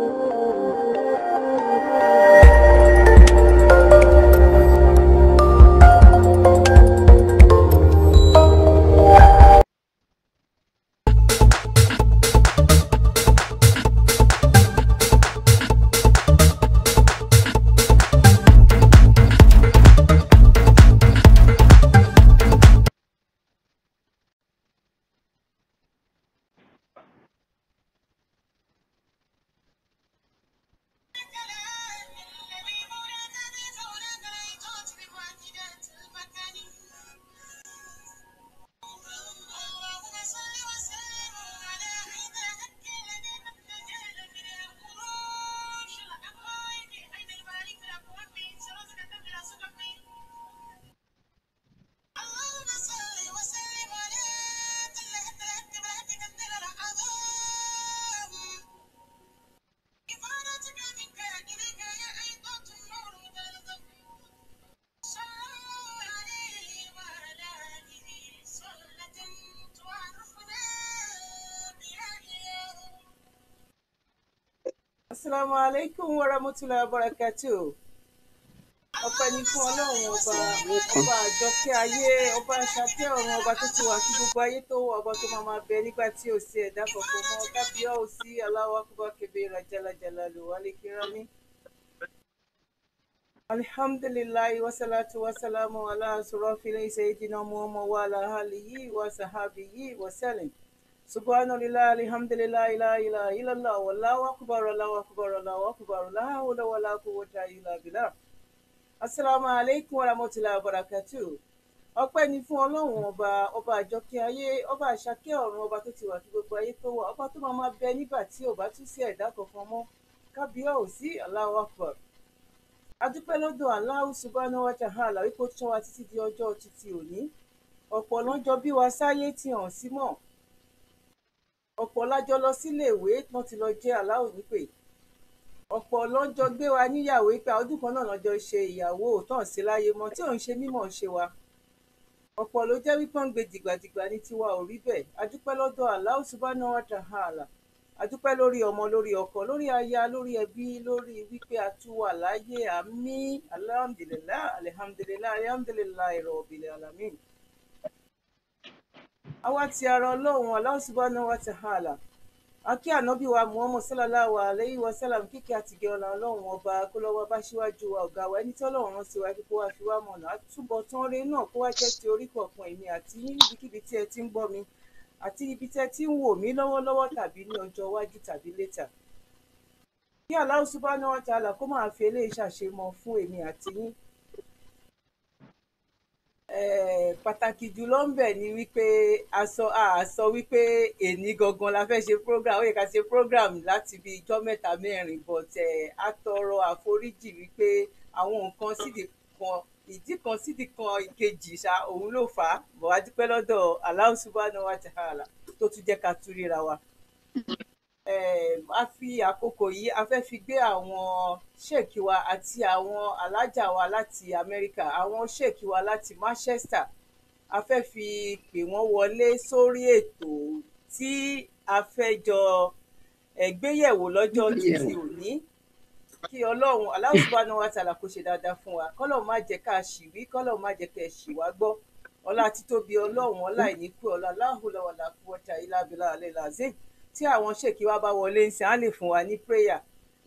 Oh. asalaamu aleykum wa rahmatulahi wa barakatu ọpẹ́ ní fún Ọlọ́run ọba ọba àjọkẹ́ ayé ọba àṣàkẹ́ ọ̀run ọba tó ti wà sí gbogbo ayé tó wà ọba tó máa máa bẹ nígbà tí ò sí ẹ̀dá kankan mọ́ kábíyá ò sí aláwọ akọba rajalajala lò wálé kírámí. alhamdulilayi wasalaatu wasalaamu ala surafile sayidina muhammad wa ala alihi wa sahabihi wa sallam subhanallah alhamdulillah ilaha illa illallah wallahu akbar wallahu akbar wallahu الله la hawla wala quwwata illa billah asalaamu aleykum wa rahmatullahi wa barakatuh ọpẹ́ ni fún Ọlọ́run ọba ọba àjọkẹ́ ayé ọba àṣàkẹ́ ọ̀run ọba tó ti wà kí gbogbo ayé tó wà ọba tó máa máa bẹ nígbà tí ò bá tún sí ẹ̀dá kankan mọ́ kábíyà ò sí Allahu Akbar adúpẹ́ lọ́dọ̀ Allahu subhanahu wa ta'ala wípé ó wa títí di ọjọ́ títí òní ọ̀pọ̀ lọ́jọ́ bí wa sáyé ti hàn sí mọ́ ọ̀pọ̀ lájọ lọ síléèwé wọ́n ti lọ jẹ́ aláwò nípè ọ̀pọ̀ lọ́jọ́ gbé wa níyàwó pé ọdún kan náà lọ́jọ́ ṣe ìyàwó tán sí láyé mọ́ tí òun ṣe mímọ̀ ṣe wa ọ̀pọ̀ ló jẹ́ wípé ń gbé dìgbàdìgbà ní tiwa ò rí bẹ́ẹ̀ adúpẹ́ lọ́dọ̀ Allahu subhanahu wa ta'ala adúpẹ́ lórí ọmọ lórí ọkọ lórí aya lórí ẹbí lórí wípé a tún wà láyé àmì alhamdulilayi alhamdulilayi alhamdulilayi rabbil alamin àwa ti ara ọlọ́run Allahu subhanahu wa ta'ala akí ànábì wa Muhammad sallallahu alayhi wa sallam kíkẹ́ àtìgẹ́ ọ̀la ọlọ́run ọba kólọ́wọ́ bá síwájú wa ọ̀gá wa ẹni tí ọlọ́run rán sí wa kí kó wá fi wá mọ̀nà àtúbọ̀tán rẹ náà kó wá jẹ́ ti orí kọ̀ọ̀kan àti níbikíbi tí ẹ ti ń gbọ́ mi àti ibi tí ẹ ti ń wò mí lọ́wọ́lọ́wọ́ tàbí ní ọjọ́ iwájú tàbí létà kí Allahu subhanahu wa ta'ala kó máa fi eléyìí ṣàṣemọ fún èmi àti yín Eh, pàtàkì jùlọ ń bẹ̀ ni wípé a sọ a sọ wípé èní gangan la fẹ́ ṣe program ó yẹ ká ṣe program láti bí ijọ́ mẹ́ta mẹ́rin but eh, a tọrọ àforíjì wípé àwọn nǹkan sídìí kan ìdí kan sídìí kan ìkejì ṣá òun ló fà á bọ̀ wá dúpẹ́ lọ́dọ̀ Allah subhanahu wa ta'ala tó tún jẹ́ ká tú wa a fi àkókò yìí a fẹ́ fi gbé àwọn ṣèkì wa àti àwọn alájà wa láti Amẹ́ríkà àwọn ṣèkì wa láti Manchester a fẹ́ fi pè wọ́n wọlé sórí ètò tí a fẹ́ jọ gbéyẹ̀wò lọ́jọ́ títí òní kí ọlọ́run aláwùsùbánu wa tààlà kó ṣe dáadáa fún wa kọ́lọ̀ má jẹ́ ká ṣì wí kọ́lọ̀ má jẹ́ ká ṣì wá gbọ́ ọlá títóbi ọlọ́run ọlá ìníkú ọlá láhùlọ́wọ́lá kúwọ́tà ìlàbílà alẹ́ làzíì tí àwọn ṣèkí wa bá wọlé ń sìn á lè fún wa ní prayer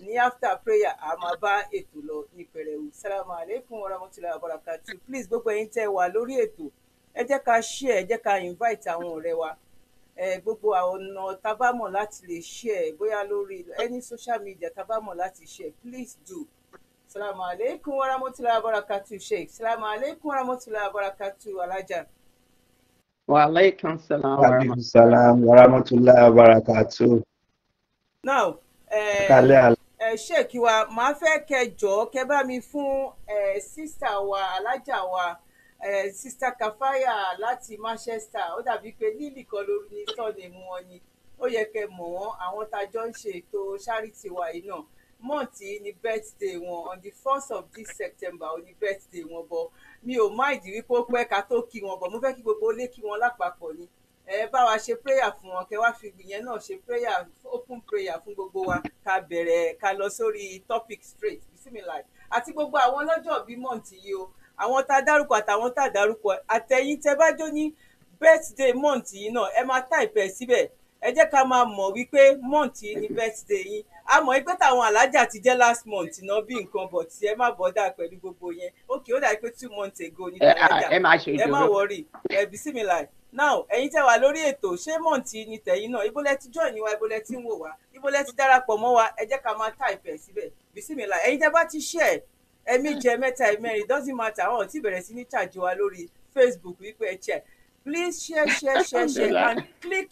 ní after prayer a máa bá ètò lọ ní pẹrẹwu salamu aleykum warahmatulahi wabarakatu please gbogbo ẹ̀yin tẹ́ wà lórí ètò ẹ jẹ́ ká share ẹ jẹ́ ká invite àwọn ọ̀rẹ́ wa gbogbo ọ̀nà tábàmọ̀ láti lè share bóyá lórí any social media tábàmọ̀ láti share please do salamu aleykum warahmatulahi wabarakatu sheikh salamu aleykum warahmatulahi wabarakatu alaja. Wa alaikum salam wa rahmatullahi salam Now, ẹ ẹ ṣèkí wa màá fẹ́ kẹjọ kẹ bá mi fún ẹ eh, sísítà wa alájà wa ẹ eh, sísítà Kafaya láti Manchester ó dàbí pé lílì kan lórí ní tọ́ni mu wọn ni ó yẹ kẹ mọ̀ wọ́n àwọn tá a jọ ń ṣe ètò ṣáríìtì wa yìí náà mọ́ǹtì yìí ni birthday wọn on the first of this September on the birthday wọn bọ̀ mi ò má ìdí wípé ó pẹ́ ká tó kí wọn bọ̀ mo fẹ́ kí gbogbo lé kí wọn lápapọ̀ ni ẹ bá wa ṣe prayer fún wọn kẹ wá fi gbìyẹn náà ṣe prayer open prayer fún gbogbo wa ká bẹ̀rẹ̀ ká lọ sórí topic straight bisimilayi àti gbogbo àwọn ọlọ́jọ́ bíi mọ́ǹtì yìí o àwọn tá a dárúkọ àtàwọn tá a dárúkọ àtẹ̀yìn tẹ bá jó ní birthday month yìí náà ẹ máa type ẹ síbẹ̀ ẹ jẹ́ ká máa mọ̀ wípé month yìí ni birthday yín a mọ̀ wípé táwọn alájà ti jẹ́ last month náà bí nǹkan bọ̀ tí ẹ má bọ́dà pẹ̀lú gbogbo yẹn ok ó dàbí pé two months ago ni alájà ẹ má wọrí ẹ bismillah now ẹ̀yin tẹ́ wà lórí ètò ṣé month ni tẹ̀yin náà ibo lẹ ti join wa ibo lẹ ti ń wò wá ibo lẹ ti darapọ̀ mọ́ wa ẹ jẹ́ ká máa type ẹ̀ síbẹ̀ bismillah ẹ̀yin tẹ́ bá ti share ẹ̀mẹjẹ mẹ́ta ẹ̀mẹ́rin doesn't matter àwọn tí bẹ̀rẹ̀ sí ní charge wa lórí Facebook wípé ẹ check please share share share share and click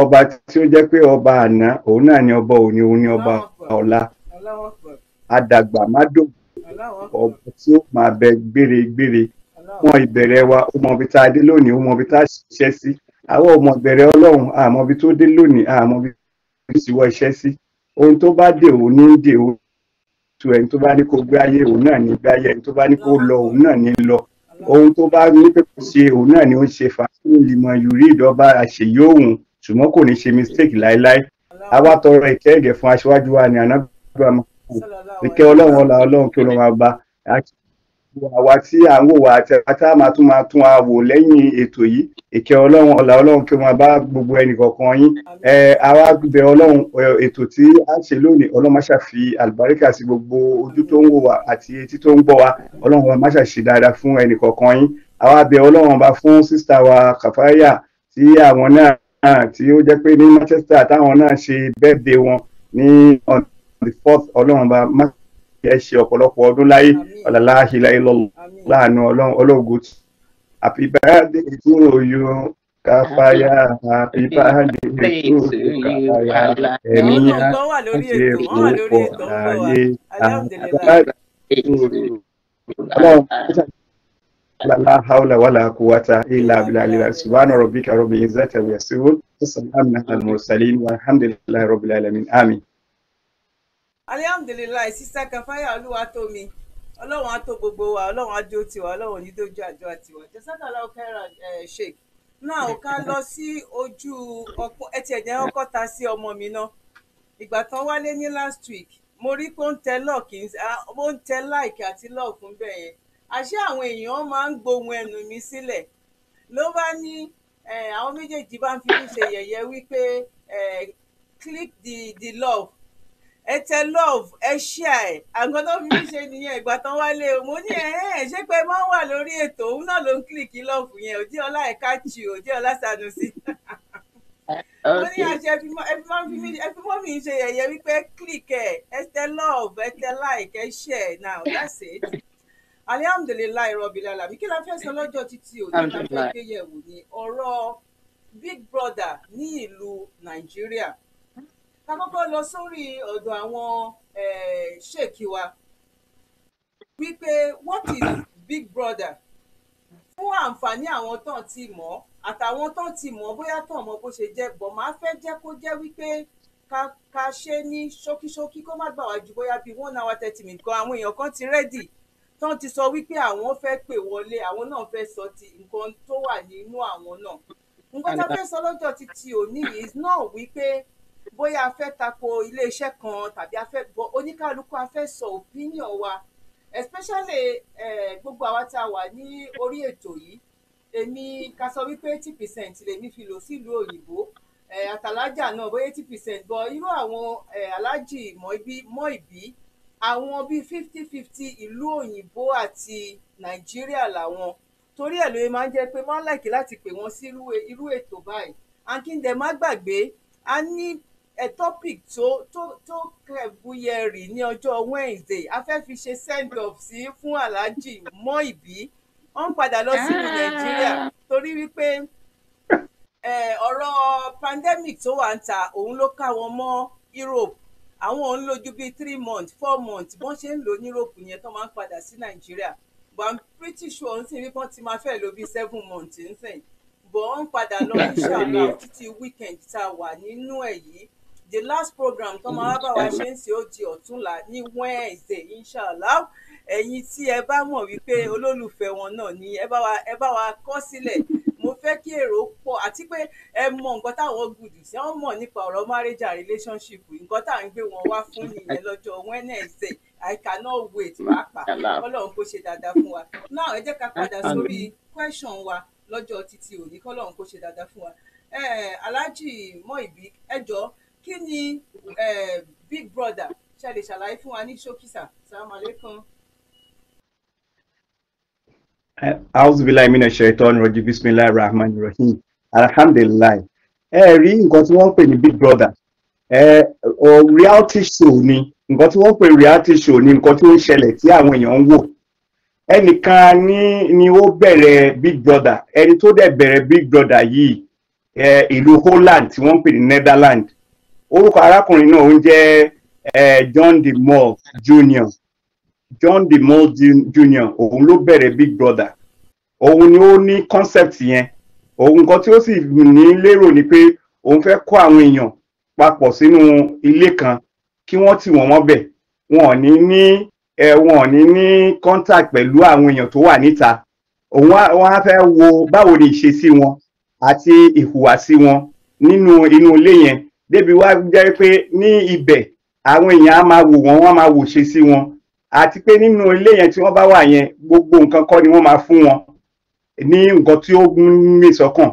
ọba tí ó jẹ́ pé ọba àná òun náà ni ọba òní òun ni ọba ọ̀la àdàgbà mádògbò ọba tí ó máa bẹ gbére-gbére mọ ìbẹ̀rẹ̀ wa ó mọ ibi tá a dé lónìí ó mọ ibi tá a ṣiṣẹ́ sí àwọn ọmọ ìbẹ̀rẹ̀ ọlọ́run àmọ́ ibi tó dé lónìí àmọ́ ibi tó ṣíwọ́ iṣẹ́ sí ohun tó bá dé òun ní dé òun tu ẹni tó bá ní kó gbé ayé òun náà ní gbé ayé ẹni tó bá ní kó lọ òun náà ní lọ ohun tó bá ní pé kò ṣe òun náà ni ó ń ṣe fàájì ìmọ̀ yùrí ìdọ́bára ṣèyí òun ṣùgbọ́n kò ní ṣe mistake láéláé a wá tọrọ ìkẹ́ ẹ̀gẹ̀ fún aṣíwájú wa ní anábìyà máa kú ìkẹ́ ọlọ́run ọlá ọlọ́run kí ọlọ́run àgbà àwa tí à ń wò wá àti àti àmà tún máa tún wa wò lẹ́yìn ètò yìí ìkẹ́ ọlọ́run ọlá ọlọ́run kí wọ́n bá gbogbo ẹnì kọ̀ọ̀kan yín ẹ àwa bẹ ọlọ́run ètò tí a ṣe lónìí ọlọ́run má ṣàfi àlùbáríkà sí gbogbo ojú tó ń wò wá àti etí tó ń gbọ́ wa ọlọ́run má ṣàṣe dáadáa fún ẹnì kọ̀ọ̀kan yín àwa bẹ ọlọ́run ọba fún sísítà wa kàfáyà tí àwọn náà Ah, tí ó jẹ́ pé ní Manchester táwọn náà ṣe bẹ́ẹ̀dẹ̀ wọn ní on the fourth ọlọ́run bá ẹ ṣe ọ̀pọ̀lọpọ̀ ọdún láyé ọ̀làlá àṣìlá ìlọ láàánú ọlọ́run ológun happy birthday to káfáyà happy birthday to káfáyà ẹ̀mí ṣe púpọ̀ láyé àbáyé ọlọ́run la hawla wala quwwata illa billahi subhana rabbika rabbil izzati wa yasifun salamun alal mursalin walhamdulillahi rabbil alamin amin alihamdulilayi sista kafaya olúwa tó mi ọlọ́run á tó gbogbo wa ọlọ́run á dúró tiwa ọlọ́run ní dójú àjọ àtiwa jẹ́sàkàlà ọ̀kẹ́ra sheik náà ó ká lọ sí ojú ọ̀pọ̀ ẹtì ẹ̀jẹ̀ ọkọ̀ ta sí ọmọ mi náà ìgbà tán wálé ní last week mo rí pé ó ń tẹ lọ́ọ̀kì ó ń tẹ láìkì àti lọ́ọ̀kùn bẹ́ẹ̀ yẹn àṣé àwọn èèyàn máa ń gbohun ẹnu mi sílẹ̀ ló bá ní àwọn méjèèjì bá ń fi mí ṣe yẹ̀yẹ́ wípé click the the love ẹ tẹ love ẹ ṣíà ẹ àgbọn tó fi mí ṣe nìyẹn ìgbà tán wálé o mo ní ẹ ẹ ṣé pé máa ń wà lórí ètò òun náà ló ń click love yẹn òdí ọlá ẹka jù òdí ọlá sanusi mo ní àṣẹ ẹ fi mọ́ mi ṣe yẹ̀yẹ́ wípé click ẹ ẹ tẹ love ẹ tẹ like ẹ ṣíà now that's it alihamdulilayi rọbìlà làbí kí la fẹ́ sọ lọ́jọ́ títí òní la fẹ́ gbé yẹ̀wò ní ọ̀rọ̀ big brother ní ìlú nàìjíríà ká kọ́kọ́ lọ sórí ọ̀dọ̀ àwọn ṣèkì wa wípé what is big brother fún àǹfààní àwọn tán ti mọ̀ àtàwọn tán ti mọ̀ bóyá tán mọ̀ bó ṣe jẹ́ bọ̀ máa fẹ́ jẹ́ kó jẹ́ wípé ká ká ṣe ní ṣókíṣókí kó má gbà wá ju bóyá bíi one hour thirty minutes kan àwọn èèyàn kan ti rẹ́dì tán ti sọ wípé àwọn fẹ́ pè wọlé àwọn náà fẹ́ sọ ti nǹkan tó wà nínú àwọn náà nǹkan tó fẹ́ sọ lọ́jọ́ ti ti òní yìí náà wípé bóyá a fẹ́ tako iléeṣẹ́ kan tàbí a fẹ́ bọ oníkálukú a fẹ́ sọ opinion wa especially eh, gbogbo àwa tá a wà ní orí ètò yìí èmi ká sọ wípé eighty percent lèmi fi lò sílùú òyìnbó eh, àtàlájà náà bóyá eighty percent bọ irú àwọn eh, alájì mọ́ ibi mọ́ ìbí àwọn bíi fifty fifty ìlú òyìnbó àti nàìjíríà làwọn torí ẹ̀ ló máa ń jẹ́ pé máa ń láìkí láti pè wọ́n sí irú ètò báyìí and kí n dẹ̀ má gbàgbé a ní topic tó tó tó kẹ̀bùyẹ̀rì ní ọjọ́ Wednesday a fẹ́ fi ṣe send off sí fún Alhaji Mọ́ìbí wọ́n ń padà lọ sí ìlú Nàìjíríà ah. torí wípé eh, ọ̀rọ̀ pandemic tó wà ń ta òun ló ká wọn mọ́ Europe àwọn ń lójú bíi three months four months bọ́n ṣe ń lò ní Europe yẹn tó máa ń padà sí Nàìjíríà but I'm pretty sure ń sìn wípé wọ́n ti máa fẹ́ lò bíi seven months ń sìn but wọ́n ń padà lọ ṣàlà títí weekend tá a wà nínú ẹ̀ yìí the last program tó máa bá wa ṣe ń ṣe ó di ọ̀túnla ní Wednesday inshallah ẹ̀yin tí ẹ bá mọ̀ wípé olólùfẹ́ wọn náà ni ẹ bá wa kọ sílẹ̀ fẹ́ kí èrò pọ̀ àti pé ẹ mọ nǹkan táwọn gùdù sí wọ́n mọ̀ nípa ọ̀rọ̀ marriage and relationship nǹkan tá à ń gbé wọn wá fún nìyẹn lọ́jọ́ Wednesday I cannot wait pàápàá Ọlọ́run kó ṣe dáadáa fún wa now ẹ jẹ́ ká padà sórí question wa lọ́jọ́ títí òní kọ́lọ́run kó ṣe dáadáa fún wa Alhaji Moibi ẹ jọ kí ni Big Brother ṣe lè ṣàlàyé fún wa ní ṣókísà salaam aleykum house villa imina shaitan rojú bismillah rahman rahim alhamdulillah ẹ rí nǹkan tí wọ́n pè ní big brother ẹ ọ reality show ni nǹkan tí wọ́n pè reality show ni nǹkan tí ó ń ṣẹlẹ̀ tí àwọn èèyàn ń wò ẹnìkan ní ni ó bẹ̀rẹ̀ big brother ẹni tó dẹ̀ bẹ̀rẹ̀ big brother yìí ẹ ìlú Holland tí wọ́n ń pè ní Netherlands orúkọ arákùnrin náà ó ń jẹ́ ẹ John de Mol Junior John de Mol Jr. òun ló bẹ̀rẹ̀ Big Brother òun ni ó ní concept yẹn òun nǹkan tí ó sì ní lérò ni pé òun fẹ́ kó àwọn èèyàn papọ̀ sínú ilé kan kí wọ́n tì wọ́n mọ́bẹ̀ wọn ò ní ní ẹ wọn ò ní ní contact pẹ̀lú àwọn èèyàn tó wà níta òun wọn á fẹ́ wo báwo ni ìṣesí wọn àti ìhùwàsí wọn nínú inú ilé yẹn débi wá jẹ́ pé ní ibẹ̀ àwọn èèyàn á máa wò wọ́n wọ́n á máa wò ṣe sí wọn àti pé nínú ilé yẹn tí wọ́n bá wà yẹn gbogbo nǹkan kọ́ ni wọ́n máa fún wọn ní nǹkan tí ó mì sọ́kàn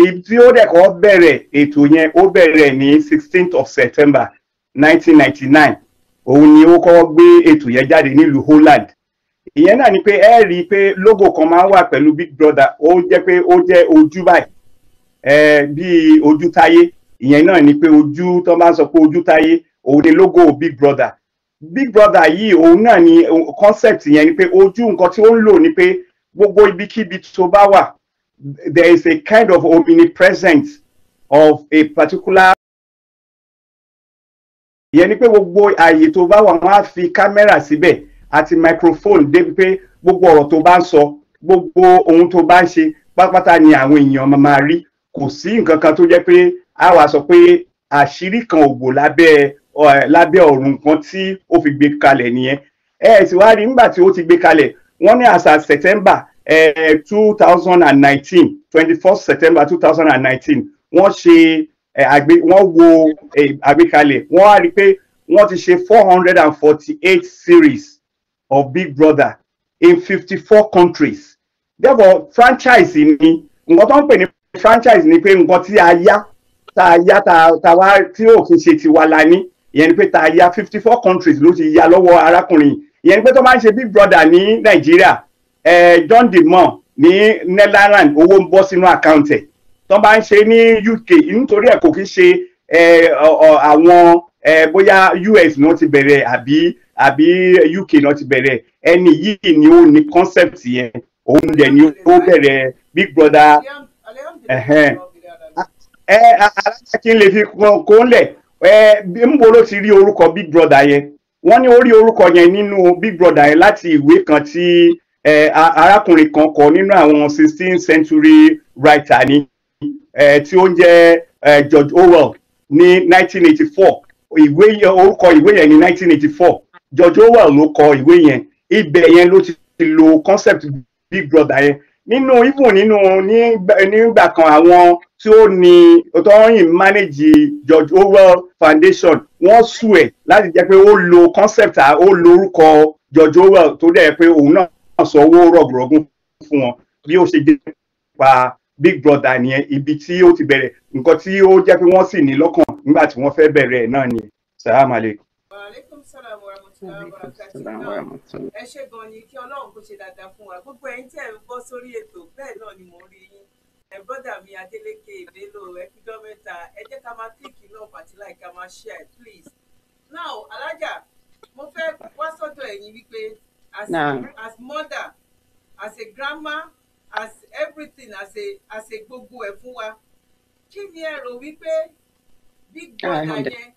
ibi tí ó dẹ̀kọ́ bẹ̀rẹ̀ ètò yẹn ó bẹ̀rẹ̀ ní sixteenth of September nineteen ninety nine òun ni ó kọ́ gbé ètò yẹn jáde nílùú Holland ìyẹn náà ni pé ẹ rí i pé logo kan máa wà pẹ̀lú Big Brother ó jẹ́ pé ó jẹ́ ojú báyìí eh, bíi ojú táyé ìyẹn náà ni pé ojú tó bá ń sọ pé ojú táyé òun ni logo Big Brother big brother yìí òun náà ni concept yẹn ni pé ojú nǹkan tí ó ń lò ni pé gbogbo ibikíbi tó bá wà there is a kind of omnipresence of a particular ìyẹn ni pé gbogbo ààyè tó bá wà wọ́n á fi kámẹ́rà síbẹ̀ àti microphone débi pé gbogbo ọ̀rọ̀ tó bá ń sọ gbogbo ohun tó bá ń ṣe pátápátá ni àwọn èèyàn máa rí kò sí nǹkan kan tó jẹ́ pé a wá sọ pé àṣírí kan ò lábẹ́ lábẹ́ ọ̀run kan tí ó fi gbé kalẹ̀ nìyẹn ẹ sì wá rí nígbà tí ó ti gbé kalẹ̀ wọ́n ní àṣà september two thousand and nineteen twenty first september two thousand and nineteen wọ́n ṣe wọ́n wo àgbékalẹ̀ wọ́n á rí i pé wọ́n ti ṣe four hundred and forty eight series of Big Brother in fifty four countries therefore franchise ni nǹkan tó ń pè ní franchise ni pé nǹkan tí a yá tá a yá tá a wá tí ò kí n ṣe tiwa la ní ìyẹn ni pé ta ya fifty four countries ló ti ya lọ́wọ́ arákùnrin ìyẹn ni pé tó máa ń ṣe big brother ní nàìjíríà eh, john dimon ní netherland owó ń bọ́ sínú àkáǹtì ẹ̀ tó bá ń ṣe ní uk nítorí ẹ̀ kò kí ṣe àwọn bóyá us náà ti bẹ̀rẹ̀ àbí àbí uk náà ti bẹ̀rẹ̀ ẹni yìí ni ó ní concept yẹn òun dẹ̀ ni ó bẹ̀rẹ̀ big brother ẹ alájà kí n lè fi kó ń lẹ̀ ẹ ń bo ti rí orúkọ big brother yẹn wọ́n ní ó rí orúkọ yẹn nínú big brother yẹn láti ìwé kan tí ẹ arákùnrin kan kọ nínú àwọn sixteenth century writer ni ẹ tí ó ń jẹ́ George Orwell ní nineteen eighty four ìwé yẹn orúkọ ìwé yẹn ní nineteen eighty four George Orwell ló kọ ìwé yẹn ibẹ̀ yẹn ló ti lo concept big brother yẹn nínú ibo nínú nígbà kan àwọn tí ó ní tọ́yìn manage George Orwell Foundation wọ́n sù ẹ̀ láti jẹ́ pé ó lo concept ó lo orúkọ George Orwell tó dẹ̀ pé òun náà sọ owó rọ̀gùrọ̀gùn fún wọn bí ó ṣe dé pa Big Brother nìyẹn ibi tí ó ti bẹ̀rẹ̀ nǹkan tí ó jẹ́ pé wọ́n sì ní lọ́kàn nígbà tí wọ́n fẹ́ bẹ̀rẹ̀ náà nìyẹn salaam aleykum ẹ ṣé gan ni kí ọlọ́run kó ṣe dáadáa fún wa gbogbo ẹ̀yin tẹ́ ẹ bọ́ sórí ètò bẹ́ẹ̀ náà ni mò ń rí yín bọ́dà mi Adélékè Bello ẹ̀kíjọ́ ẹ jẹ́ ká máa kíkì náà pàtí láì ká máa share please now alájà mo fẹ́ wá sọ́dọ̀ ẹ̀yin wípé as as mother as a grandma as everything as a as a gbogbo ẹ̀ fún wa kí ni ẹ rò wípé big brother yẹn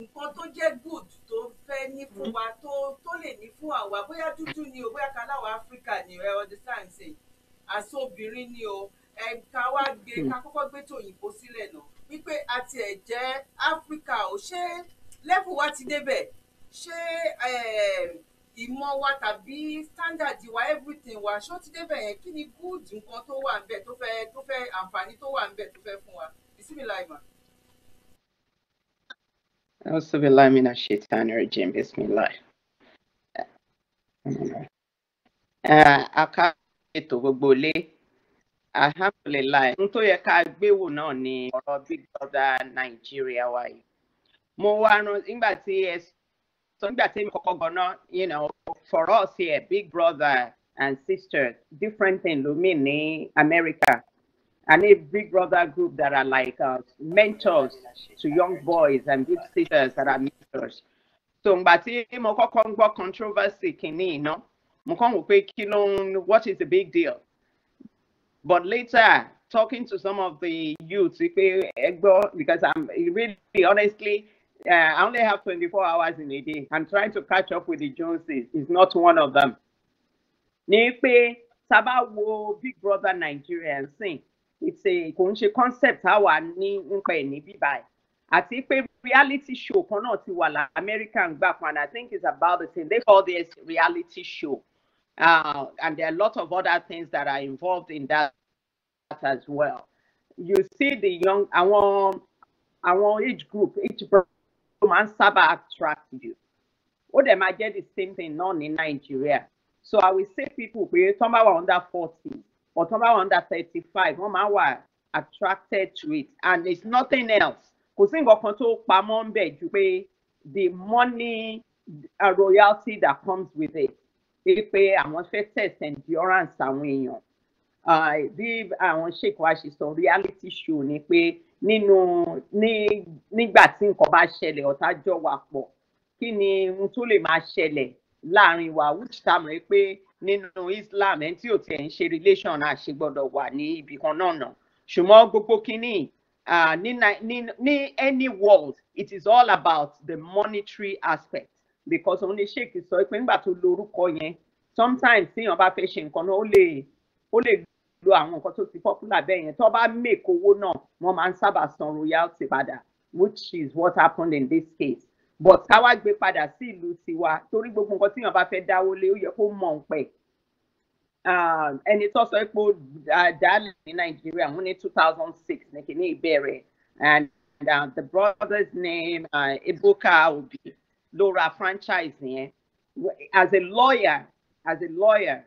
nǹkan tó jẹ́ good tó fẹ́ ní fún wa tó lè ní fún àwa bóyá dúdú ni o bóyá kaláwa áfíríkà ni ẹ understand ṣe àti obìnrin ni o ẹ ká wá gbé ká kọ́kọ́ gbé tòyìnbó sílẹ̀ náà wípé a tiẹ̀ jẹ́ áfíríkà ò ṣe lẹ́fù wa ti débẹ̀ ṣé ìmọ̀ wa tàbí standard wa everything wa ṣó ti débẹ̀ yẹn kí ni good nǹkan tó wà ń bẹ̀ tó fẹ́ tó fẹ́ àǹfààní tó wà ń bẹ̀ tó fẹ́ fún wa bisimilayi ma. أعوذ بالله من الشيطان الرجيم بسم الله aka ètò gbogbo ilé alhamdulilayi ohun tó yẹ ká gbéwò náà ni ọ̀rọ̀ big brother Nigeria wa mo wá ran nígbà tí ẹ sọ nígbà tí you know for us here big brother and sisters different thing ló mean America and a big brother group that are like uh, mentors to young boys and big sisters that are mentors. So Mbati, mo controversy kini, no? mo kàn what is the big deal but later talking to some of the youths pé ẹgbọ́ because I'm really honestly uh, I only have 24 hours in a day I'm trying to catch up with the Joneses is not one of them. Ní pé Big Brother Nigeria ń it's a concept how wà ní nípa ẹ̀ ní bíbá ẹ̀ àti a reality show for náà while wà lá American gbà and I think it's about the same they call this reality show uh, and there are a lot of other things that are involved in that as well you see the young I want, I group each group each man, sábà attract you What they máa the same thing on in Nigeria? so I will say people pé tọ́mbà about under forty But number bá wà under thirty five máa wà attracted to it and it's nothing else kò sí nǹkan kan tó pamọ́ ń bẹ̀ ju pé the money a uh, royalty that comes with it pé pé àwọn fẹ́ test endurance àwọn èèyàn uh, bí àwọn ṣèkọ àṣìṣọ reality show ni pé nínú nígbà tí nǹkan bá ṣẹlẹ̀ ọ̀tá jọ wà pọ̀ kí ni ohun tó lè máa ṣẹlẹ̀ láàrin wa which ta mọ̀ pé nínú Islam ẹni tí ò tiẹ̀ ń ṣe relation náà ṣe gbọ́dọ̀ wà ní ibì kan náà nà ṣùgbọ́n gbogbo kínní ní any world it is all about the monetary aspect because òun ni sheik sọ pé nígbà tó lo orúkọ yẹn sometimes tíyàn bá fẹ́ ṣe nǹkan náà ó lè ó lè lo àwọn nǹkan tó ti popular bẹ́ẹ̀ yẹn tó bá make owó náà wọ́n máa ń sábà san royalty padà which is what happened in this case but ká wá gbé padà sí ìlú tiwa torí gbogbo nǹkan tíyàn bá fẹ́ dáwó lé ó yẹ kó mọ̀ ń pẹ̀ um, ẹni tó sọ pé uh, dálẹ̀ ní nàìjíríà wọ́n ní two thousand six ní and uh, the brother's name uh, ibuka Obi ló ra franchise yẹn as a lawyer as a lawyer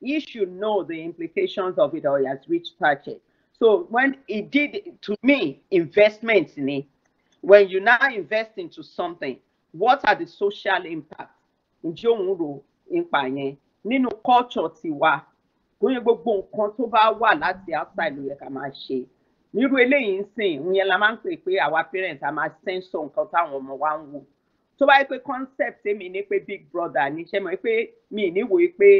he should know the implications of it all he has reached target so when he did to me investments, in it, when you now invest into something what are the social impact? ǹjẹ́ òun rò ipa yẹn nínú culture tiwa gbóyè gbogbo nǹkan tó bá wà láti outside ló yẹ ká máa ṣe nírú eléyìí ń ìyẹn la máa ń pè pé àwa parents a máa censor nǹkan táwọn ọmọ wa ń wò tó bá yẹ pé concept èmi ní pé big brother ní ṣe mọ̀ pé mi ní wòye pé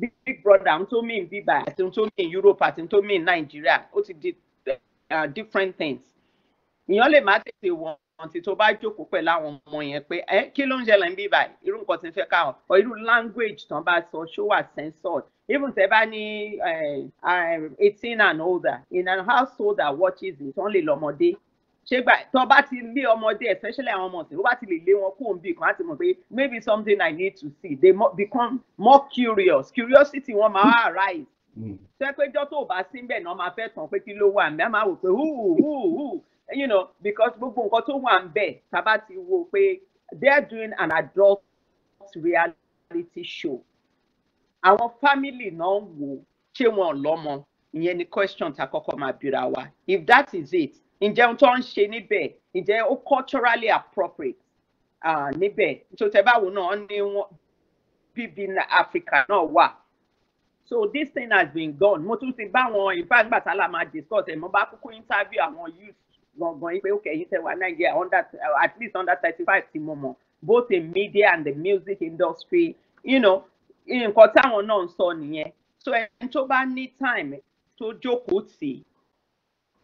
big brother ohun tó mean bíbà àti ohun tó mean Europe àti ohun tó mean Nigeria ó ti di eh, different things èèyàn lè má tètè wọ àǹtí tó bá jókòó pẹ̀lú àwọn ọmọ yẹn pé ẹ kí ló ń ṣẹlẹ̀ ń bí irú nǹkan tí ń fẹ́ káwọn ọ irú language tán bá sọ ṣó wà even tẹ bá ní eh, um, eighteen and older in a household that watches it tán lè lọmọdé ṣé gbà tó bá ti lé ọmọdé especially àwọn ọmọ ọ̀sìn tó bá ti lè lé wọn kó ń bì kan láti mọ̀ pé maybe something I need to see they become more curious curiosity wọn máa wá arise hmm. ṣé pé jọ́ tó bá sí ń bẹ̀ náà máa fẹ́ tán pé kí ló wà mí á máa wò pé hù hù hù you know because gbogbo nǹkan tó wà ń bẹ̀ tábà ti wo pé they are doing an adult reality show àwọn family náà ń wò ṣé wọn lọ́mọ ìyẹn ni question ta kọ́kọ́ máa bira wa if that is it ǹjẹ́ ohun tó ń ṣe níbẹ̀ ǹjẹ́ ó culturally appropriate uh, níbẹ̀ nítorí báwo náà ní bíbí Africa náà wà so this thing has been gone mo tún ti bá wọn ìfàgbàtà la máa discuss ẹ̀ mo bá kúkú interview àwọn youth gangan yín pé okay yín tẹ wà Nigeria uh, at least under thirty five ti mọ̀ mọ̀ both in media and the music industry you know nǹkan táwọn náà ń sọ nìyẹn so ẹni tó bá ní time tó jókòó tì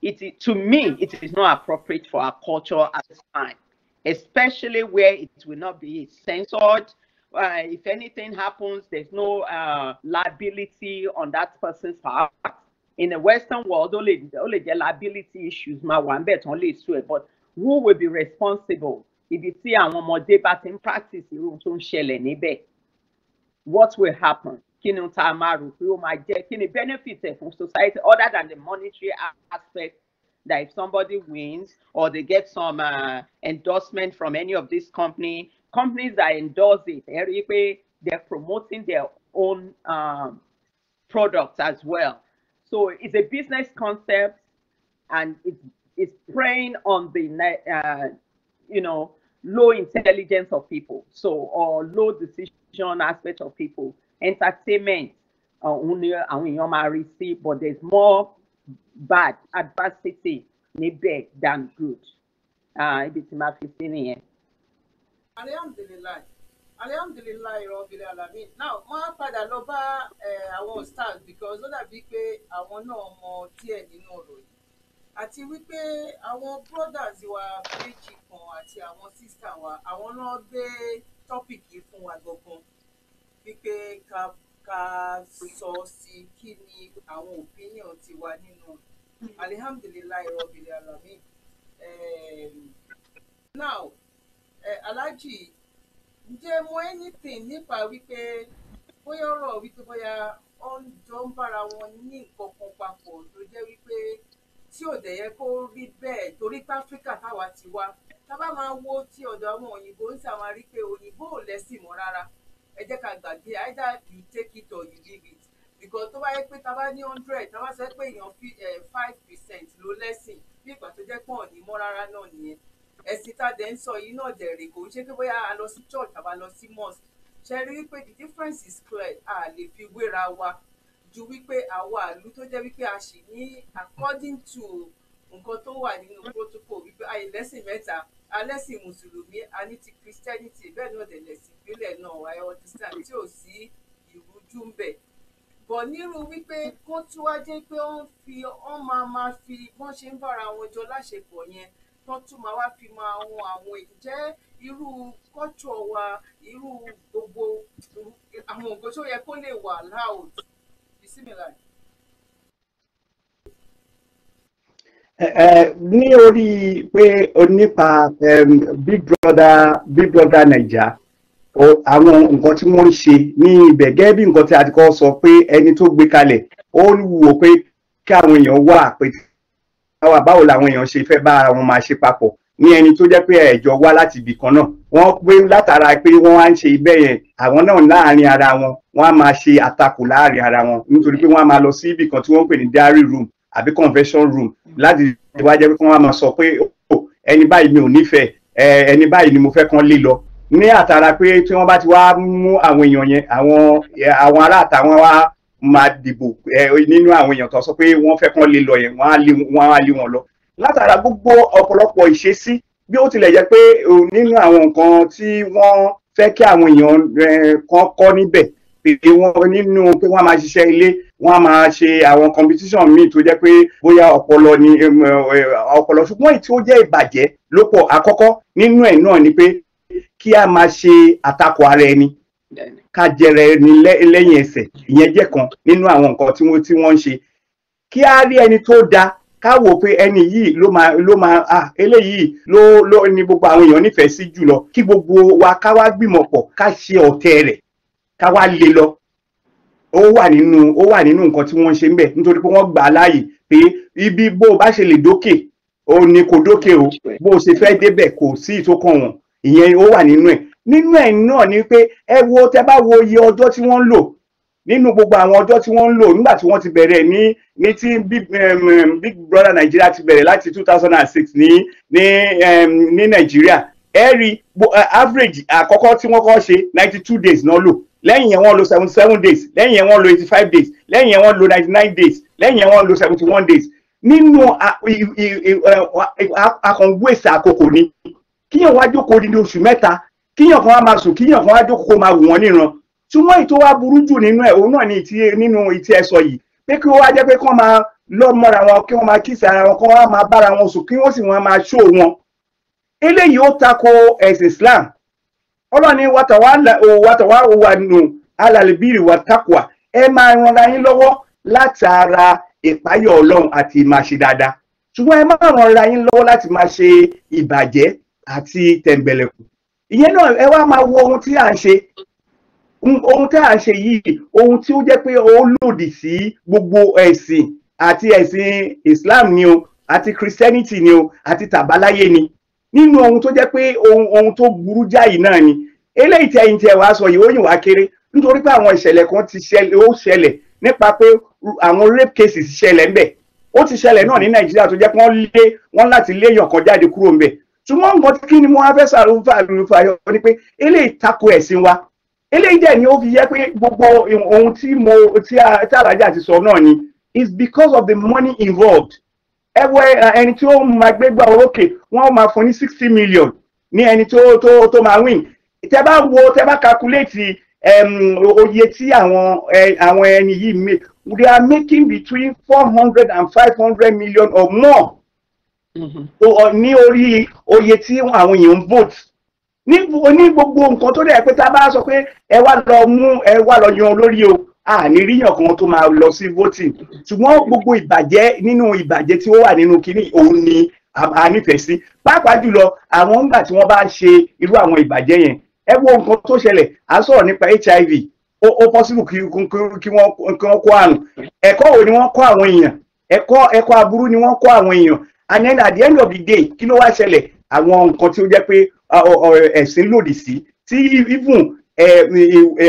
it is, to me it is not appropriate for our culture at this time especially where it will not be censored uh, if anything happens there's no uh, liability on that person's part in the western world only only the liability issues My one bet only is sue but who will be responsible if you see omode more ti in practice don't ń any bet. what will happen Can you tell a máa rò pé ó benefit from society other than the monetary aspect that if somebody wins or they get some uh, endorsement from any of these company companies that endorse it they they're promoting their own um, products as well so it's a business concept, and it's it's preying on the uh, you know low intelligence of people, so or low decision aspect of people. Entertainment, only uh, àwọn èèyàn máa my receipt, but there's more bad adversity than good. Uh, it's my máa fi Alhamdulillah. alihamdulilayi rọbìlẹ alamin now wọn á padà lọ bá eh, àwọn stars because ó dàbí pé àwọn náà mọ díẹ̀ nínú ọ̀rọ̀ yìí àti wípé àwọn brothers wa méjì kan àti àwọn sister wa àwọn náà gbé topic yìí fún wa gangan wípé ká ká sọ sí kí ni àwọn opinion ti wa nínú hmm. alihamdulilayi rọbìlẹ alamin eh, now eh, alhaji. Eh, ǹjẹ́ mo anything nípa wípé bóyá ọ̀rọ̀ wípé bóyá ó ń jọ ń bára wọn ní nǹkan kan papọ̀ tó jẹ́ wípé tí ò dẹ̀ yẹ kó rí bẹ́ẹ̀ torí táfíríkà táwa ti wá tá bá máa wo ti ọ̀dọ̀ àwọn òyìnbó ń sàwọn rí pé òyìnbó ò lẹ́sìn mọ́ rárá ẹ jẹ́ ká gbàgbé either you take it or you leave it because tó bá yẹ pé tá bá ní hundred tá bá sọ pé èèyàn eh, five percent ló lẹ́sìn bí ìgbà tó jẹ́ pọ̀ ní mọ́ rárá náà nìyẹn ẹ̀sìn tá a dẹ̀ ń sọ yìí náà dẹ̀ rè kò ń ṣe pé bóyá a lọ sí church àbá lọ sí mosque ṣe rí wípé the difference is clear a lè fi wéra wa ju wípé àwa àlú tó jẹ́ wípé a sì ní according to nǹkan tó wà nínú protocol wípé àìlẹ́sìn mẹ́ta alẹ́sìn mùsùlùmí a ní ti christianity bẹ́ẹ̀ náà dẹ̀ lẹ̀sìn ìbílẹ̀ náà I understand tí ò sí ìrújú ń bẹ̀ bọ̀ nírú wípé kó tún wá jẹ́ pé wọ́n fi wọ́n máa máa fi bọ́n ṣe ń bára wọn jọ láṣepọ̀ yẹn tó tún máa wá fi máa hun àwọn ìjẹ́ irú culture wa irú gbogbo àwọn nǹkan tó yẹ kó lè wà loud bisimilah. ní orí pé nípa big brother big brother naija àwọn nǹkan tí wọ́n ń ṣe ní ibẹ̀ gẹ́gẹ́ bí nǹkan tí a ti kọ́ sọ pé ẹni tó gbé kalẹ̀ ó wù ó pé kí àwọn èèyàn wà pé wa báwo làwọn èèyàn ṣe fẹ́ bá ara wọn máa ṣe papọ̀ ní ẹni tó jẹ́ pé ẹ̀jọ̀ wá láti ibì kan náà wọ́n pé látara pé wọ́n á ń ṣe ibẹ̀ yẹn àwọn náà láàrin ara wọn wọ́n á máa ṣe àtakò láàrin ara wọn nítorí pé wọ́n á máa lọ sí ibì kan tí wọ́n pè ní diary room àbí convention room láti wá jẹ́ pé wọ́n á máa sọ pé ó oh, ẹni báyìí mi ò nífẹ̀ẹ́ ẹni báyìí ni mo fẹ́ kán lé lọ ní àtàrà pé tí wọ́n bá ti wá mú àwọn èèyàn yẹn àwọn àwọn ará àtàwọn wá máa dìbò nínú àwọn èèyàn tó sọ pé wọ́n fẹ́ kán lè lọ yẹn wọ́n á lé wọn lọ látara gbogbo ọ̀pọ̀lọpọ̀ ìṣesí bí ó tilẹ̀ jẹ́ pé nínú àwọn nǹkan tí wọ́n fẹ́ kí àwọn èèyàn kan kọ́ níbẹ̀ pé wọ́n nínú pé wọ́n máa ṣiṣẹ́ ilé wọ́n máa ṣe àwọn competition míì tó jẹ́ pé bóyá ọpọlọ ni ọpọlọ ṣùgbọ́n èyí tí ó jẹ́ ìbàjẹ́ ló pọ̀ àkọ́kọ́ nínú ẹ̀ náà ni pé kí a máa ṣe àtakò ara ẹni ká jẹrẹ ẹni lẹ́yìn ẹsẹ̀ ìyẹn jẹ́ kan nínú àwọn nǹkan tí wọ́n tí wọ́n ń ṣe kí á rí ẹni tó dáa ká wò pé ẹni yìí ló máa ló máa ah eléyìí ló ló ní gbogbo àwọn èèyàn nífẹ̀ẹ́ sí jùlọ kí gbogbo wa ká wá gbìmọ̀ pọ̀ ká ṣe ọ̀tẹ̀ rẹ̀ ká wá lé lọ ó wà nínú ó wà nínú nǹkan tí wọ́n ṣe ń bẹ̀ nítorí pé wọ́n gbà á láàyè pé ibi bó o bá ṣe lè dókè o ní kò dókè o bó o ṣe fẹ́ débẹ̀ kò sí ìtókàn wọn ìyẹn ó wà nínú ẹ̀ nínú ẹ̀ náà ni pé ẹ wo tẹ bá wo iye ọjọ́ tí wọ́n ń lò nínú gbogbo àwọn ọjọ́ tí wọ́n ń lò nígbà tí wọ́n ti bẹ̀rẹ̀ ní ní tí Big Brother Nigeria ti bẹ̀rẹ̀ láti two thousand and six ní ní ní Nigeria ẹ rí average àkọ́kọ́ tí wọ́n kọ́ ṣe ninety two days náà lò lẹ́yìn yẹn wọ́n lò seventy seven days lẹ́yìn yẹn wọ́n lò eighty five days lẹ́yìn yẹn wọ́n lò ninety nine days lẹ́yìn yẹn wọ́n lò seventy one days nínú akọ̀ǹgbèsè àkókò ni kíyàn wá jókòó ní oṣù mẹ́ta kíyàn kan wá máa sùn kíyàn kan wá jókòó máa wò wọ́n níran túmọ̀ èyí tó wá burú jù nínú ẹ̀ òun náà ní ìtì nínú ìtì ẹ sọ yìí pé kí ó wá jẹ́ pé kí wọ́n máa lọ mọ́ra wọn kí wọ́n máa kíìsì ara wọn kí wọ́n máa bára wọn sùn kí wọ́n sì wọ́n máa ṣó wọn eléyìí ó tako ẹ̀sìn Islam ọlọ́ni wàtàwá wà nù alàlìbírì wà takwa ẹ máa ranra yín lọ́wọ́ látara ìpáyọ̀ ọlọ́run àti máa ṣe dáadáa ṣùgbọ́n ẹ má ranra yín lọ́wọ́ láti máa ṣe ìbàjẹ́ àti tẹ̀m̀bẹ̀lẹ̀kùn ìyẹn náà ẹ wá máa wo ohun tí à ń ṣe ohun tí à ń ṣe yìí ohun tí ó jẹ́ pé ó lòdì sí gbogbo ẹ̀sìn àti ẹ̀sìn Islam ni o àti Christianity ni o àti tàbáláyé ni nínú ohun tó jẹ́ pé ohun ohun tó burú jáì náà ni eléyìí tí ẹ̀yin tí ẹ wàá sọ yìí ó yìn wá kéré nítorí pé àwọn ìṣẹ̀lẹ̀ kan ti ṣẹlẹ̀ ó ṣẹlẹ̀ nípa pé àwọn rape cases ṣẹlẹ̀ ńbẹ̀ ó ti ṣẹlẹ̀ náà ní Nàìjíríà tó jẹ́ pé wọ́n lé wọ́n láti lé èèyàn kan jáde kúrò ńbẹ̀ ṣùgbọ́n nǹkan kí ni mo wá fẹ́ ṣàlùfàyọ ni pé eléyìí tako ẹ̀sìn wa eléyìí dẹ̀ ni ó fi yẹ pé gbogbo ohun tí mo tí alájà ti sọ náà ni is because of the money involved ẹwọ ẹni tí ó máa gbé gbà orókè wọ́n máa fún ní sixty million ní ẹni tó tó tó máa win tẹ́ bá wo tẹ́ bá calculate um, oye tí àwọn àwọn ẹni yìí make they are making between four hundred and five hundred million or more ní orí oyè tí àwọn èèyàn ń vote ní ní gbogbo nǹkan tó dẹ̀ pé tá a bá sọ pé ẹ wá lọ mú ẹ wá lọ yan olórí o a ríyàn kan tó máa lọ sí voting ṣùgbọ́n gbogbo ìbàjẹ́ nínú ìbàjẹ́ tí ó wà nínú kínní òun ni a nífẹ̀ẹ́ sí pàápàá jùlọ àwọn ńgbà tí wọ́n bá ń ṣe irú àwọn ìbàjẹ́ yẹn ẹ wo nǹkan tó ṣẹlẹ̀ à ń sọ̀rọ̀ nípa HIV ó ó possible kí kí wọ́n kó àrùn ẹ̀kọ́ wo ni wọ́n kọ́ àwọn èèyàn ẹ̀kọ́ ẹ̀kọ́ aburú ni wọ́n kọ́ àwọn èèyàn and then at the end of the day kí ló wá ṣẹlẹ̀ àwọn nǹkan tí ó jẹ́ pé ẹ̀sìn lòdì sí tí even eh, eh,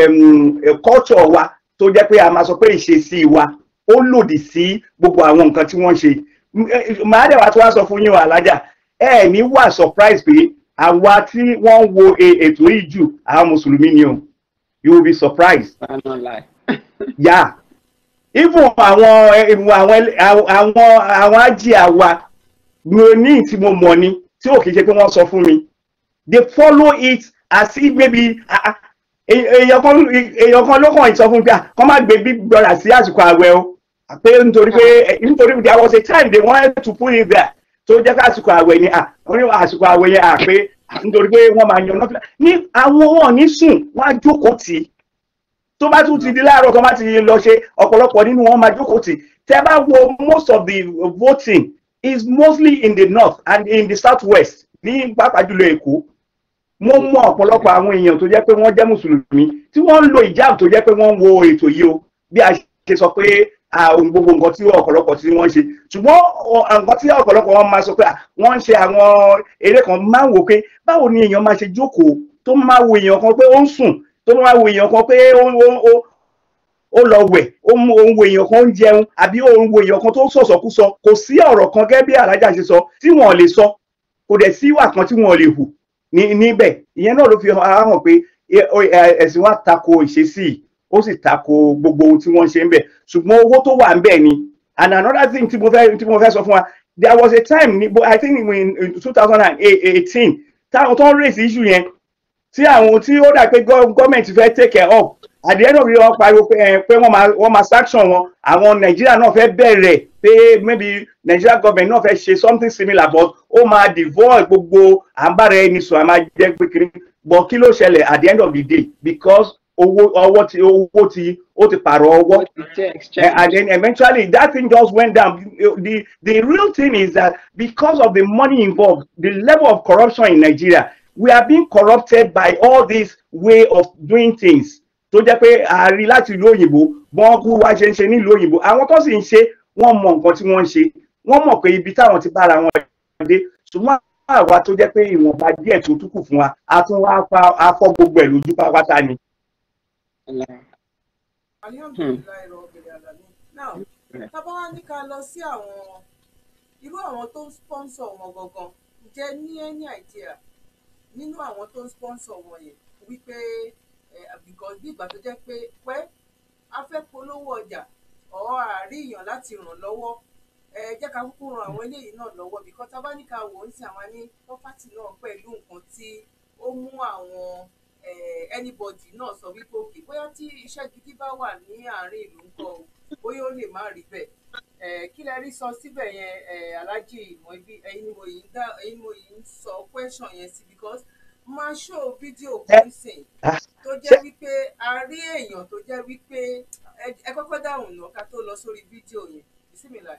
eh, culture wa tó jẹ́ pé a máa sọ pé ìṣesí wa ó lòdì sí gbogbo àwọn nǹkan tí wọ́n ń ṣe màá dẹ̀ wá tó wá sọ fún yín o alájà ẹ ní wà surprise pé àwa tí wọ́n ń wo ètò yìí jù àwọn mùsùlùmí ni o you will be surprised. yeah even àwọn àwọn àwọn àwọn ají àwa mo ní tí mo mọ̀ ni tí ò kì í ṣe pé wọ́n sọ fún mi they follow it as if maybe ah, ah, èèyàn kan ló kàn ń sọ fún mi pé ah, kọ́ má gbé big brother sí àsìkò ààwẹ̀ o pé nítorí pé eh, nítorí there was a time they wanted to put it there tó jẹ́ kásìkò ààwẹ̀ ni wọ́n ní àsìkò ààwẹ̀ yẹn à pé nítorí pé wọ́n máa yan náà ní àwọn wọn ní sùn wọ́n á jókòó tì í tó bá tún ti di láàárọ̀ tó bá ti lọ ṣe ọ̀pọ̀lọpọ̀ nínú wọn máa jókòó tì í tẹ́ bá wo most of the voting is mostly in the north and in the southwest ní pàápàá jùlọ èkó mo mọ ọ̀pọ̀lọpọ̀ àwọn èèyàn tó jẹ́ pé wọ́n jẹ́ mùsùlùmí tí wọ́n ń lo ìjáàbù tó jẹ́ pé wọ́n ń wo ètò yìí o bí a ṣe sọ pé ohun gbogbo nǹkan tí ọ̀pọ̀lọpọ̀ tí wọ́n ń ṣe ṣùgbọ́n nǹkan tí ọ̀pọ̀lọpọ̀ wọn máa sọ pé wọ́n ń ṣe àwọn eré kan máa ń wò pé báwo ni èèyàn máa ṣe jókòó tó máa wo èèyàn kan pé ó ń sùn tó máa wo èèyàn kan pé ó lọ wẹ̀ ó mú ohun wo èèyàn kan ń jẹun àbí ohun wo èèyàn kan tó ń sọ̀sọ̀kúsọ kò sí ọ̀rọ̀ kan gẹ́gẹ́ bí alájà ṣe sọ tí wọ́n lè sọ kò dẹ̀ sí ìwà kan tí wọ́n lè hù níbẹ̀ ìyẹn náà ló fi hàn pé ẹ̀sìn wa tako ìṣesí ó sì tako gbogbo ohun tí wọ́n ṣe ń bẹ̀ ṣùgbọ́n owó tó wà ń bẹ̀ ni and another thing tí mo fẹ́ tí mo fẹ́ sọ fún wa there was a time I think in two thousand and eighteen táwọn tó ń raise issue yẹn won't see all that dà government if I take care of at the end of the day I will pay my máa wọ́n máa sanction wọn àwọn nàìjíríà náà fẹ́ maybe Nigeria government not fẹ́ something similar but ó máa devoid gbogbo àǹbára so I àmà jẹ́ pé kiri but kí ló at the end of the day because owó what ti owó ti eh, and then eventually that thing just went down the the real thing is that because of the money involved the level of corruption in Nigeria we are being corrupted by all this way of doing things tó jẹ́ pé ààrí láti ìlú òyìnbó wọ́n kú wá ṣe ń ṣe nílùú òyìnbó àwọn tó sì ń ṣe wọ́n mọ nǹkan tí wọ́n ń ṣe wọ́n mọ̀ pé ibi táwọn ti bára wọn dé ṣùgbọ́n àwa tó jẹ́ pé ìwọ̀nba díẹ̀ tó túkù fún wa a tún wá pa afọ́ gbogbo ẹ̀ lójú pápátá ni. Hmm. tábà wá ní ká lọ sí àwọn irú àwọn tó ń sponsor wọn gangan jẹ ní any idea nínú àwọn tó ń sponsor wọn wípé because bí ìgbà tó jẹ́ pé pẹ́ a fẹ́ polówó ọjà ọ̀ àríyàn láti ràn lọ́wọ́ ẹ jẹ́ ká kúkú ran àwọn eléyìí náà lọ́wọ́ because tá a bá ní ká wò ó ń sin àwọn ní property náà pẹ̀lú nǹkan tí ó mú àwọn anybody náà sọ wípé òkè bóyá tí iṣẹ́ gidi bá wà ní àárín ìlú ńkọ́ bóyá ó lè má rí bẹ́ẹ̀ kí lẹ rí sọ síbẹ̀ yẹn aláàjì Muibi ẹ̀yin ni mo yìí ń dá ẹ̀yin mo yìí ń sọ question yẹn sí because máa ṣó fídíò kan eh, sìn ah, tó jẹ́ wípé a rí èèyàn tó jẹ́ wípé ẹ kọ́kọ́ dáhùn náà ká tó lọ sórí fídíò yẹn ìsìmìlà.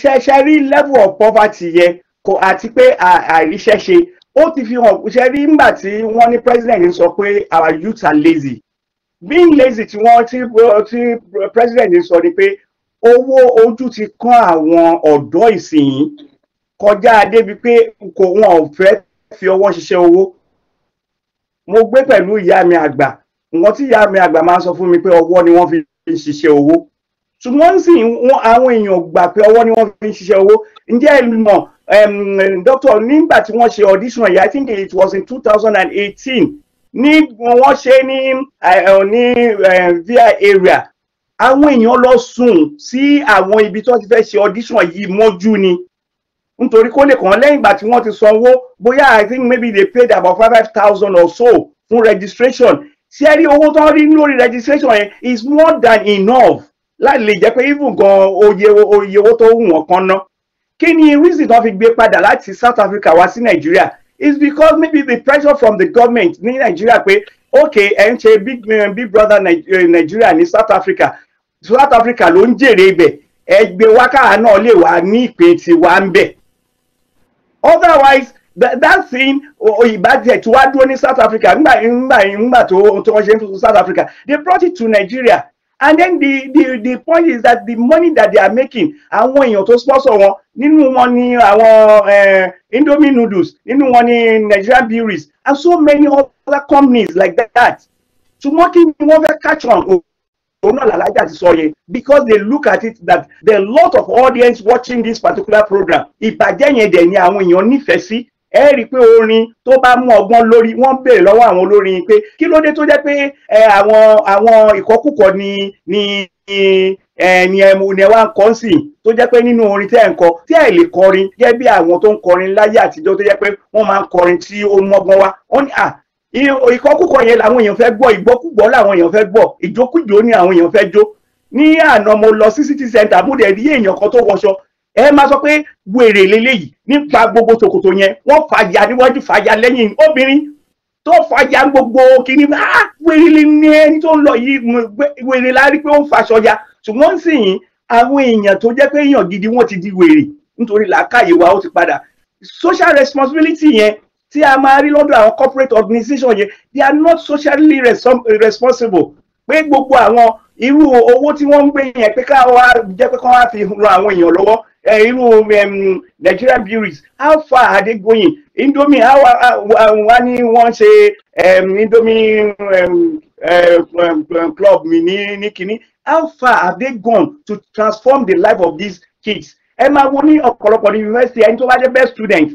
ṣe ṣe rí level of poverty yẹn kò àti pé àìríṣẹ́ ṣe ó ti fi hàn ṣe rí nígbà tí wọ́n ní president sọ pé our youths are lazy being lazy tí wọ́n tí tí president sọ ni pé owó ojú ti kán àwọn ọ̀dọ́ ìsìn kọjá débi pé kò wọn ò fẹ́ fi ọwọ́ ṣiṣẹ́ owó mo gbé pẹ̀lú ìyá mi àgbà nǹkan tí ìyá mi àgbà máa ń sọ fún mi pé ọwọ́ ni wọ́n fi ń ṣiṣẹ́ owó ṣùgbọ́n sì àwọn èèyàn gbà pé ọwọ́ ni wọ́n fi ń ṣiṣẹ́ owó ǹjẹ́ ẹ mọ̀ dókítà nígbà tí wọ́n ṣe audition yìí I think it was in two thousand and eighteen ní wọ́n ṣe ní ní via area àwọn èèyàn lọ sùn sí àwọn ibi tó ti fẹ́ ṣe audition yìí mọ́jú ni nítorí kó lè kàn lẹ́yìn ìgbà tí wọ́n ti sanwó bóyá i think maybe they paid about five five thousand or so fún registration ṣé rí owó tó ń rí lórí registration yẹn is more than enough láti lè jẹ́ pé even gan oye oye owó tó wù wọ́n kan ná kí ni reason tó fi gbé padà láti South Africa wá sí Nàìjíríà It's because maybe the pressure from the government in Nigeria, okay and ń ṣe big eh, big brother eh, Nigeria and South Africa South Africa ló ń jèrè ibẹ̀ ẹgbẹ́ wákàrà náà lè wà ní ìpín tiwa bẹ̀. Otherwise that, that thing ìbàjẹ́ tí what dúró in South Africa ńgbà ńgbà ńgbà tó tó wọ́n South Africa they brought it to Nigeria and then the the the point is that the money that they are making àwọn èèyàn tó sponsor wọn nínú money ni àwọn eh, indomie noodles nínú money nigerian breweries and so many other companies like that to kí more wọ́n fẹ́ catch on òun náà like that is sọ because they look at it that there are a lot of audience watching this particular program ìbàjẹ́ yẹn dẹ̀ ni àwọn ẹ rí i pé orin tó bá mú ọgbọ́n lórí wọ́n ń béèrè lọ́wọ́ àwọn olórin pé kí ló dé tó jẹ́ pé àwọn àwọn ìkọkúkọ ni ni ẹni ẹmu ni ẹ wá ń kọ́ sí tó jẹ́ pé nínú orin tẹ́ ẹ̀ ń kọ tí ẹ̀ lè kọrin gẹ́gẹ́ bí àwọn tó ń kọrin láyé àtijọ́ tó jẹ́ pé wọ́n máa ń kọrin tí ó mú ọgbọ́n wá wọ́n ní à ìkọkúkọ yẹn làwọn èèyàn fẹ́ gbọ́ ìgbọ́kúgbọ́ làwọn èèyàn fẹ́ gbọ́ ìjókújó ni àwọn èèyàn fẹ́ jó ní àná mo lọ sí city center mo dẹ̀ rí èèyàn kan tó wọṣọ ẹ máa sọ pé wèrè lélẹ́yìí nípa gbogbo ṣòkòtò yẹn wọ́n fàjà níwájú fàjà lẹ́yìn obìnrin tó fàjà gbogbo kìíní bá ah, wèrè ní ẹni tó ń lọ yìí wèrè la rí pé ó ń faṣọya ṣùgbọ́n sìn àwọn èèyàn tó jẹ́ pé èèyàn gidi wọ́n ti di wèrè nítorí làákàyè wa ó ti padà social responsibility yẹn tí a máa rí lọ́dọ̀ àwọn corporate organisation yẹn they are not socially responsible pé gbogbo àwọn irú owó tí wọ́n ń gbé yẹn pé káwọn jẹ́ pé káwọn á fi ran àwọn èèyàn lọ́wọ́ uh, you know, um, Nigerian breweries, how far are they going? Indomie, how uh, one one say um, Indomie um, uh, um, eh, club, mini, nikini, how far have they gone to transform the life of these kids? Am I wo ní ọ̀pọ̀lọpọ̀ ní yunifásitì ẹni tó bá jẹ́ best student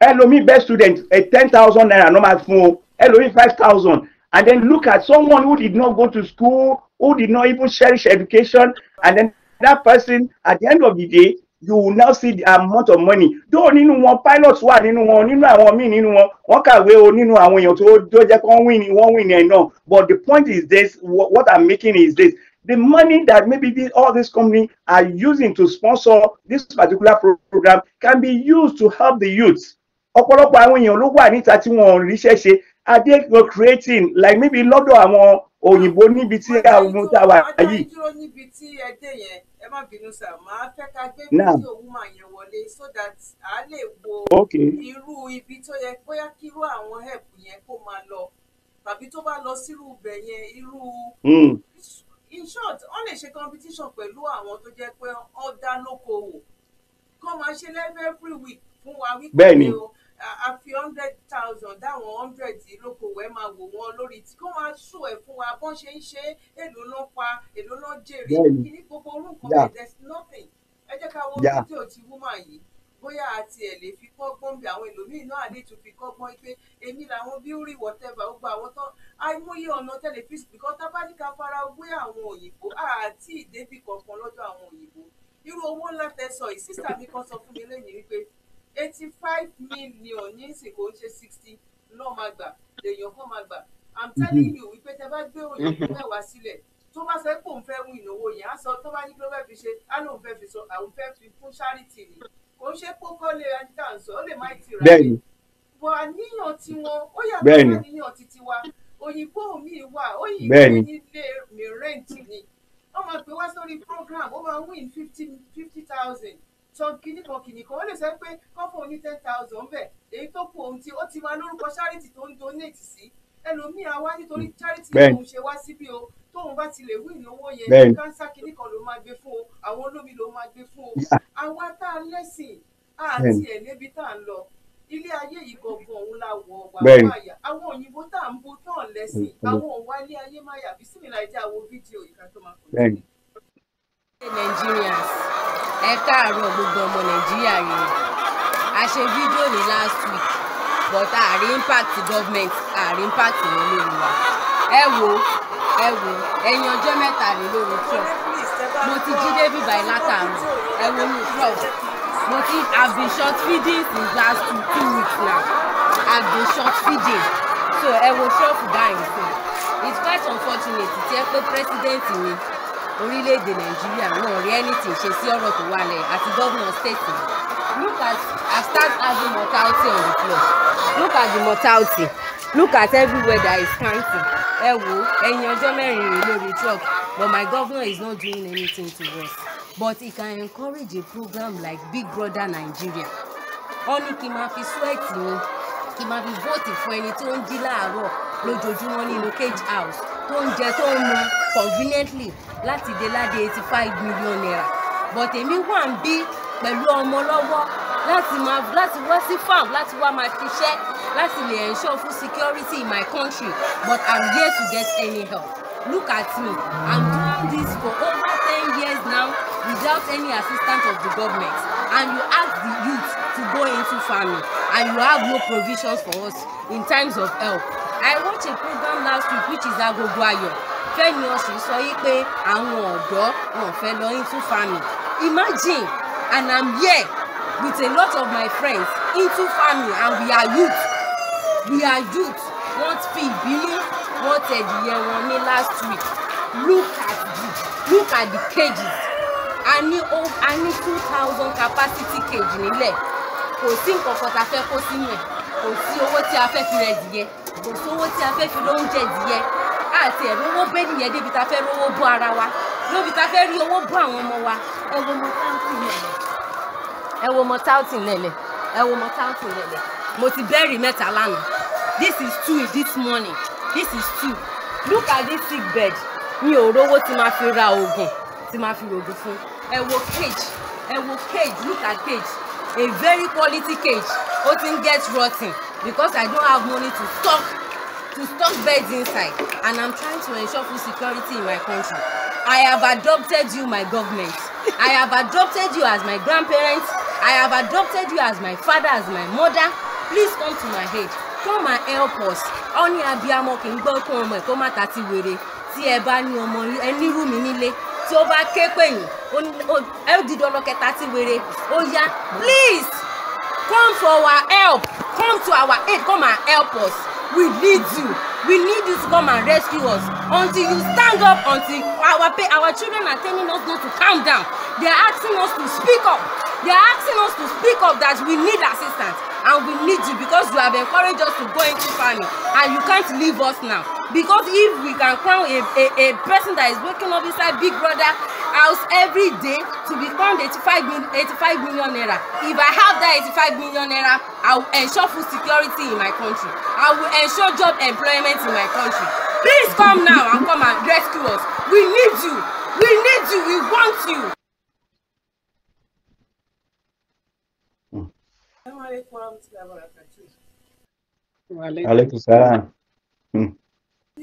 ẹlòmíì best student eh, ten thousand naira ló my phone, o five thousand and then look at someone who did not go to school who did not even cherish education and then that person at the end of the day you will now see the amount of money tó nínú wọn pilots wà nínú wọn nínú àwọn míì nínú wọn wọn kàwé o nínú àwọn èèyàn tó tó jẹ́ kó win ni wọ́n win ẹ̀ náà but the point is this what i'm making is this the money that maybe this, all these companies are using to sponsor this particular program can be used to help the youths ọ̀pọ̀lọpọ̀ àwọn èèyàn ló wà níta tí wọ́n ríṣẹ́ ṣe are they creating like maybe lọ́dọ̀ àwọn òyìnbó níbi tí àwọn ohun tá a wà yìí ẹ má bínú sà máa fẹ́ ká gbé fídíò wúmà yẹn wọlé so that a lè wo irú ibi tó yẹ bóyá kí irú àwọn help yẹn kó máa lọ tàbí tó bá lọ sírú ibẹ̀ yẹn irú hmm. in short wọ́n lè ṣe competition pẹ̀lú àwọn tó jẹ́ pé ọ̀dà lókoòwò kọ́ máa ṣe lẹ́fẹ̀ẹ́ every week fún wa wípé o a fi hundred thousand dáwọn hundred ìlókòwò ẹ máa wò wọn lórí tí kò máa ṣù ẹ fún wa bọ́n ṣe ń ṣe èlò náà pa èlò náà jèrè kí gbogbo orúkọ rẹ there's nothing ẹ jẹ́ ká wọ́n fídíò ti woman yìí bóyá àti ẹ̀ lè fi kọ́gbọ́n bí àwọn ẹlòmíì náà àlejò fi kọ́gbọ́n pé èmi làwọn bí rí whatever ó gba àwọn tán àìmọye ọ̀nà tẹlifíṣì bìkan tábàdìkà fara wé àwọn òyìnbó àti ìdébì kankan lọ́dọ̀ àwọn òyìnbó irú owó ńlá tẹ sọ yìí mi kan sọ fún mi lẹ́yìn wípé eighty five million ní ìsìnkú ó ṣe sixty lọ́ọ́ máa gbà lèèyàn kan máa gbà i'm mhm. telling you wípé tẹ bá gbé òyìnbó mẹ́wàá mhm. sílẹ̀ tó bá sọ pé òun fẹ́ win ìnáwó yẹn á sọ tó bá ní pé ó fẹ́ fi ṣe á lóun fẹ́ fi sọ àwọn fẹ́ fi fún charity ni kò ṣe kókó lè ra níta sọ ó lè má ti rà bẹ́ẹ̀ni bọ àníyàn tiwọn ó yàtọ̀ àníyàn titi wa òyìnbó mi wà òyìnbó nílé mi rẹ́ǹtì ni wọ́n máa gbé wá sórí program ó máa win fifty fifty thousand san kinní kan kinní kan ó lè sẹ́ pé kán fún oní ten thousand bẹ̀ èyí tó kù ohun tí ó ti máa lórúkọ charity tó ń donate sí ẹlòmíà wá nítorí charity tó ń ṣe wá síbí o tóun bá ti lè wí ìnáwó yẹn kánsá kinní kan ló máa gbé fún o àwọn olómi ló máa gbé fún o àwa tá a lẹ́sìn àti ẹ̀ níbi tá a ń lọ ilé ayé yìí gangan òun la wọ wàhálà àyà àwọn òyìnbó tá à ń bó tán lẹ́sìn àwọn òwò alé ayé má yà bí símìlà ìjà wo fídíò ìka máa kọjú. Nigerians ẹ káàárọ̀ gbogbo ọmọ nàìjíríà yìí a ṣe fídíò ní last week but ààrí impact government ààrí impact wọn lórí wa ẹ wo ẹ wo ẹyin ọjọ́ mẹ́ta rèé lórí trump mo ti jí débi by látàánú ẹ wo ní trump mo ti have been short feeding since last two, two weeks now have been short feeding so ẹ wo trump báyìí so it's quite unfortunate tí ẹ pé president mi orílẹ̀-èdè nàìjíríà náà rí anything ṣe sí ọ̀rọ̀ tó wà lẹ̀ àti gómìnà state look at i start having mortality on the floor look at the mortality look at everywhere that is counting ẹ wo ẹ̀yìn ọjọ́ mẹ́rin rèé lórí truck but my governor is not doing anything to us but he can encourage a program like Big Brother Nigeria ó ní kí n máa fi sweat mi kí n máa fi vóòtì fún ẹni tó ń jí láàárọ̀ lójoojúmọ́ nínú cage house tó ń jẹ tó ń mu conveniently láti dé ládé eighty five million naira but èmi wà ń bí pẹ̀lú ọmọ lọ́wọ́ láti máa láti wá sí farm láti wá máa ṣiṣẹ́ láti lè ensure food security in my country but I'm here to get any help look at me I'm doing this for over ten years now without any assistance of the government and you ask the youth to go into farming and you have no provisions for us in times of help i watch a program last week which is agogo ayo fẹmi ọsùn sọ yìí pé àwọn ọdọ wọn fẹ lọ into farming imagine and i'm here with a lot of my friends into farming and we are youth we are youth wọn fi ìbínú wọn tẹdìyẹ wọn ní last week look at the look at the cages a ní a ní two thousand capacity cage nílẹ̀ kò sí nǹkan kan tá a fẹ́ kó sínú ẹ̀ kò sí owó tí a fẹ́ fi rẹ dìyẹ kò sí owó tí a fẹ́ fi lóúnjẹ dìyẹ àti ẹ̀rọ owó bẹ́ẹ̀ nìyẹn débi tá a fẹ́ rówó bọ́ ara wa lóbi tá a fẹ́ rí owó bọ́ àwọn ọmọ wa ẹ mọ táùtì lẹ̀lẹ̀ ẹ mọ táùtì lẹ̀lẹ̀ ẹ mọ táùtì lẹ̀lẹ̀ mo ti bẹ́ẹ̀rì mẹ́ta lánàá this is two this morning this is two look at this sick bed mi ò rówó tí máa fi ra oògùn tí máa fi rògùn fún ẹ cage ẹ wo cage look at cage a very quality cage ó ti ń get rotten because i don't have money to stock to stock birds inside and i'm trying to ensure food security in my country i have adopted you my government i have adopted you as my grandparents i have adopted you as my father as my mother please come to my aid come and help us Oni ní abiyamọ kì í gbọ́ kún ọmọ ẹ̀ kó má ta ti wèrè tí ẹ bá ní ọmọ ẹ nírú mi nílé tí ó bá ké pè yín ẹ ó di dandan that? tí wèrè Oh yeah! please come for our help come to our aid come and help us we need you we need you to come and rescue us until you stand up until our pay our children are telling us not to calm down they are asking us to speak up they are asking us to speak up that we need assistance and we need you because you have encouraged us to go into farming and you can't leave us now because if we can crown a a a person that is waking up inside big brother house every day to become 85, eighty-five million eighty-five million naira if i have that eighty-five million naira i will ensure food security in my country i will ensure job employment in my country please come now and come and rescue us we need you we need you we want you. Hmm. salam. Hmm.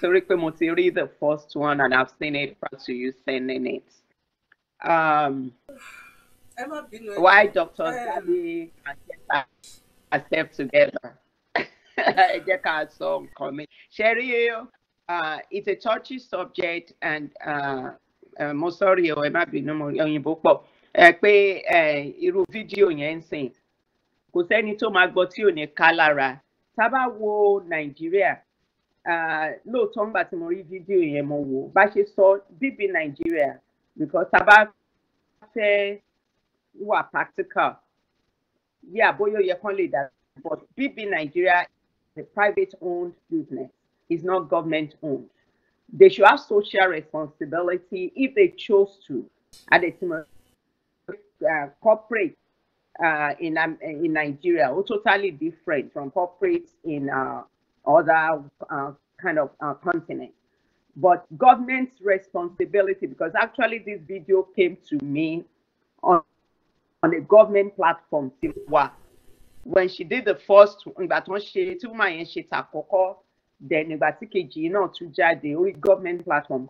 Tariq Motiri, the first one, and I've seen it prior to you sending it. Um, why Dr. Gali and herself together? song saw coming. Sherry, uh, it's a touchy subject, and Mosori uh, uh, mo sorry o, ẹ má bínú mo òyìnbó pọ̀ ẹ pé irú fídíò yẹn ń sìn kò sẹ́ni tó máa gbọ́ tí ò ní a bá wo Nigeria. Ah, no, ńgbà tí mo rí fídíò yẹn mo wò bá ṣe sọ bíbí because tá a fẹ́ wà practical Yeah, boyo, yẹ kán lè dà but bíbí nigeria is a private owned business is not government owned they should have social responsibility if they chose to adetimo uh, ah, corporate uh, in um, in Nigeria are totally different from corporates in uh, other uh, kind of uh, continent. But government's responsibility, because actually this video came to me on, on a government platform, when she did the first ìgbà she took my tí then ìgbà tí kejì náà the jáde government platform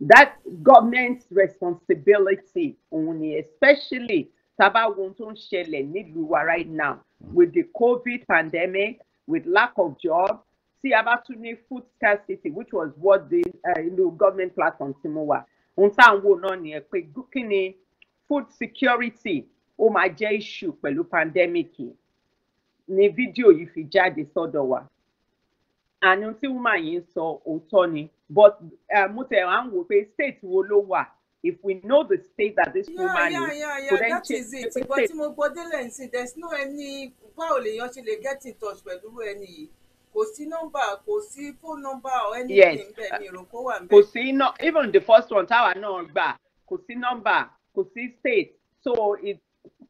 that government's responsibility only, especially tá a bá wo right now mm. with the covid pandemic with lack of job see about to need food scarcity which was what the uh, government platform ti mú wa ohun tá à ń wò food security ó máa jẹ́ issue pẹ̀lú pandemic ni fídíò yìí fi jáde sọ́dọ̀ wa àní tí woman yìí ń sọ òótọ́ ni but eh, mo tẹ̀ wá ń wò pé state wo ló wà if we know the state that this woman yeah, yeah, yeah, is. yeah yeah yeah that is it But tí mo gbọ́ délẹ̀ there is no any báwo lèèyàn ṣe lè get in touch pẹ̀lú ẹni yìí kò sí nọ́mbà kò sí phone number or anything bẹ́ẹ̀ ni èrò wà uh, bẹ́ẹ̀. kò sí even the first one táwa náà gbà kò sí nọ́mbà kò sí state so it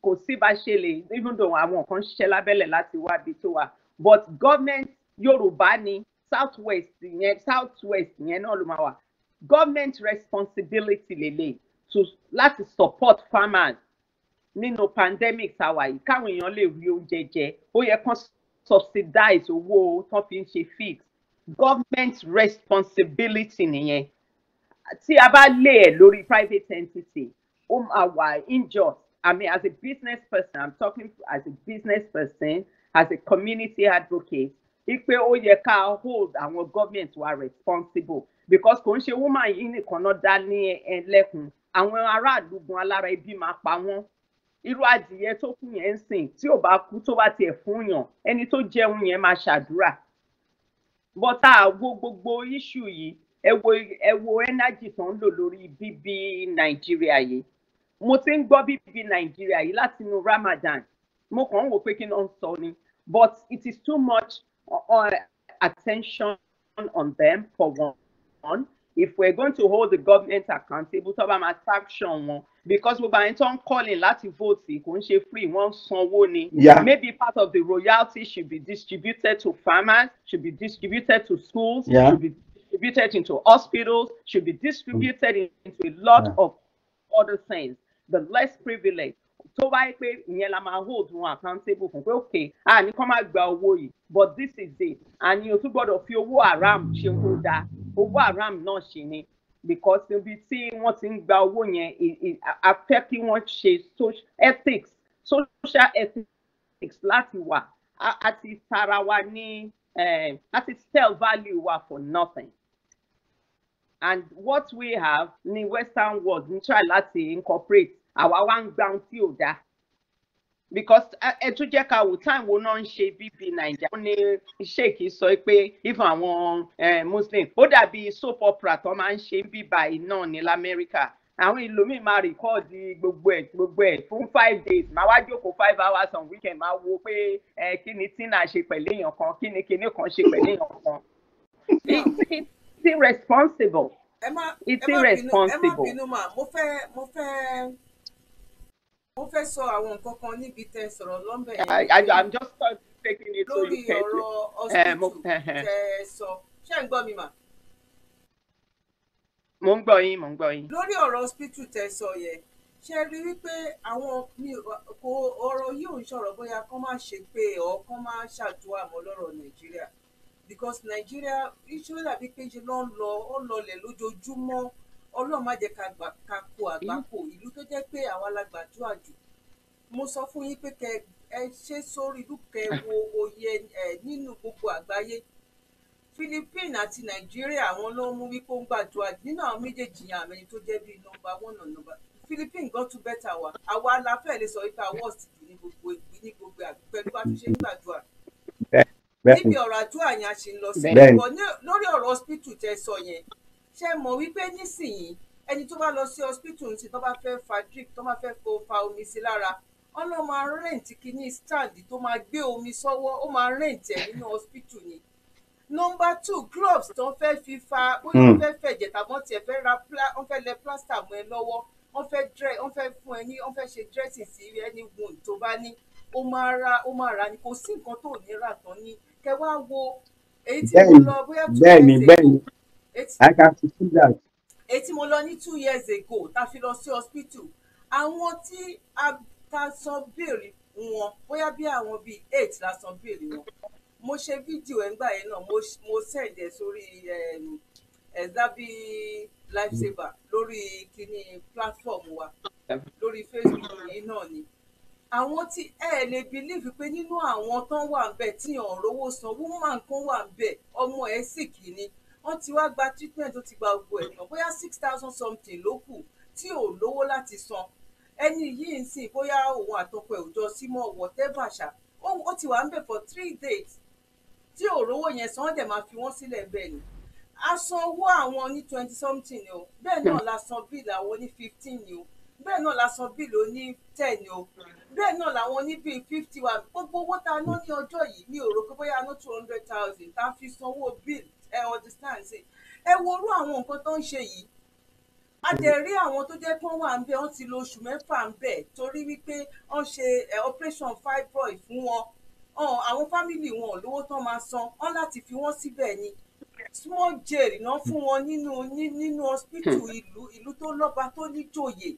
kò sí bá ṣe lè even though àwọn kan ṣiṣẹ́ lábẹ́lẹ̀ láti wá ibi tó wà but government yorùbá ni south west yẹn south west yẹn náà ló máa wà government responsibility lele to láti support farmers nínú pandemic tàwa yìí káwọn èèyàn lè rí oúnjẹ jẹ ó yẹ kán subsidize owó tán fi ń ṣe fix government responsibility nìyẹn tí a bá lé ẹ lórí private entity ó máa wà injust I mean as a business person I'm talking as a business person as a community advocate ipe ó yẹ ká hold àwọn government wa responsible because kò ń ṣe woman yìí nìkan náà dá ní ẹlẹ́kùn àwọn aráàlú gan alára ẹbí máa pa wọ́n irú adìyẹ tó kú yẹn ń sìn tí ò bá kú tó bá tiẹ̀ fún yàn ẹni tó jẹun yẹn máa ṣàdúrà bọ́tà wo gbogbo iṣu yìí ẹ wo ẹ wo energy tó ń lò lórí bíbí nàìjíríà yìí mo ti ń gbọ́ bíbí nàìjíríà yìí látinú Ramadan mo kàn ń wò pé kí n ń sọ ni but it is too much uh, uh, attention on them for one. If we're going to hold the government accountable, tó bá máa sanction wọn because gbogbo àwọn tó ń calling láti vote kò ń ṣe free wọ́n ń sanwó ni. Yeah. maybe part of the royalty should be distributed to farmers should be distributed to schools yeah. should be distributed into hospitals should be distributed into a lot yeah. of other things the less privileged tó bá yẹ pé ìyẹn la máa hold wọn accountable fún pé ok a ní kó gba owó yìí but this is it àní o tún gbọ́dọ̀ fi owó haram ṣe ohun tó dáa owó haram náà ṣe ni because they'll be seeing what's in owó yẹn a social ethics social ethics láti at àti tara wa eh, at láti sell value for nothing and what we have in western world in try incorporate our one ń because eh, ẹ tún jẹ́ ká wò time wo náà ń ṣe bíbí nàìjíríà wọ́n ní sheik sọ pé even àwọn eh, muslim ó dàbí soap opera tó máa ń ṣe bíbá iná ní lamẹ́ríkà àwọn ìlú mi máa rìkọ́ọ̀dì gbogbo ẹ̀ gbogbo ẹ̀ fún five days máa wá jókòó five hours on weekend máa wo pé ẹ eh, kí ni tina ṣe pẹ̀lú èèyàn kan kí ni kinní kan ṣe pẹ̀lú èèyàn kan it's irresponsible it's irresponsible. ẹ má bínú mà mo fẹ́ mo fẹ́ mo fẹ́ sọ àwọn nǹkan kan níbi tẹ́ sọ̀rọ̀ lọ́mbẹ̀ yẹn. i'm just taking it so you can. lórí ọ̀rọ̀ eh, hospital eh, eh. tẹ́ sọ ṣé ń gbọ́ mi mà. mo ń gbọ́ yín mo ń gbọ́ yín. lórí ọ̀rọ̀ hospital tẹ́ sọ yẹn ṣe rí wípé àwọn mi kò ọ̀rọ̀ yìí ò ń sọ̀rọ̀ bóyá kán má ṣe pé ọ̀ kán má ṣàdúrà mọ́ lọ́rọ̀ nàìjíríà because nàìjíríà iṣẹ́ ó dàbí ló ń lọ ó lọlẹ̀ lójoojúmọ́ ọlọ́run má jẹ́ ká kó àgbákò mm. ìlú tó jẹ́ pé àwọn alágbàjọ àjò mo sọ fún yín pé kẹ ẹ ṣe sórí dúkẹ́ wo oyè ẹ nínú gbogbo àgbáyé Philippines àti Nàìjíríà àwọn ló ń mú wípé ó ń gbàjọ àjò nínú àwọn méjèèjì yẹn àmì tó jẹ́ bíi nọmba one and nọmba Philippines gan tún bẹ́tà wá àwa la fẹ́ lè sọ wípé àwọn ọ̀sìn ní gbogbo ìgbín ní gbogbo àgbẹ̀lú bá fi ṣe ń gbàdúrà níbi ọ̀rọ̀ àdúrà yẹn a ṣe ń lọ sí ìbọn lórí ọ̀rọ̀ hospital tẹ sọ yẹn ṣe mọ̀ wípé nísìnyí ẹni tó bá lọ sí hospital ti tó bá fẹ́ fa drip tó bá fẹ́ fo fa omi sí lára ọlọ́ máa rẹ́ǹtì kínní stand tó máa gbé omi sọ́wọ́ ó máa rẹ́ǹtì ẹ̀ nínú hospital ni nọmba two gloves tó ń fẹ́ fi fa bóyá wọ́n hmm. fẹ́ fẹ̀jẹ̀ tàbí wọ́n tiẹ̀ fẹ́ ra wọ́n fẹ́ lẹ plaster mọ́ ẹ lọ́wọ́ wọ́n fẹ́ drẹ wọ́n fẹ́ fún ẹ ní wọ́n fẹ́ ṣe dressing sí ẹni wound tó bá ní ó máa ra ó máa ra ni kò sí nǹkan tó ní rà tán ní kẹ wo èyí tí mo lọ bóyá tó ń ṣe I can see that. Etí mo lọ ní two years ago ta fi lọ sí hospital. Àwọn tí a ta san béèrè wọn bóyá bí àwọn bíi eight la san béèrè wọn. Mo ṣe fídíò ẹ̀ngbà yẹn náà mo send ẹ̀ sórí Ẹ̀dábí Lifesaver lórí kíní platform wa lórí Facebook yìí náà ni. Àwọn tí ẹ lè believe pé nínú àwọn tán wà ń bẹ̀ tí ọ̀rọ̀ owó san woman kan wà ń bẹ̀ ọmọ ẹ̀ sì kìíní wọ́n ti wá gba treatment ó ti gba gbogbo ẹ̀ bóyá six thousand something ló kù tí ò lówó láti san ẹni yìí ń sìn bóyá òun àtọkọ ẹ̀ ò jọ símọ́ whatever ṣá ó ti wà ń bẹ̀ for three days tí ò rówó yẹn san dẹ̀ máa fi wọ́n sílẹ̀ bẹ́ẹ̀ ni a owó àwọn ní twenty something ni o bẹ́ẹ̀ náà la san bíìlì àwọn ní fifteen ni o bẹ́ẹ̀ náà la san bíìlì oní ten ni o bẹ́ẹ̀ náà làwọn ní bíi fifty wa gbogbo owó tá a ná ní ọjọ́ yìí mi ò rò pé bóyá ná two hundred thousand tá a fi sanwó bíìlì ẹ understand ṣe ẹ wo orú àwọn nǹkan tó ń ṣe yìí a dẹ̀ rí àwọn tó jẹ́ pọ́n wà ń bẹ̀ wọ́n ti lo oṣù mẹ́fà ń bẹ̀ torí wípé wọ́n ṣe operation fibroid fún wọn àwọn fámìlì wọn ò lówó tán máa san wọ́n láti fi wọ́n síbẹ̀ ni small jail náà fún wọn nínú nínú hospital hmm. ìlú ìlú tó lọ́ba tó níjòyè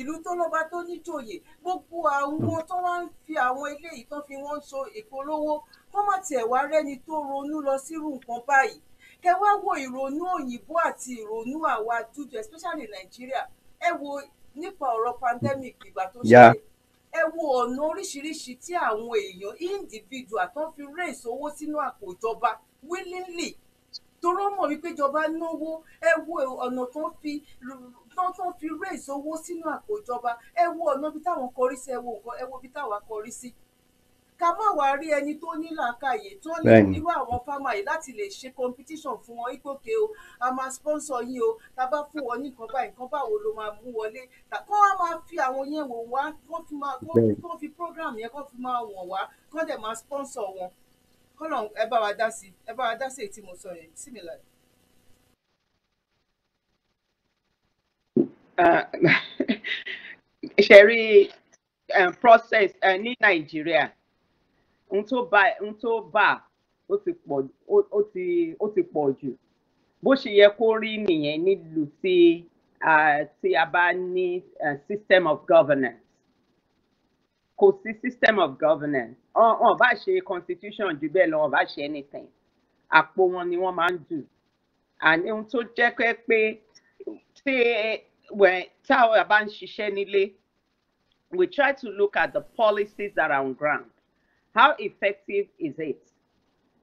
ìlú tó lọ́ba tó níjòyè gbogbo àwọn tó wá ń fi àwọn eléyìí tó fi wọ́n so ìpolówó kọ́ má tiẹ̀ wá rẹ́ni tó ronú lọ sírú nǹkan báyìí kẹ wá wo ìrònú òyìnbó àti ìrònú àwa dúdú especially Nàìjíríà ẹ wo nípa ọ̀rọ̀ pandemic ìgbà tó ṣẹlẹ̀ ẹ wo ọ̀nà oríṣiríṣi tí àwọn èèyàn individual tó fi raise owó sínú àpò ìjọba willingly torọ́ mọ̀ wípé ìjọba náwó ẹ wo ọ̀nà tó fi tó fi raise owó sínú àpò ìjọba ẹ wo ọ̀nà bí táwọn kọrí sí ẹ wo nǹkan ẹ wo bí táwa kọrí sí ká má wá rí ẹni tó ní làákàyè tó ní irú àwọn farmer yìí láti lè ṣe competition fún wọn ìgbòkè o a máa sponsor yín o tá a bá fún wọn ní báyìí nǹkan báwo ló máa mú wọlé kó wá máa fi àwọn yẹn wò wá kó fi máa kó fi program yẹn kó fi máa wọ̀n wá kó dẹ̀ máa sponsor wọn kọ́nà ẹ bá wa dá sí ẹ bá wa dá sí èyí mo sọ yẹn similar. Ah, ṣe rí eh, process eh, ní nàìjíríà ohun tó bá ohun tó bá ó ti pọ̀ ó ti ó ti pọ̀ jù bó ṣe yẹ kó rí nìyẹn nílùú tí tí a bá ní eh, system of governance kò sí system of governance wọn bá ṣe constitution jù bẹ́ẹ̀ lọ bá ṣe anything àpò wọn ni wọ́n máa ń dù àní ohun tó jẹ́ pé tí táwọn bá ń ṣiṣẹ́ nílé we try to look at the policies that are on ground how effective is it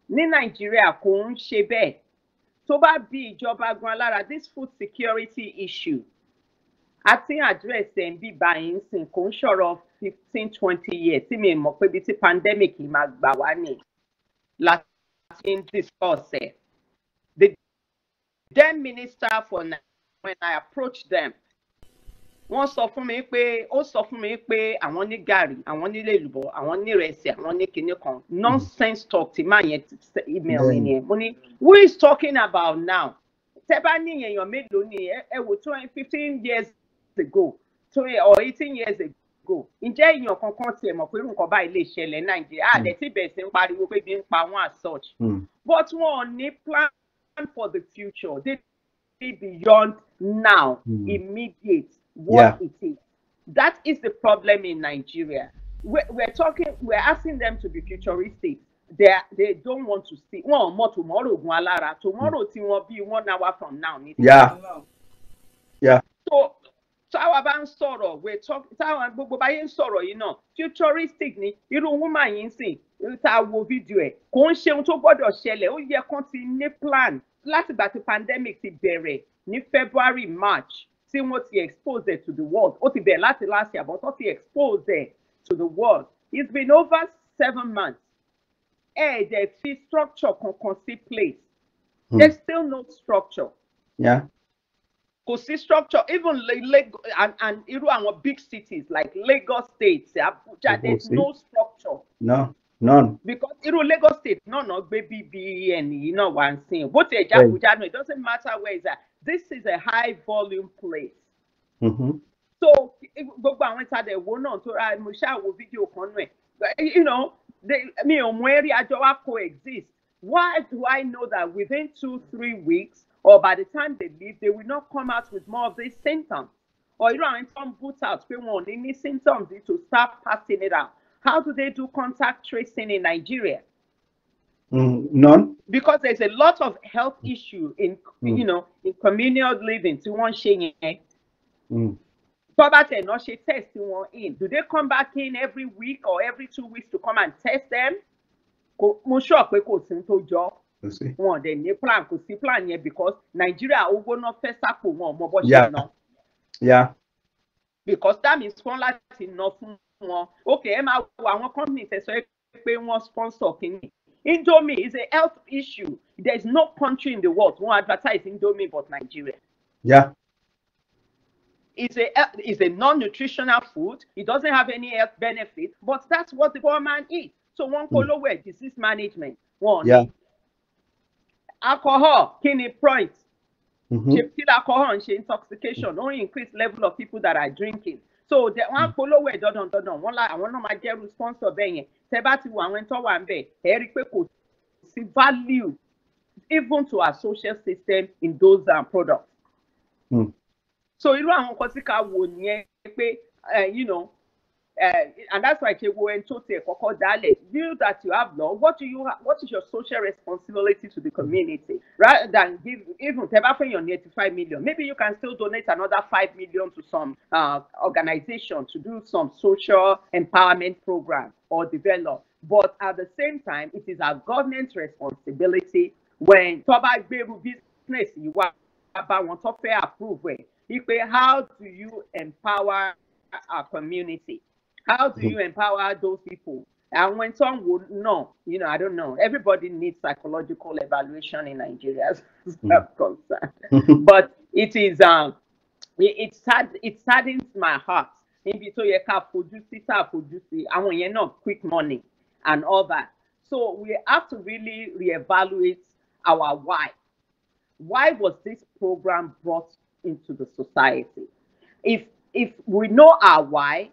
ní Nigeria, kò ń ṣe bẹ́ẹ̀ tó bá bí ìjọba gan lára this food security issue àti address ẹ̀ ń bí báyìí ń sìn kò ń ṣọ̀rọ̀ fifteen twenty years tí mi mọ̀ pé bí ti pandemic yìí máa gbà wá ní láti discuss the then minister for when I approached them wọ́n sọ fún mi pé ó sọ fún mi pé àwọn ní gàrí àwọn nílé ìlúbọ àwọn nírẹsì àwọn ní kinní kan nonsense talk ti máa yẹn email mi nìyẹn mo ní who is talking about now tẹ́ bá ní èèyàn mélòó ni ẹ wò twenty fifteen years ago or eighteen years ago go ǹjẹ́ èèyàn kankan tiẹ̀ mọ̀ pé irú nǹkan báyìí lè ṣẹlẹ̀ nàìjíríà àdẹ hmm. tí bẹ̀rẹ̀ sí ń pariwo pé bí ń pa wọn as such hmm. but wọn ò ní plan for the future they dey beyond now hmm. immediate what yeah. it is. That is the problem in Nigeria. We're, we're talking, we're asking them to be futuristic. They they don't want to see. one more tomorrow tomorrow tí wọ́n bí one hour from now Yeah. Yeah. So táwa bá ń sọ̀rọ̀ we're talking táwa gbogbo báyé ń sọ̀rọ̀ yìí náà futuristic ni know, woman in ń sìn tá a wo fídíò ẹ̀ kò ń ṣe ohun tó gbọ́dọ̀ ṣẹlẹ̀ ó yẹ kán ti ní plan látìgbà tí pandemic ti bẹ̀rẹ̀ ní February March tí what he exposed to the world what he bẹ̀rẹ̀ last year but what he exposed to the world it's been over seven months ẹ the dẹ̀ structure can sí place hmm. there's still no structure. Yeah. Kò see structure even lego and, and irú and big cities like Lagos State, Abuja, there's no structure. No. None. Because irú Lagos State no, no baby, be and You know what i. Bó ti ẹ̀ jákujà náà, it doesn't matter where it's at this is a high volume place. Mm-hmm. so gbogbo àwọn ìtajà ìwo náà tó ra mo will be your náà you know me ò mú ẹrí àjọ wa coexist why do I know that within two three weeks or by the time they leave they will not come out with more of these symptoms or you know, tó some boot out pé wọn symptoms to start passing it out how do they do contact tracing in Nigeria Mm, none. Because there's a lot of health mm. issue in mm. you know in communal living tí one ṣe yẹn. Bọ́bá mm. tẹ̀ náà ṣe test wọn in. Do they come back in every week or every two weeks to come and test them? Kò mo sọ pé kò sí plan kò plan yẹn because Nigeria owó náà fẹ́ sápò wọn ọmọ bọ́ ṣe Because that means wọ́n láti ná Okay, ẹ máa wo àwọn companies to sọ pé wọ́n sponsor kìíní. Indomie is a health issue. There is no country in the world who advertise Indomie but Nigeria. Yeah. It's a, it's a non-nutritional food. It doesn't have any health benefit, but that's what the poor man eats. So one hmm. follow mm. disease management. One. Yeah. Alcohol, kidney points. Mm-hmm. alcohol and intoxication only increase level of people that are drinking. so wọ́n á hmm. polówó ẹ̀ dandan dandan wọ́n la àwọn náà máa jẹ́rú sponsor bẹ́ẹ̀ yẹn tẹ́ bá ti wo àwọn ẹni tó wà ń bẹ̀ rí i pé kò sí value even to our social system in those um, products. Mm. so irú àwọn nǹkan tí ká wò nìyẹn pé eh, you know Uh, and that's why to Ntote Koko Dale, view that you have now, what do you what is your social responsibility to the community? Rather than give even everything your five million, maybe you can still donate another 5 million to some uh, organization to do some social empowerment program or develop. But at the same time, it is our government's responsibility when Toba business you want to approve. How do you empower our community? How do hmm. you empower those people? And when some would know, you know, I don't know. Everybody needs psychological evaluation in Nigeria, as mm. concerned. but it is um, it, it sad, it saddens my heart. In between, yẹ ká sí tá fojú sí àwọn yẹn náà quick money and all that. So we have to really reevaluate our why. Why was this program brought into the society? If if we know our why,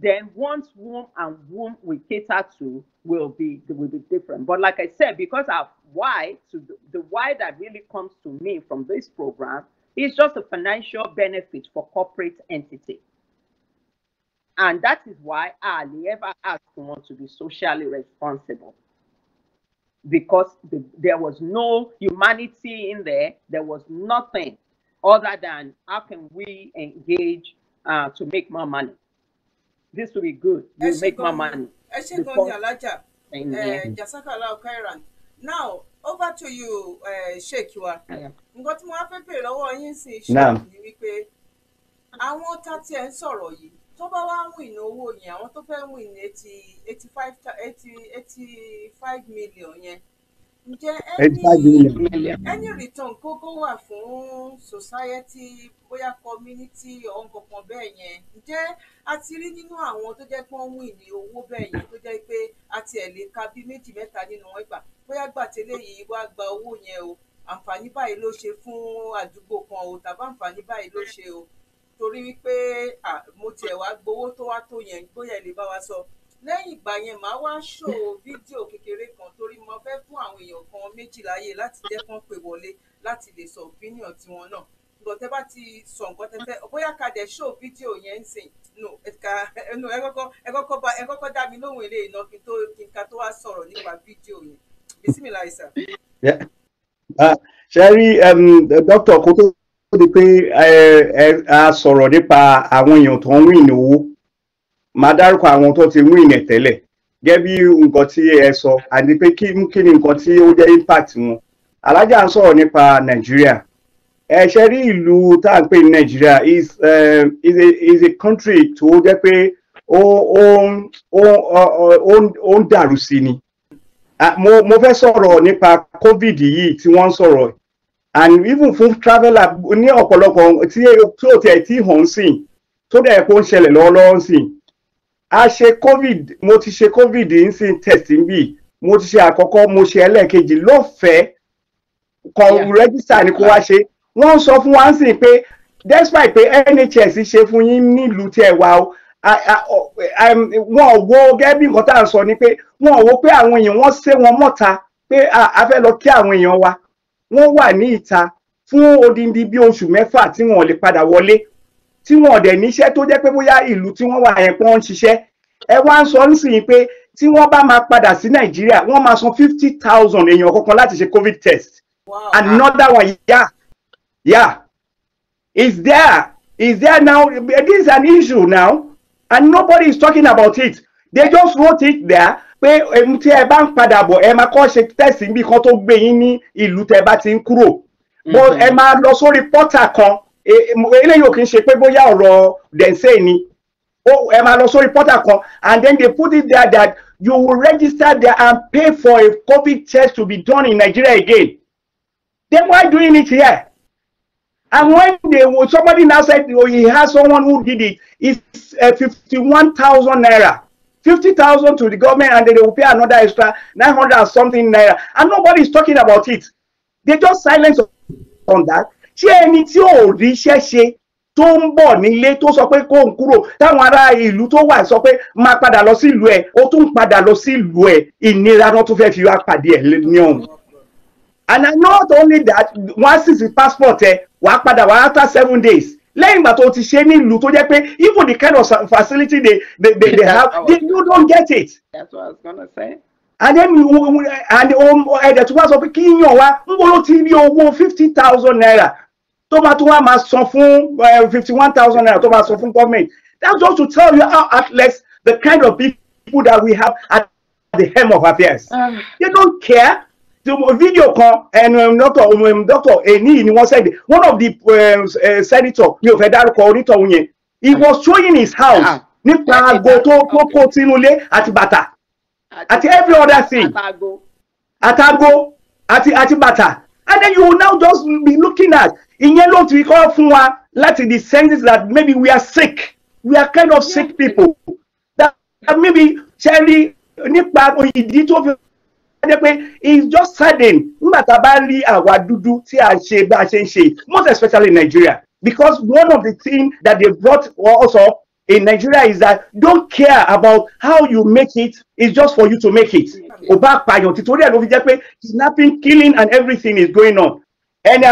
then once womb and womb we cater to will be will be different. But like I said, because our why so the, the why that really comes to me from this program is just a financial benefit for corporate entity. And that is why I ever asked someone to be socially responsible. Because the, there was no humanity in there, there was nothing other than how can we engage uh, to make more money. this will be good you make more money. now over to you Sheikh. You are. tí mo wá fẹ́ bèrè lọ́wọ́ yín sí sheik ni wípé àwọn tá tí ẹ ń sọ̀rọ̀ yìí tó bá wá ń wìn owó yẹn àwọn tó fẹ́ wìn eighty eighty five eighty eighty five million ǹjẹ́ any any return kókó wà fún society bóyá community ọ̀nkankan bẹ́ẹ̀ yẹn ǹjẹ́ a ti rí nínú àwọn tó jẹ́ pé wọ́n wìn ní owó bẹ́ẹ̀ yẹn tó jẹ́ pé a ti ẹ̀ lè ka bí méjì mẹ́ta nínú wọn gbà bóyá gbà tẹ́lẹ̀ yìí wá gba owó yẹn o àǹfààní báyìí ló ṣe fún àdúgbò kan o tàbí àǹfààní báyìí ló ṣe o torí wípé mo tiẹ̀ wá gbowó tó wá tó yẹn bóyá ẹ lè bá wa sọ lẹ́yìn ìgbà yẹn màá wá ṣò fídíò kékeré kan torí mo fẹ́ fún àwọn èèyàn kan méjì láyè láti jẹ́ kán pè wọlé láti lè sọ opinion tiwọn náà nǹkan tẹ́ bá ti sọ nǹkan tẹ́ fẹ́ bóyá ká dẹ̀ ṣò fídíò yẹn ń sìn no ẹ̀ka ẹnu ẹ kọ́kọ́ ẹ kọ́kọ́ bá ẹ kọ́kọ́ dá mi lóhùn ilé iná kí n tó kí n ká tó wá sọ̀rọ̀ nípa fídíò yẹn bisimilayi sir. Ah, ṣe rí um, dókítà kó tó di pé a sọ̀rọ̀ nípa àwọn èèyàn tó ń rìn owó màá dárúkọ àwọn tó ti win ẹ̀ tẹ́lẹ̀ gẹ́gẹ́ bí nǹkan tí ẹ sọ àti pé kí ni nǹkan tí ó jẹ́ impact wọn alájà ń sọ̀rọ̀ nípa nàìjíríà ẹ ṣe rí ìlú tá à ń pè ní nàìjíríà is uh, is a is a country tó jẹ́ pé ó ó ó ń dàrú sí ni mo mo fẹ́ sọ̀rọ̀ nípa covid yìí tí wọ́n ń sọ̀rọ̀ and even fún traveller ní ọ̀pọ̀lọpọ̀ tí ò tiẹ̀ tí hàn sí tó dẹ̀ kó ń ṣẹlẹ̀ lọ́wọ́lọ́wọ́ sí i a ṣe covid mo ti ṣe covid nsìn test testing bi, mo ti ṣe àkọ́kọ́ mo ṣe ẹlẹ́ẹ̀kejì lọ́fẹ̀ẹ́ kan rẹ́gísítà ni kó wá ṣe wọ́n sọ fún wa ń sìn pé despite pé NHS ṣe fún yín nílùú tẹ̀ wá o wọ́n wo gẹ́gẹ́ bí nǹkan tá à ń sọ ni pé wọ́n wo pé àwọn èèyàn wọ́n sé wọn mọ́ta pé a fẹ́ lọ kí àwọn èèyàn wa wọ́n wà ní ìta fún odindi bí oṣù mẹ́fà tí wọ́n lè padà wọlé tí wọ́n dẹ̀ níṣẹ́ tó jẹ́ pé bóyá ìlú tí wọ́n wà yẹn pọ́n ń ṣiṣẹ́ ẹ wá ń sọ nísìnyí pé tí wọ́n bá máa padà sí nàìjíríà wọ́n máa san fifty thousand èèyàn kọ̀ọ̀kan láti ṣe covid test another one yeah yeah is there is there now this an issue now and nobody is talking about it they just wrote it there pé tí ẹ bá ń padà bọ̀ ẹ máa kọ́ ṣe test níbi kan tó gbé yín ní ìlú tẹ́ bá ti ń kúrò mm-hmm. but ẹ máa lọ sórí pọ́tà kan eléyìí ò kì ṣe pé bóyá ọ̀rọ̀ say ni ẹ máa lọ sórí reporter. and then they put it there that you will register there and pay for a COVID test to be done in Nigeria again then why doing it here and when they somebody now said oh, he has someone who did it it's uh, fifty-one thousand naira fifty thousand to the government and then they will pay another extra nine hundred and something naira and nobody is talking about it they just silence on that ṣé ẹni tí ò ríṣẹ́ ṣe tó ń bọ̀ nílé tó sọ pé kó ń kúrò táwọn ará ìlú tó wà sọ pé máa padà lọ sílùú ẹ̀ ó tún padà lọ sílùú ẹ̀ ìnira náà tó fẹ́ẹ́ fi wá pàdé ẹ̀ ní ọ̀hún and i not only that wọ́n á sì sí passport ẹ̀ wàá padà wá after seven days lẹ́yìn ìgbà tó ti ṣe nílùú tó jẹ́ pé even the kind of facility they they they, they have they, you don't get it. that's what i was gonna say. and then and um, ẹ̀dẹ̀ tó wá sọ pé kí yàn wá ń bolo ti rí owó fifty thousand naira tó bá tún wá máa san fún eh, fifty one thousand naira tó bá san fún government that's just to tell you how heartless the kind of people that we have at the helm of affairs uh. they don't care the video kan ẹnu um, doctor um, um, doctor eni ni wọ́n send one of the um, uh, senator mi ò fẹ́ dárúkọ onítọ̀hún yẹn he was showing his house ah. nípa aago tó tó kó sínú ilé àti bàtà àti every other thing àtàgò àti àti bàtà and then you will now just be looking at in yellow to call fún wa láti the senses that maybe we are sick we are kind of sick people that, that maybe cherry nip nípa or tó of jẹ́ it's just sudden nígbà tá a bá rí àwa dúdú tí a ṣe most especially in Nigeria because one of the things that they brought also in Nigeria is that don't care about how you make it it's just for you to make it. kò bá pààyàn títorí ẹ̀ ló fi jẹ́ pé kidnapping killing and everything is going on ẹni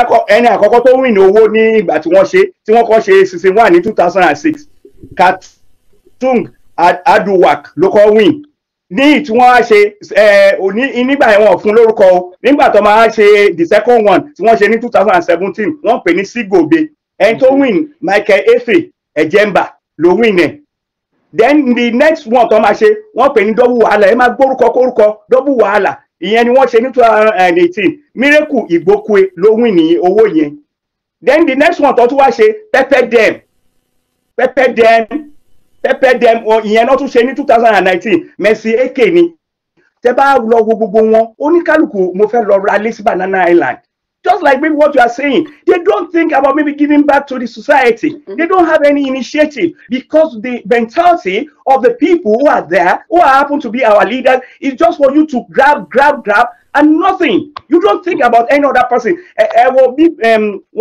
àkọ́kọ́ tó win owó ní ìgbà tí wọ́n ṣe tí wọ́n kọ́ ṣe sixty one ní two thousand and six Katung Aduwak ló kọ́ win ní tí wọ́n á ṣe nígbà ẹ̀wọ̀n fún lórúkọ o nígbà tó máa ṣe the second one tí wọ́n ṣe ní two thousand and seventeen wọ́n pè ní Sigobe ẹni tó win Michael Efe Ejemba ló win ẹ̀ then the next one tó máa ṣe wọ́n pè ní double wàhálà ẹ máa gbórúkọ kórúkọ double wàhálà ìyẹn ni wọ́n ṣe ní two thousand and eighteen miracle ìgbókùe ló win ní owó yẹn then the next one tó tún wá ṣe pepper dem pepper dem pepper dem ìyẹn náà tún ṣe ní two thousand and nineteen Mercy ake ni tẹ bá lọ wo gbogbo wọn oníkálukú mo fẹ́ lọ ra lé sí Banana Island just like maybe what you are saying, they don't think about maybe giving back to the society. Mm -hmm. They don't have any initiative because the mentality of the people who are there, who happen to be our leaders, is just for you to grab, grab, grab, and nothing. You don't think about any other person. Ẹ wo bí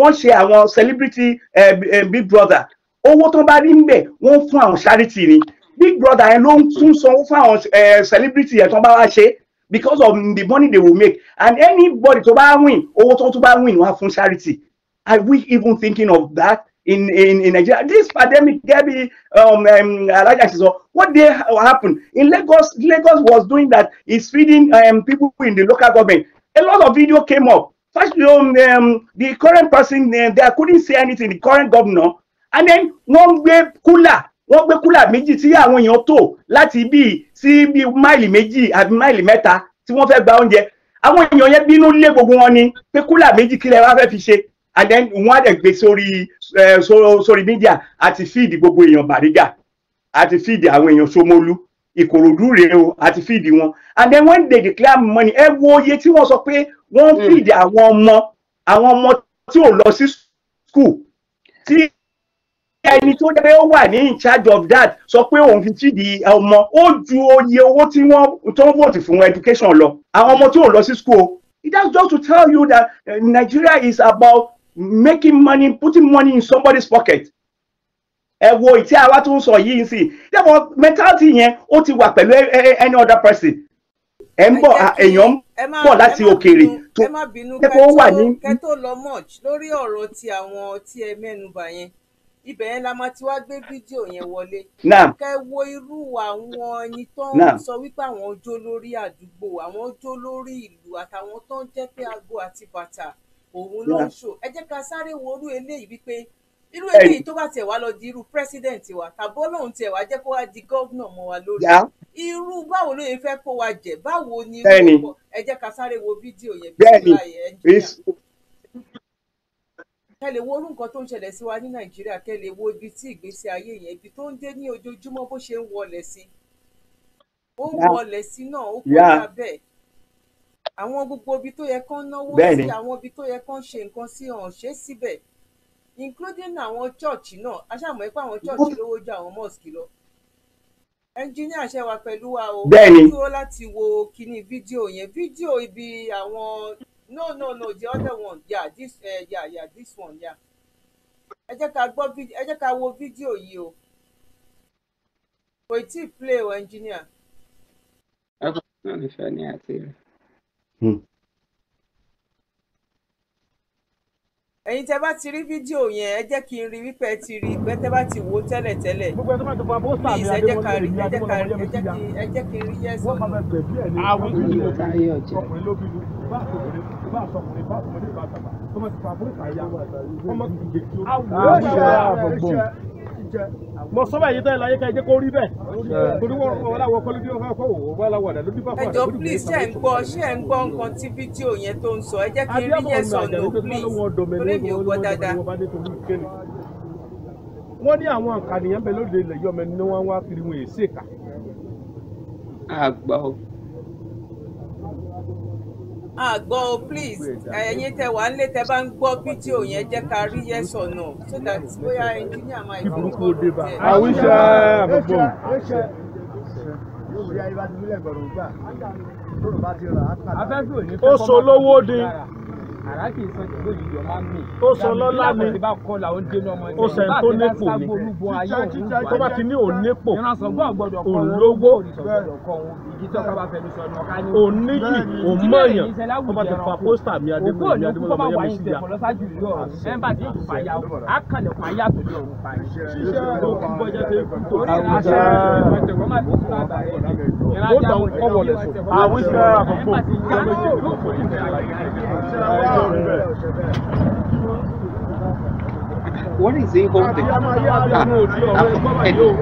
one share one celebrity uh, big brother. Owó tó bá rí ń bẹ̀, charity Big brother yẹn ló ń tún sanwó eh, celebrity yẹn tó bá wá ṣe because of the money they will make and anybody tó buy win or tó tó bá win have fún charity are we even thinking of that in in in Nigeria this pandemic Gabby, um, um alaja so what they happen in Lagos Lagos was doing that is feeding um, people in the local government a lot of video came up first um, um, the current person uh, there couldn't say anything the current governor and then one way kúlà wọ́n gbé kúlà méjì tí àwọn èèyàn tò láti ibi sí ibi máìlì méjì àbí máìlì mẹ́ta tí wọ́n fẹ́ gba oúnjẹ àwọn èèyàn yẹn bínú lé gbogbo wọn ni pé kúlà méjì kílẹ̀ wá fẹ́ fi ṣe and then wọ́n á dẹ̀ gbé sórí sórí mídíà àti fíìdì gbogbo èèyàn Bariga àti fíìdì àwọn èèyàn Ṣómólú Ìkòròdú rèé o àti fíìdì wọn and then when they declare money ẹ wo iye tí wọ́n sọ pé wọ́n hmm. fíìdì àwọn ọmọ àwọn ọmọ tí ò lọ sí school tí ẹni tó jẹ́ pé ó wà ní in charge of that sọ pé òun fi sídi ọmọ ó ju oye owó tí wọ́n tó ń vote fún education lọ àwọn ọmọ tí ò lọ sí school it has just to tell you that eh, Nigeria is about making money putting money in somebody's pocket ẹ wo ìtí àwa tó ń sọ yìí sí dẹ́pọ̀ mentality yẹn ó ti wà pẹ̀lú any other person ẹ ń bọ̀ èèyàn ń bọ̀ láti òkèèrè tó dẹ́pọ̀ ó wà ní. kẹ́tó lọ much lórí ọ̀rọ̀ ti àwọn tí ẹ mẹ́nuba yẹn ibẹ̀ yẹn la máa ti wá gbé fídíò yẹn wọlé. kẹ́ wo irú àwọn ẹni tó ń sọ wípé àwọn ọjọ́ lórí àdúgbò àwọn ọjọ́ lórí ìlú àtàwọn tó ń jẹ́ pé aago àti bàtà òun ló ń ṣò ẹ jẹ́ ká sáré wo orú eléyìí wípé irú eléyìí tó bá tiẹ̀ wá lọ di irú president wa tàbí ọlọ́run tiẹ̀ wá jẹ́ kó wá di gómìnà mọ́ wa lórí irú báwo ló yẹ fẹ́ kó wa jẹ báwo ni irú ẹ jẹ́ ká sáré wo fídíò yẹn bí ó kẹ́ lè wo irú nǹkan tó ń ṣẹlẹ̀ sí wa ní nàìjíríà kẹ́ lè wo ibi tí ìgbésí ayé yẹn ibi tó ń dé ní ojoojúmọ́ bó ṣe ń wọlẹ̀ sí ó ń wọlẹ̀ sí náà ó kọjá bẹ́ẹ̀ àwọn gbogbo ibi tó yẹ kán náwó sí àwọn ibi tó yẹ kán ṣe nǹkan sí ọ̀hún ṣe síbẹ̀ including àwọn chọ́ọ̀chì náà aṣáàmù ẹ pé àwọn chọ́ọ̀chì lówó ju àwọn mosque lọ ẹnjíníà ṣe wà pẹ̀lú wa o bẹ́ẹ̀ni dúró láti wo kíní fídíò yẹn fídíò ibi àwọn no no no the other one yeah this uh, yeah yeah this one yeah ẹ jẹ́ ká gbọ́ ẹ jẹ́ ká wo fídíò yìí o kò tí ì play o engineer. ọkọ náà ní fẹ́ ní àti rẹ̀. Hmm. ẹ̀yin tẹ́ bá ti rí fídíò yẹn ẹ jẹ́ kí n rí wípé ẹ ti rí ìgbẹ́ tẹ́ bá ti wò ó tẹ́lẹ̀ tẹ́lẹ̀ please ẹ jẹ́ ká rí ẹ jẹ́ ká rí ẹ jẹ́ kí ẹ jẹ́ kí n rí yẹ́sọ̀ nù. àwọn ìlú táyé ọ̀jẹ̀ ìbá àtọkùnrin ìbá àtọmọdé ìbá àtàgbà tó máa ti fa àbúrò kàyà ọmọ kìjẹ tí ó. àwọn ìṣe mọ sọba yìí tẹ́lẹ̀ láyé ká ẹ jẹ́ kó rí bẹ́ẹ̀ torí wọn wọn láwọ kọ́lé bí wọn fẹ́ kọ́ wò ó wọn láwọ ọ̀dà lójú bá fún àdúgbò. ẹjọ please ṣe ń gbọ́ ṣe ń gbọ́ nǹkan tí fídíò yẹn tó ń sọ ẹ jẹ́ kí n rí yẹn sọ ní please torí mi ò gbọ́ dáadáa wọ́n ní àwọn àǹkànìyàn bẹ lóde ilẹ̀ yọmọ ẹni wọ́n wá kiri wọn èsì ìka. àgbà o àgbọ̀ o please ẹ̀yin tẹ wà nílé tẹ bá ń gbọ́ fídíò yẹn jẹ́ ká rí yes or no so that bóyá engineer máa ìfọwọ́ kí burúkú ó dé bá uh, a. àwíṣẹ́ àbọ̀bọ̀. ó sọ lówó dín àrá kì í sọjọ lórí ìjọ máa ń mì. ó sọ lọ́lá ni ó sẹ ń tó népò ni tó bá ti ní òun népò òun lówó òun níyì òun mọ̀yàn tó bá ti fa pósítà mi adébóyè adébóyè ọmọ yẹn mi sí ya. mẹ́mbà tí kò fàyà o á kànlẹ̀ kó ayé àtòlé ọ̀hún pa tó kú tó kú. àṣẹ ó dàn kọ́ What is he holding? Ah, ah, now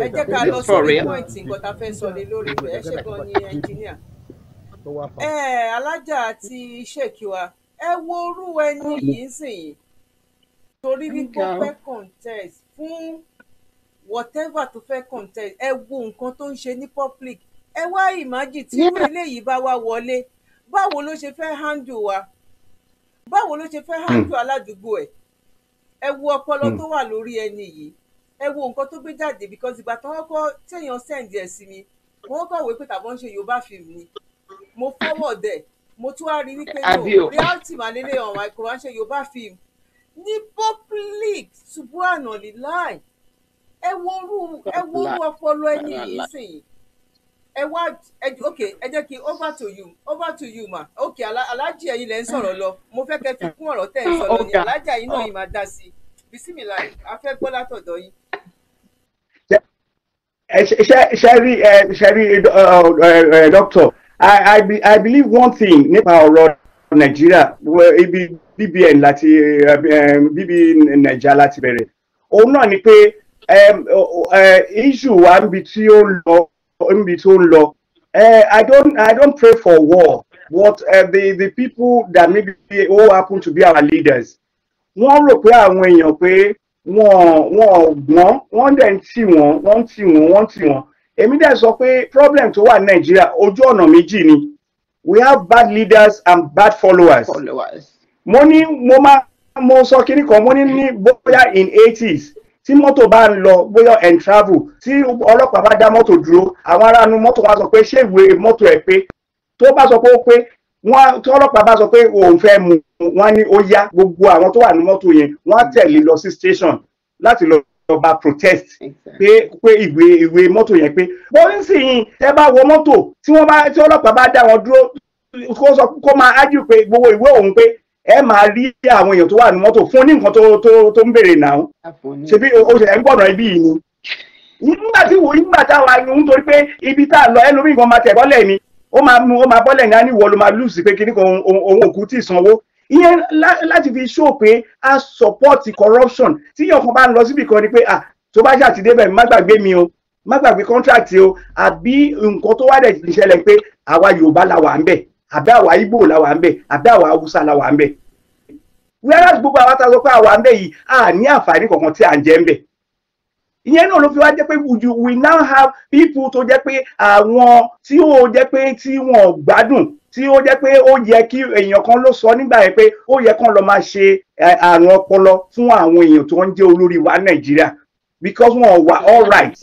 ẹ jẹ́ ká lọ sórí point eh, wa ẹ wo orú ẹni yìí sìn torí wípé ó fẹ́ contest fún whatever tó fẹ́ contest ẹ wo nǹkan tó ń ṣe ní public ẹ wá imagine tí irú eléyìí bá wá wọlé báwo ló ṣe fẹ́ handle wa báwo ló ṣe fẹ́ hmm. handle aládùúgbò ẹ̀ ẹ wo ọpọlọ hmm. tó wà lórí ẹni yìí ẹ wo nǹkan tó gbé jáde because ìgbà tí wọ́n kọ́ téèyàn send ẹ̀ sí mi wọ́n kọ̀wé pé tàbọ̀ ń ṣe Yorùbá film ni mo fọwọ́ dẹ̀ mo tún wá rí wípé no reality malele on my kò wá ṣe yorùbá film ní public subuhana lilai ẹ worú ẹ worú ọpọlọ ẹni yìí sìn ẹ wá ok ẹ jẹ́ kí over to you over to you ma ok alájì ẹ̀yin lẹ ń sọ̀rọ̀ lọ mo fẹ́ kẹ́ fi kún ọ̀rọ̀ tẹ́ ẹ sọ lọ ni alájà yìí náà yìí máa dá sí bisimilá a fẹ́ gbọ́ látọ̀dọ̀ yín ṣe rí ṣe rí dókítà I, I, be, I believe one thing Nepal nípa ọ̀rọ̀ Nàìjíríà be BBN láti um, BB Naija láti bẹ̀rẹ̀ òun náà ni pé um, uh, uh, issue wa níbi tí ó ń lọ níbi tí ó ń lọ uh, I don't I don't pray for war but uh, the the people that maybe all happen to be our leaders One rò pé àwọn èèyàn pé wọ́n wọ́n gbọ́n wọ́n dẹ̀ ń tì wọ́n wọ́n ń tì wọ́n èmi dẹ̀ sọ pé problem tó wà ní nàìjíríà ojú ọ̀nà méjì ni we have bad leaders and bad followers. followers. mo ní mo máa mo sọ kiri kan mo ní ní bóyá in eighties tí mọ́tò bá ń lọ bóyá and travel tí ọlọ́pàá bá dá mọ́tò dúró àwọn aráàlú mọ́tò wa sọ pé ṣé ìwé mọ́tò ẹ̀ pé tó bá sọ pé ó pé wọ́n tí ọlọ́pàá bá sọ pé òun fẹ́ mu wọ́n ní ó yá gbogbo àwọn tó wà ní mọ́tò yẹn wọ́n á tẹ̀lé lọ sí station láti lọ ìjọba protest pé pé ìwé ìwé mọ́tò yẹn pé bó ń sìn tẹ́ bá wọ mọ́tò tí wọ́n bá tí ọlọ́pàá bá dá wọn dúró kó sọ kó máa ájú pé gbogbo ìwé òun pé ẹ máa rí àwọn èèyàn tó wà ní mọ́tò fún ní nǹkan tó tó tó ń béèrè náà ṣebí o ṣe ń gbọ̀nà ibi yìí ni nígbà tí wò nígbà táwa ni ń torí pé ibi tá a lọ ẹlòmíì kan máa tẹ̀ bọ́lẹ̀ ni ó máa mú ó máa bọ́lẹ̀ ní á ní ìwọ ló máa lùsì pé kíní kan òun òkú tí sanwó ìyẹn láti fi show pé a support corruption tí yọkan bá ń lọ síbi kan ni pé ah tó bá ṣàtidé bẹ́ẹ̀ má gbàgbé mi o má gbàgbé contract o àbí nǹkan tó wá dẹ̀ ìṣẹ̀lẹ̀ pé àwa Yorùbá la wà ń bẹ̀ àbí àwa Ìgbò la wà ń bẹ̀ àbí àwa Haúsá la wà ń bẹ̀ whereas gbogbo àwa ta sọ pé àwa ń bẹ̀ yìí a ní àǹfààní kankan tí à ń jẹ ń bẹ̀ ìyẹn náà ló fi wá jẹ́ pé we now have people tó jẹ́ pé àwọn tí ó jẹ́ pé tí wọ́n gbádùn tí ó jẹ́ pé ó yẹ kí èèyàn kan ló sọ nígbà yẹn pé ó yẹ kán lọ máa ṣe àrùn ọpọlọ fún àwọn èèyàn tó ń jẹ́ olórí wa nàìjíríà because wọn wà all right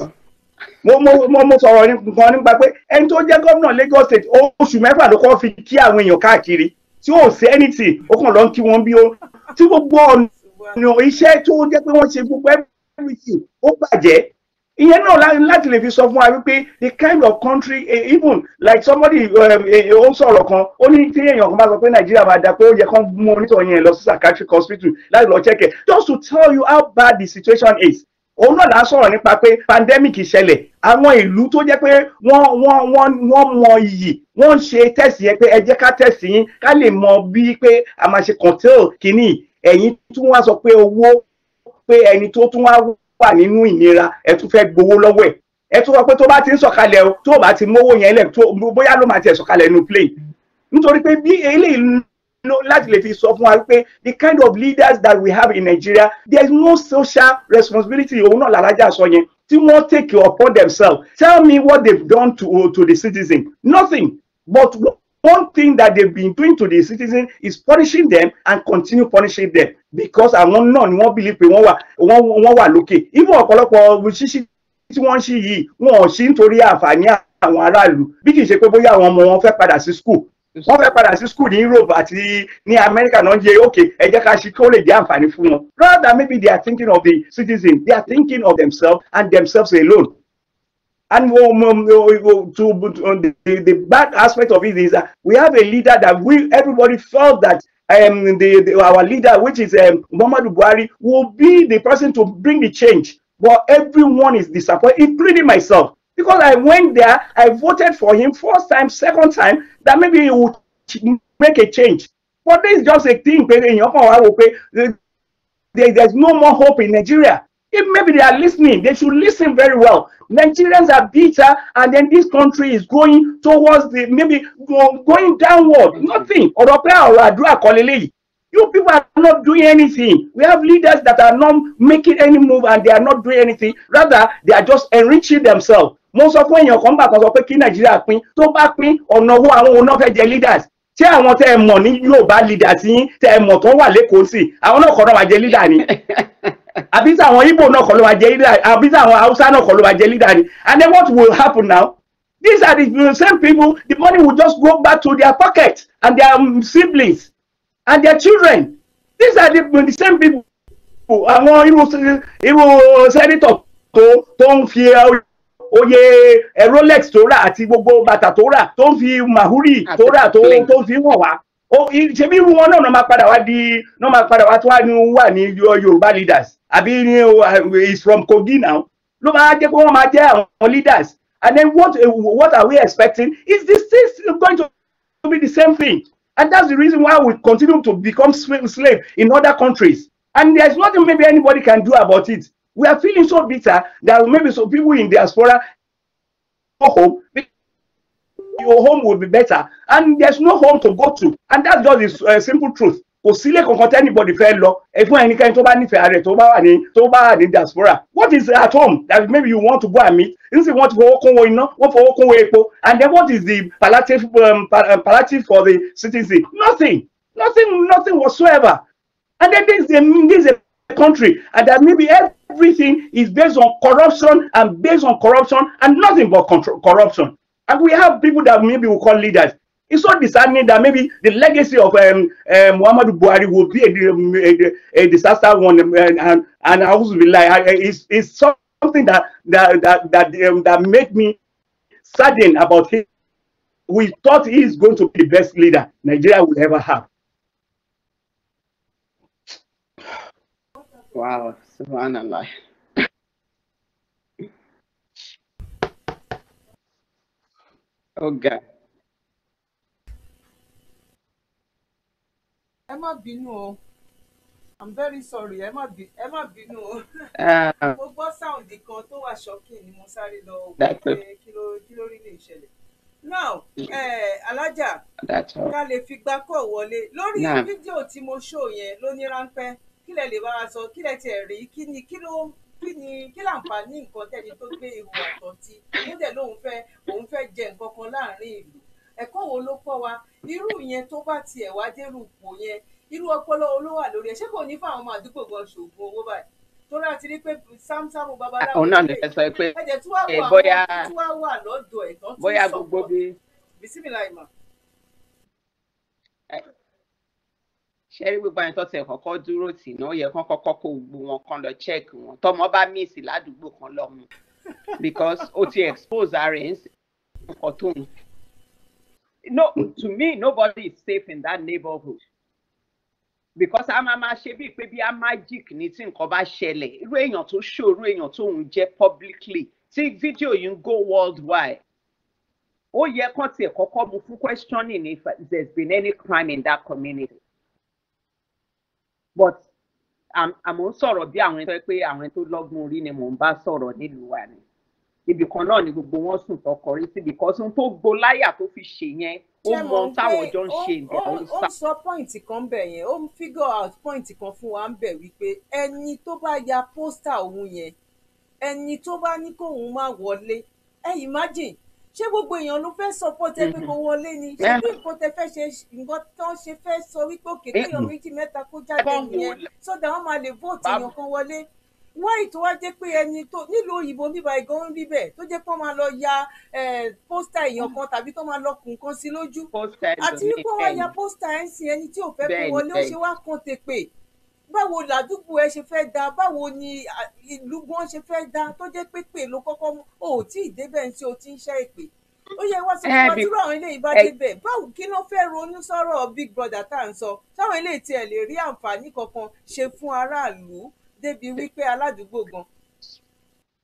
mo mo mo mo sọ̀rọ̀ nǹkan nípa pé ẹni tó jẹ́ gómìnà Lagos State oṣù mẹ́fà ló kọ́ fi kí àwọn èèyàn káàkiri tí ò sí anything ó kàn lọ ń kí wọn bí ó tí gbogbo ọ̀nà iṣẹ́ tó jẹ́ pé wọ́n ṣe gbogbo everything ó bàjẹ́ ìyẹn náà láti lè fi sọ fún wa wípé the kind of country eh, even like somebody um, eh, eh, ó sọ̀rọ̀ kan ó ní tí èèyàn kan bá sọ pé nàìjíríà máa da pé ó yẹ kán mú onítọ̀ yẹn lọ sí psychiatric hospital láti lọ check it just to tell you how bad the situation is òun náà là ń sọ̀rọ̀ nípa pé pandemic ṣẹlẹ̀ àwọn ìlú tó jẹ́ pé wọ́n wọ́n wọ́n wọ́n mọ iyì wọ́n ń ṣe tẹ̀sì yẹn pé ẹ jẹ́ ká tẹ̀sì yín ká lè mọ bí pé a máa ṣe control kínní ẹ̀yin tún wá sọ pé owó pé ẹni tó tún wá wà nínú ìnira ẹ tún fẹ́ gbowó lọ́wọ́ ẹ̀ ẹ tún rọ pé tó bá ti ń sọ̀kalẹ̀ o tó bá ti mówó yẹn lẹ̀ tó bóyá ló máa tiẹ̀ sọ̀kalẹ̀ nínú plane nítorí pé bí eléyìí láti lè fi sọ fún wa pé the kind of leaders that we have in Nigeria there is no social responsibility òun náà làlájà sọ yẹn tí wọ́n take care upon themselves tell me what they've done to, uh, to the citizen nothing but one thing that they've been doing to the citizen is punishing them and continue punishing them because I àwọn náà ni wọ́n believe pé wọ́n wà wọ́n wà lókè even ọ̀pọ̀lọpọ̀ ṣíṣí tí wọ́n ń ṣí yìí wọn ò ṣí nítorí àǹfààní àwọn aráàlú bí kì í ṣe pé bóyá àwọn ọmọ wọn fẹ́ padà sí school wọ́n fẹ́ padà sí school ní Europe àti ní America náà yẹ ok ẹ jẹ́ ká ṣe kí ó lè jẹ́ àǹfààní fún wọn rather maybe they are thinking of the citizens they are thinking of themselves and themselves alone and um, um, to, um, to, um, the, the bad aspect of it is that we have a leader that we everybody felt that um, the, the, our leader, which is um, Muhammadu Buhari, will be the person to bring the change. But everyone is disappointed, including myself, because I went there, I voted for him first time, second time, that maybe he would make a change. But this is just a thing, eh, there's no more hope in Nigeria. If maybe they are listening, they should listen very well. Nigerians are bitter, and then this country is going towards the maybe going downward. Nothing. You people are not doing anything. We have leaders that are not making any move and they are not doing anything. Rather, they are just enriching themselves. Most of when you come back, I pé kí Nàìjíríà pín tó no pín ọ̀nà owó àwọn òun náà fẹ́ leaders. Ṣé àwọn tẹ́ ẹ money, ní bad leaders I tẹ́ ẹ mọ̀ tó wà lẹ́kọ̀ọ́ I want to kọ̀ náà wà jẹ leader àbí táwọn Igbo náà kọ́ ló máa jẹ leader àbí táwọn Hausa náà kọ́ ló máa jẹ leader ni and then what will happen now these are the same people the money will just go back to their pocket and their um, siblings and their children these are the, the same people àwọn irú irú sẹ́nitọ̀ tó tó ń fi oyè rolex tó rà àti gbogbo bàtà tó rà tó ń fi mahuri tó rà tó ń fi wọ̀n wá oh, ṣebí irú wọn náà máa padà wá di náà máa padà wá tó wá ní wà ní yorùbá leaders àbí uh, is from Kogi now Look, máa jẹ́ pé wọ́n máa leaders and then what uh, what are we expecting is this going to be the same thing and that's the reason why we continue to become slave in other countries and there's nothing maybe anybody can do about it we are feeling so bitter that maybe some people in diaspora go home your home will be better and there's no home to go to and that's just a uh, simple truth kò sílé kankan tẹ́nìbọ̀dì fẹ́ lọ ẹ fún ẹnikẹ́ni tó bá nífẹ̀ẹ́ rẹ̀ tó bá wà ní tó bá ní diaspora what is at home that maybe you want to go and meet n sì wọ́n ti fowó kún wo iná wọ́n for kún wo epo and then what is the palliative um, um, palliative for the citizen nothing nothing nothing whatsoever and then this is a this is a country and that maybe everything is based on corruption and based on corruption and nothing but corruption and we have people that maybe we call leaders it's so disheartening that maybe the legacy of um, uh, Muhammadu Buhari will be a, a, a disaster one, um, and and, and I like, it's, it's something that that that that, um, that made me saddened about him. We thought he is going to be the best leader Nigeria will ever have. Wow, subhanallah. oh God. ẹ má bínú o i'm very sorry ẹ má bínú o ah. mo gbọ́ sound kan tó wà shocking ni mo sáré lọ wò pé rí lè ṣẹlẹ̀ now eh, alájà ká lè fi gbá kọ̀ wọlé lórí fídíò tí mo ṣó yẹn ló ní ráńpẹ́ kí lẹ lè bá wa sọ kí lẹ tiẹ̀ rí kí ni kí ló kí ni kí láǹfààní nǹkan tẹ́ni tó gbé ihò àtọ̀tí ó dẹ̀ lóun fẹ́ òun fẹ́ jẹ nǹkan kan láàrin ìlú ẹ̀kọ́ wo ló kọ́ wa irú yẹn tó bá tiẹ̀ wá dérú ipò yẹn irú ọpọlọ olówà lórí ẹ ṣé kò ní fún àwọn ọmọ àdúgbò gan ṣògùn owó báyìí torí àti rí pé samsamu babaláwo ọ̀nà ni ẹ sọ pé ẹ bóyá bóyá gbogbo bí. ṣẹ́rí gbogbo àyẹ̀tọ́ tẹ̀ kọ́kọ́ dúró tì náà yẹ kán kọ́kọ́ kó gbogbo wọn kan lọ check wọn tọmọ bá míìsì ládùúgbò kan lọ mu because o ti expose ara ẹ̀ ń sìn nǹkan tó ń no to me nobody is safe in that neighborhood because a máa máa ṣe bíi pé bí a magic ni tí nǹkan bá ṣẹlẹ̀ irú èèyàn tó ṣòro èèyàn tó ń jẹ́ publicly tí fídíò yìí ń go worldwide ó yẹ kán tiẹ̀ kọ́kọ́ mu fún questioning if there's been any crime in that community but àmọ́ sọ̀rọ̀ bí àwọn ẹni tó pé àwọn tó lọ́gbọ́n orí ni mò ń bá sọ̀rọ̀ nílùú wa ni ibì kan náà ni gbogbo wọn sùn tọkọ rí sí because n tó gbó láyà tó fi ṣe yẹn ó mọ táwọn jọ ń ṣe ìbẹ̀ ó sá. ó sọ pọ́ìntì kan bẹ̀ yẹn ó figure out pọ́ìntì kan fún wa ń bẹ̀ wípé ẹni tó bá ya pósítà òun yẹn ẹni tó bá ní kóun má wọlé ẹ imagine ṣé gbogbo èèyàn ló fẹ́ support pé kó mm-hmm. wọlé ni ṣé bí nǹkan tẹ fẹ́ ṣe nǹkan tán ṣe fẹ́ sọ wípé òkè eh, kéèyàn méjì mẹ́ta kó jáde nìyẹn so that wọ́n máa lè vote èèyàn kan wọlé wáyé tó wá jẹ́ pé ẹni tó nílùú òyìnbó bíbá ìgan ń rí bẹ́ẹ̀ tó jẹ́ pé wọ́n máa lọ ya pósítà èèyàn kan tàbí tó máa lọ kùn kan sí lójú àti wípé wọ́n ya pósítà ẹ̀ ń sin ẹni tí ò fẹ́ kó wọlé ó ṣe wá kan tèpè báwo làdúgbò ẹ ṣe fẹ́ da báwo ni ìlú gan ṣe fẹ́ da tó jẹ́ pé pè ló kọ́kọ́ mú o ò tí ì débẹ̀ ń ṣe o ti ń ṣe ìpè ó yẹ wá sọ fún wa tí àwọn eléyìí bá débẹ̀ báwo kí ló fẹ́ ronú sọ̀rọ̀ big brother tá à ń sọ táwọn eléyìí tiẹ̀ lè rí àǹfààní kankan ṣe fún aráàlú débi wípé aládùúgbò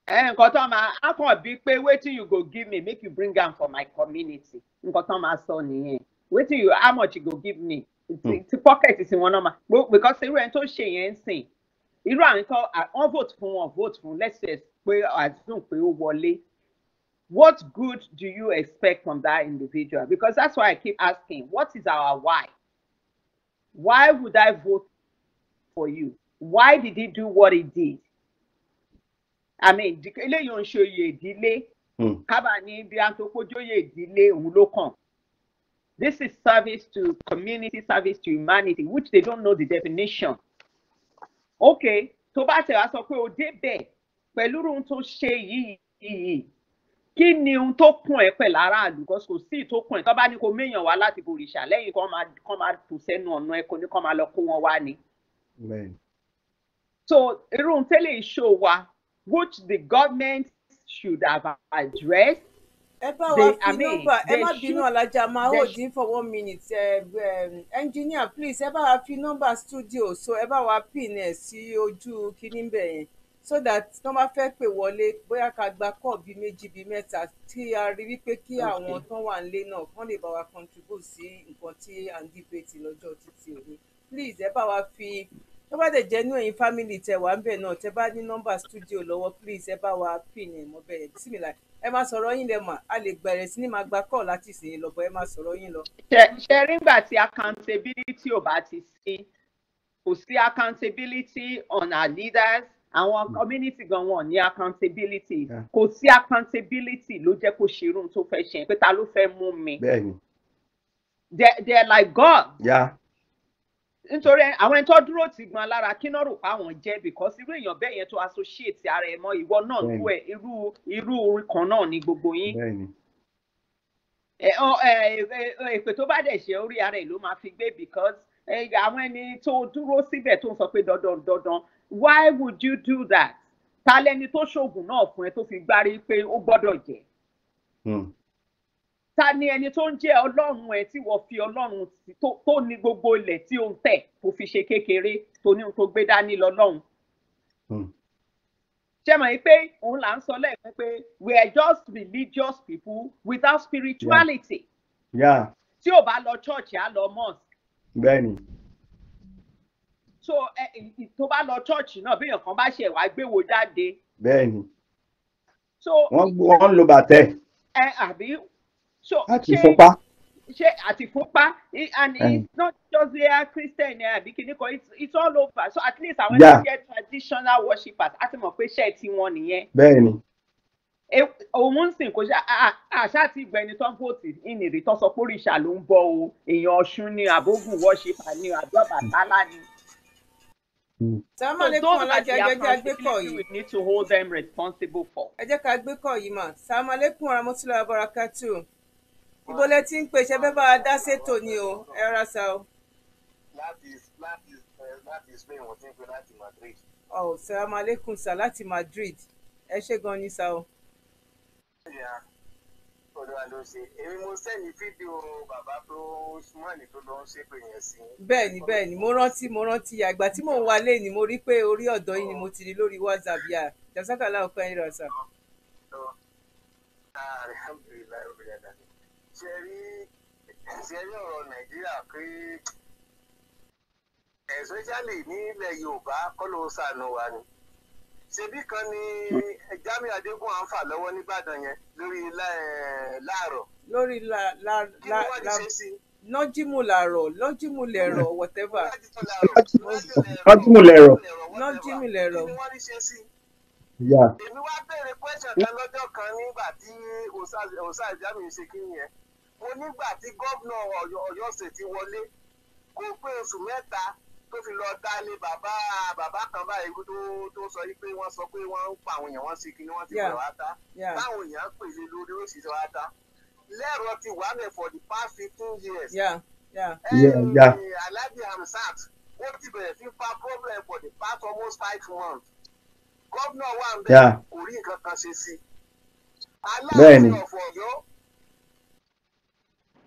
gan. nǹkan tó máa á kàn bí pé wetin you go give me make you bring am for my community nǹkan tó máa sọ nìyẹn wetin you how much you go give me ti hmm. pocket ti wọn náà ma because irú ẹni tó ṣe yẹn ń sìn irú àwọn kan wọn vote fún wọn vote fún let's say pé assume pé ó wọlé what good do you expect from that individual because that's why i keep asking what is our why why would i vote for you why did he do what he did i mean eléyìí ò ń ṣe oyè ìdílé hmm. kábà ní bí a tó kójú oyè ìdílé òun ló kàn this is service to community service to humanity which they don't know the definition okay tó bá tẹ̀ wá sọ pé o débẹ̀ pẹ̀lú ohun tó ṣe yìí yìí kí ni ohun tó kún ẹ pẹ̀lú aráàlú because kò sí ìtó kún ẹ tó bá ní kó méèyàn wá láti bòrìṣà lẹ́yìn kan máa kó sẹ́nu ọ̀nà ẹ kò ní máa lọ kó wọn wá ni. Amen So irú tẹ́lẹ̀ ìṣó wa which the government should have addressed ẹ bá wa fi nọ́mbà ẹ má bínú alájà máa ò dín for one minute eh, um, engineer please ẹ bá wa fi nọ́mbà studio so ẹ bá wa pin ẹ sí ojú kíní bẹ̀ yẹn so that tí wọ́n bá fẹ́ pè wọlé bóyá ká gba kọ́ bíi méjì bíi mẹ́ta tí a rí wípé kí àwọn tán wà nílé náà kán lè bá wa contribute sí nǹkan tí à ń debate lọ́jọ́ títí òní please ẹ bá wa fi tó bá dẹ̀ jẹ́ inú ẹ̀yin fámìlì tẹ wà ń bẹ̀ náà tẹ bá ní nọ́mbà stúdíò lọ́wọ́ please ẹ bá wa pin ẹ̀ mọ́ bẹ̀rẹ̀ símìlà ẹ máa sọ̀rọ̀ yín lẹ mà a lè bẹ̀rẹ̀ sí ní máa gba kọ́ láti ìsinyìí lọ ẹ máa sọ̀rọ̀ yín lọ. ṣe rí ngbà tí accountability ò bá ti sí kò sí accountability on our leaders àwọn hmm. community gan wọn ní accountability kò sí accountability ló jẹ́ kó ṣerú tó fẹ́ ṣe pé ta ló fẹ́ mú mi. bẹ́ẹ̀ni. they they like God. Yeah nítorí àwọn ẹni tó dúró ti gbọn lára kí náà rò fáwọn jẹ because irú èèyàn bẹ́ẹ̀ yẹn tó associate ara ẹ̀ mọ́ ìwọ náà irú ẹ̀ irú irú kan náà ni gbogbo yín èpè tó bá dẹ̀ ṣe orí ara ẹ̀ ló máa fi gbé because àwọn ẹni tó dúró síbẹ̀ tó ń sọ pé dandan dandan why would you do that ta lẹni tó ṣoògùn náà fún ẹ tó fi gbárí pé ó gbọ́dọ̀ jẹ́. Hmm ta ni ẹni tó ń jẹ́ ọlọ́run ẹ tí wọ́n fi ọlọ́run tó ní gbogbo ilẹ̀ tí ó ń tẹ̀ tó fi ṣe kékeré tó ní ohun tó gbé dání lọ́lọ́run. Hmm. ṣé mọ̀ pé òun là ń sọ lẹ́ẹ̀kan pé we are just religious people without spirituality. tí ò bá lọ chọ́ọ̀chì á lọ mosque. bẹ́ẹ̀ni. so tó bá lọ chọ́ọ̀chì náà bí èèyàn kan bá ṣe wàá gbéwò jáde. bẹ́ẹ̀ni. so wọ́n lo bàtẹ́. ẹ àbí so àti ìfúnpá ṣe àti ìfúnpá and it's not just there christian àbí kìíní kan it's all over so at least àwọn ẹni jẹ traditional worshippers á ti mọ̀ pé ṣe ti wọn nìyẹn. bẹ́ẹ̀ni. E, òun sìn kò ṣe àṣà ti gbẹni tán vóòtì ìnìrì tán sọ pé òrìṣà ló ń bọ o èèyàn ọ̀ṣun ni àbógun worshipper ni àbí Ọbàtálá ni. sàmà lẹkùn ọlájà ẹjẹ jẹ agbẹkọ yìí we need to hold them responsible for. ẹ jẹ́ ká agbẹkọ yìí mà sàmà lẹkùn ọ̀rọ̀ mọ́tìlá abarakatu ibo lẹ ti ń pè ṣe fẹ́ bá wa dá ṣètò ni o ẹ rà sá o. ti Madrid. ọ̀ salamu aleykum sá láti Madrid ẹ ṣé gan ni sá o. olúwa ló ṣe èmi mo sẹ́ni fídíò bàbá tó súnmọ́ọ̀nì tó lọ ń ṣépè yẹn mo rántí mo rántí àgbà tí mò ń wálé ni mo rí pé orí ọ̀dọ́ yìí ni mo ti rí lórí WhatsApp yà jàǹsákàlà ọ̀pẹ́ ìrọ̀sà. alhamdulilayi ṣe rí ṣe rí ọ̀rọ̀ nàìjíríà pé especially nílẹ̀ yorùbá kọ́ sànù wa ni ṣebí kan ni jami adégún à ń fà lọ́wọ́ nìbàdàn yẹn lórí láàárọ̀. lórí la la làárọ̀ nọ́jìmù lẹ̀rọ̀ whatever. nọ́jìmù lẹ̀rọ̀. nọ́jìmù lẹ̀rọ̀. èmi wá béèrè question kan lọ́jọ́ kan nígbà tí òsà ìjámi ṣe kí nìyẹn ó nígbà tí gómìnà Ọ̀yọ́ ṣètì wọlé kó pé oṣù mẹ́ta tó fi lọ dá ní bàbá bàbá kan báyìí tó sọ yìí pé wọ́n sọ pé wọ́n ń pa àwọn èèyàn wọ́n sì kí ni wọ́n ti pẹ̀lú ata táwọn èèyàn pè lé lórí ó sì sọ ata lẹ́rọ ti wà mẹ́ for the past fifteen years. Alhaji Hamzat ó ti bẹ̀rẹ̀ sí fa problem for the past almost five months. gómìnà wa ń bẹ̀ kò rí nǹkan kan ṣe sí i. aláàfin ọ̀fọ̀ Ọ̀yọ́.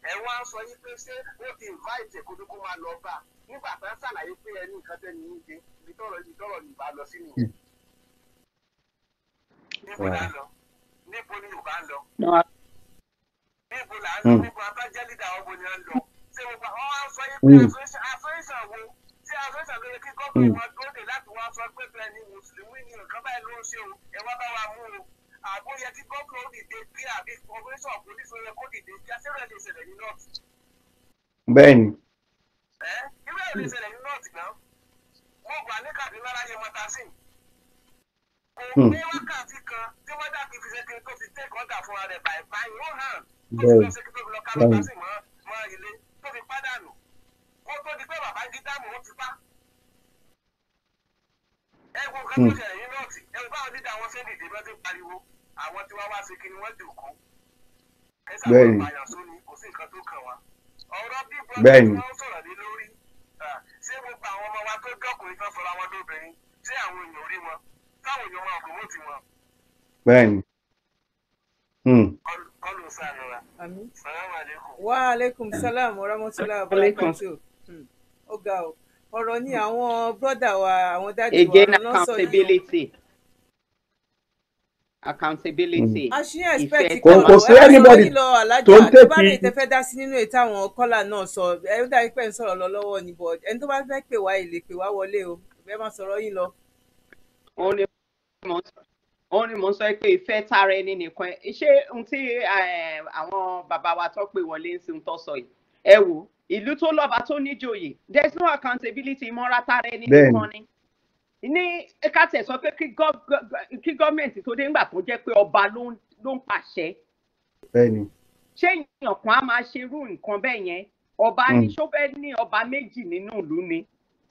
ẹ wá sọ yí pé ṣé ó ti invite kó tó kó máa lọ bá nígbà tá a ṣàlàyé pé ẹni nǹkan tẹ́ni yín ṣe ibi tọ́rọ̀ ibi tọ́rọ̀ ní ìbá lọ sí nìyẹn. Hmm. níbo la lọ níbo ni yorùbá lọ níbo la lọ hmm. níbo abájá lídà ọgbọ ni a lọ ṣé gbogbo àwọn wá sọ yí pé àfẹ́sàn hmm. wo tí àfẹ́sàn lórí kíkọ́ pé wọ́n dóde láti wá sọ pé bẹ́ẹ̀ ni mùsùlùmí ni nǹkan báyìí ló ń ṣe o ẹ wá bá wa mú o àbóyẹ tí gómìnà dìde bí àbí kọmíṣọ̀ polisi yẹ kó dìde kí asẹ́rẹ́ lè ṣẹlẹ̀ ní north. bẹ́ẹ̀ni. ẹ irú ẹ̀ lè ṣẹlẹ̀ ní north náà mo gbà ní Kaduna láyé mọ́tàsí. kò hmm. ní wákàtí kan tí wọ́n dàbí fisẹ́kẹ́ tó fi tẹ́ kọ́ńtà fúnra rẹ̀ báyìí báyìí ó hàn tó fi lọ sẹ́kẹ́ tó fi lọ kárí mọ́tàsí mọ́ ilé tó fi pádànù kó tó di pé bàbá ń dídá ó ti pa ẹ wo nǹkan tó hmm. ṣẹlẹ̀ ní nọ́ọ̀tì ẹ wo báwọn dídá wọn ṣe ń dìde ti pariwo àwọn tí wọ́n wá ṣe kí wọ́n dùn kú ẹ sàbẹ̀wò àyànṣó ni kò sí nǹkan tó kàn wá ọ̀rọ̀ bí bọ́lá tí wọ́n sọ̀rọ̀ lé lórí ṣé gbogbo àwọn ọmọ wa tó dọ́kùnrin tán sọ̀rọ̀ àwọn lóbìnrin ṣé àwọn èèyàn rí wọn táwọn èèyàn wọn kò wọn. bẹ́ẹ̀ni. Hmm. kọlù sànù wa. salamu aleykum. wa aleykum salam wa rahmatulahi wa ọ̀rọ̀ ni àwọn brọ́dà wa àwọn dájú wa again accountability accountability ìfẹ́ kò kò sí anybody tó ń tètè. báwo ni ìtẹ́fẹ́ dá sí nínú ètò àwọn kọ́là náà sọ ẹ̀rọ dàbí pé ń sọ̀rọ̀ lọ lọ́wọ́ ni bọ̀ ẹni tó bá fẹ́ pè wá ilé pè wá wọlé o ẹ máa sọ̀rọ̀ yín lọ. òun ni mò ń sọ pé ìfẹ́ tara ẹni nìkan ṣé ohun tí eh, àwọn bàbá wa tó pè wọlé ń sin tó sọ yìí ẹ wò ó ìlú tó lọ́ba tó níjòyè there is no accountability ìmọ̀ra tara ẹni nìkan ni ní kátẹ̀ sọ pé kí gọ́ọ̀mẹ̀ntì tó dé ńgbà tó jẹ́ pé ọba ló ń pàṣẹ ṣé èèyàn kan á máa ṣerú nǹkan bẹ́ẹ̀ yẹn ọba ní hmm. ṣọ́fẹ́ ní ọba méjì nínú ìlú ni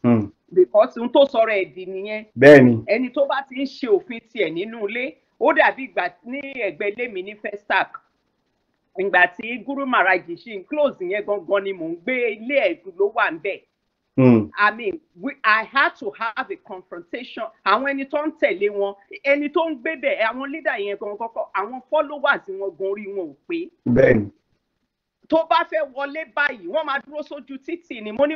hmm. because n tó sọ̀rọ̀ ẹ̀dì nìyẹn ẹni tó bá ti ń ṣe òfin tiẹ̀ nínú ilé ó dàbí ìgbà ní ẹ̀gbẹ́ ilé mi ní festac ìgbà tí Guru Maharaj ṣì ń close yẹn gangan ni mò ń gbé ilé ẹ̀dùn ló wà níbẹ̀. Hmm. I mean we, I had to have a confrontation àwọn ẹni tó ń tẹ̀lé wọn ẹni tó ń gbé bẹ̀ àwọn leader yẹn gangan kọ́kọ́ àwọn followers wọn gan orí wọn ò pé. bẹ́ẹ̀ni tó bá fẹ́ wọlé báyìí wọ́n máa dúró sójú títì ni mo ní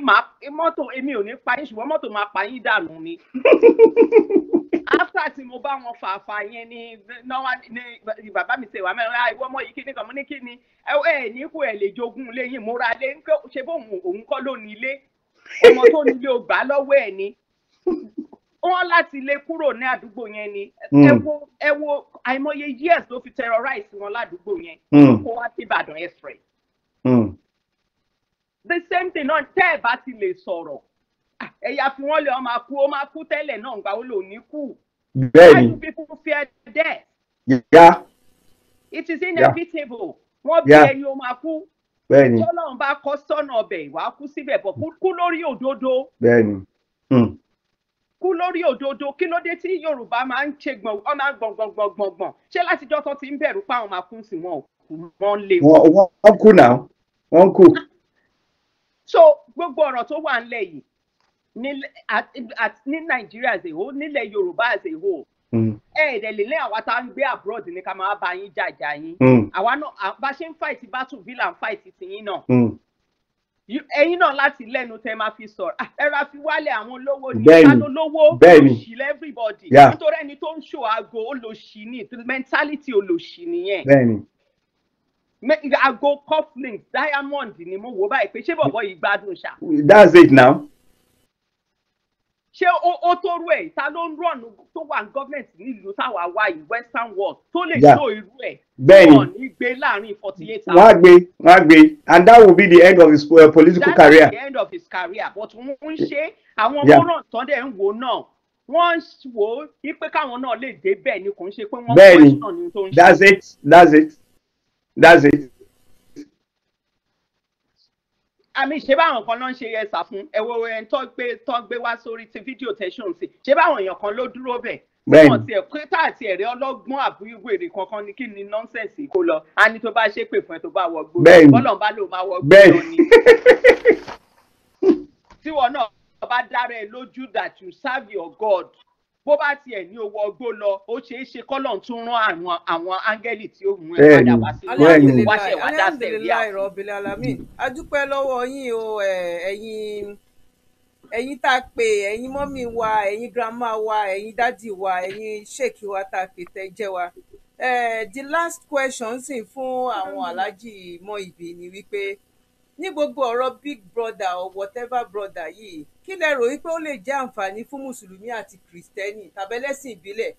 mọ́tò èmi ò ní pa ṣùgbọ́n mọ́tò máa pa dànù ni. after tí mo bá wọn fàáfàá yẹn ni ni bàbá mi ṣe wà mẹ́rin ah ìwọ ọmọ yìí kíni kan mo ní kíni ẹ ní kú ẹ lè jogún ilé yín múra lé ṣé bóun òun kọ́ ló ní ilé ọmọ tó ní ilé gbà lọ́wọ́ ẹ̀ ni wọn láti lé kúrò ní àdúgbò yẹn ni ẹ hmm. wo ẹ wo àìmọye years ló fi terrorize wọn ládùúgbò yẹn hmm. kó wá sí Ìbàdàn express. Hmm. the same thing náà tẹ́ ẹ̀ bá ti lè sọ̀rọ̀ ah, ẹ̀yà fi wọ́n lé ọ máa kú ó máa kú tẹ́lẹ̀ náà gbà ó lò ní kú. bẹ́ẹ̀ni why do people fear death. yeah. it is inevitable. wọ́n bí ẹyin ó máa kú. bẹ́ẹ̀ni tọ́lọ́run bá kọ́ sọ́nà ọbẹ̀ ìwà kú síbẹ̀ bọ̀ kú lórí òdodo. bẹ́ẹ̀ni. Hmm. kú lórí òdodo kí ló dé tí yorùbá máa ń ṣe gbọ̀n ọ máa ń gbọ̀n gbọ̀n gbọ̀n gbọ̀n gbọ̀n ṣé láti dọ́tọ́ ti ń bẹ̀rù pa àwọn máa kú sí wọn ò kú mọ́ lé wọn. wọ́n kú náà uncle. so gbogbo ọ̀rọ̀ tó wà ńlẹ̀ yìí ní nàìjíríà as a whole nílẹ̀ yorùbá as a whole hmm. ẹ ẹ̀dẹ̀ lè lẹ́yìn àwa tá à ń gbé abroad ní ká máa bá yín jàjà yín hmm. àwa náà bá ṣe ń fight battle and fight tiyín náà hmm. ẹ̀yin náà láti lẹ́nu tẹ́ máa fi sọ̀rọ̀ ah, ẹ̀rọ àfi wálé àwọn olówó ní ìdáná olówó olóṣì everybody nítorí ẹni tó ń ṣò àgọ́ olóṣì ní mentality olóṣì nìyẹn aago cufflinks diamond ni mo wò báyìí pé ṣé bọ̀bọ̀ yìí gbádùn ṣá. that's it now. ṣé ó tó rú ẹ̀ ta ló ń rọ̀n tó wà ní gọ́ọ̀mẹ̀ntì nílùú táwa wá yìí western world tó lè tó irú ẹ̀ bẹ́ẹ̀ni wọ́n ní gbé láàrin forty eight hours. wọ́n gbé wọ́n gbé and that will be the end of his uh, political that career. that will be the end of his career but wọ́n ń ṣe àwọn mọ́ràn tán dẹ̀ ń wò náà wọ́n wò ó pé káwọn náà lè dé bẹ́ẹ̀ ni kò ń ṣe pé wọ́n question ní tó ń ṣe. bẹ́ẹ̀ni that's it that's it that's it. àmì ṣé báwọn kan náà ń ṣe ẹ̀sà fún ẹ̀wọ̀ ẹ̀ tó gbé tó gbé wá sórí ti fídíò tẹ̀sán sí ṣé báwọn èèyàn kan ló dúró bẹ̀ bẹ́ẹ̀ni wọn tiẹ̀ pé tá àti ẹ̀rẹ́ ọlọ́gbọ́n àbúrò èrè kankan ni kí ni nọ́ńsẹ̀nsì kó lọ a ní tó bá ṣe pè fún ẹ tó bá wọ gbó bẹ́ẹ̀ni bọ́lọ̀ bá lò máa wọ gbó lọ ni tíwọ náà bá dára ẹ lójú that you serve your God bó bá tiẹ̀ ní owó ọgbó lọ ó ṣeé ṣe kọ́lọ̀ tún rán àwọn àwọn áńgẹ́lì tí ó mú ẹ padà wá sí ìlú wá ṣẹ̀ wá dá sẹ̀ríà. alhamdulilayi alamin a dúpẹ́ lọ́wọ́ yín o ẹ̀yin ẹ̀yin tá a pè ẹ̀yin mọ́mì wa ẹ̀yin grandma wa ẹ̀yin dádì wa ẹ̀yin ṣèkì wa tá a pè tẹ́ jẹ́ wa the last question sì fún àwọn aláàjì mọ́ ìbí ni wípé ní gbogbo ọ̀rọ̀ big brother or whatever brother yìí kí lẹ rò wípé ó lè jẹ́ àǹfààní fún mùsùlùmí àti kìrìsìtẹ́nì tàbẹ́lẹ́sìn ìbílẹ̀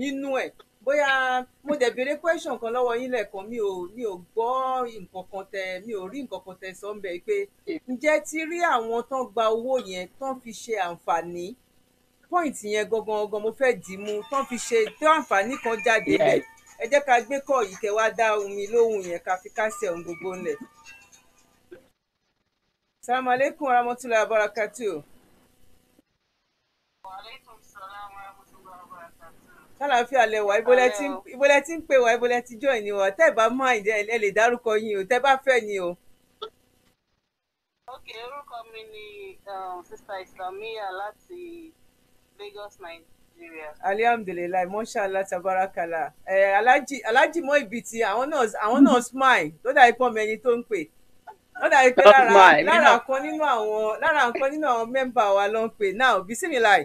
nínú ẹ̀ bóyá mo dẹ̀ béèrè question kan lọ́wọ́ yín lẹ́ẹ̀kan mi ò mi ò gbọ́ nǹkan kan tẹ mi ò rí nǹkan kan tẹ sọ ń bẹ pé ǹjẹ́ ti rí àwọn tán gba owó yẹn tán fi ṣe àǹfààní point yẹn gangan gangan mo fẹ́ dì í mú tán fi ṣe tó àǹfààní kan jáde ẹ jẹ́ ká gbé kọ́ yìí kẹ́ wá dá omi lóhùn yẹn ká fi kásẹ̀ ohun gbogbo ńlẹ̀. Salam salamu aleykum warahmatulahi wabarakatuh. kálàáfíà lẹ wà ìbọlẹ tí ń pè wá ìbọlẹ tí join ni wà tẹ́ bá mọ̀ àìjẹ ẹ lè dárúkọ yín o tẹ́ bá fẹ́ ni o. ok orúkọ mi ni um, sista islamiya láti Lagos Nigeria. alihamdulilayi mọ́ṣálá tabarakala ẹ̀ eh, alájì mọ́ ibi tí àwọn náà smile tó dà ipò mẹ́ni tó ń pè wọ́n dàbí pé oh lára lára kan nínú àwọn lára kan nínú àwọn mẹ́mbà wa ló ń pè náà Bismillah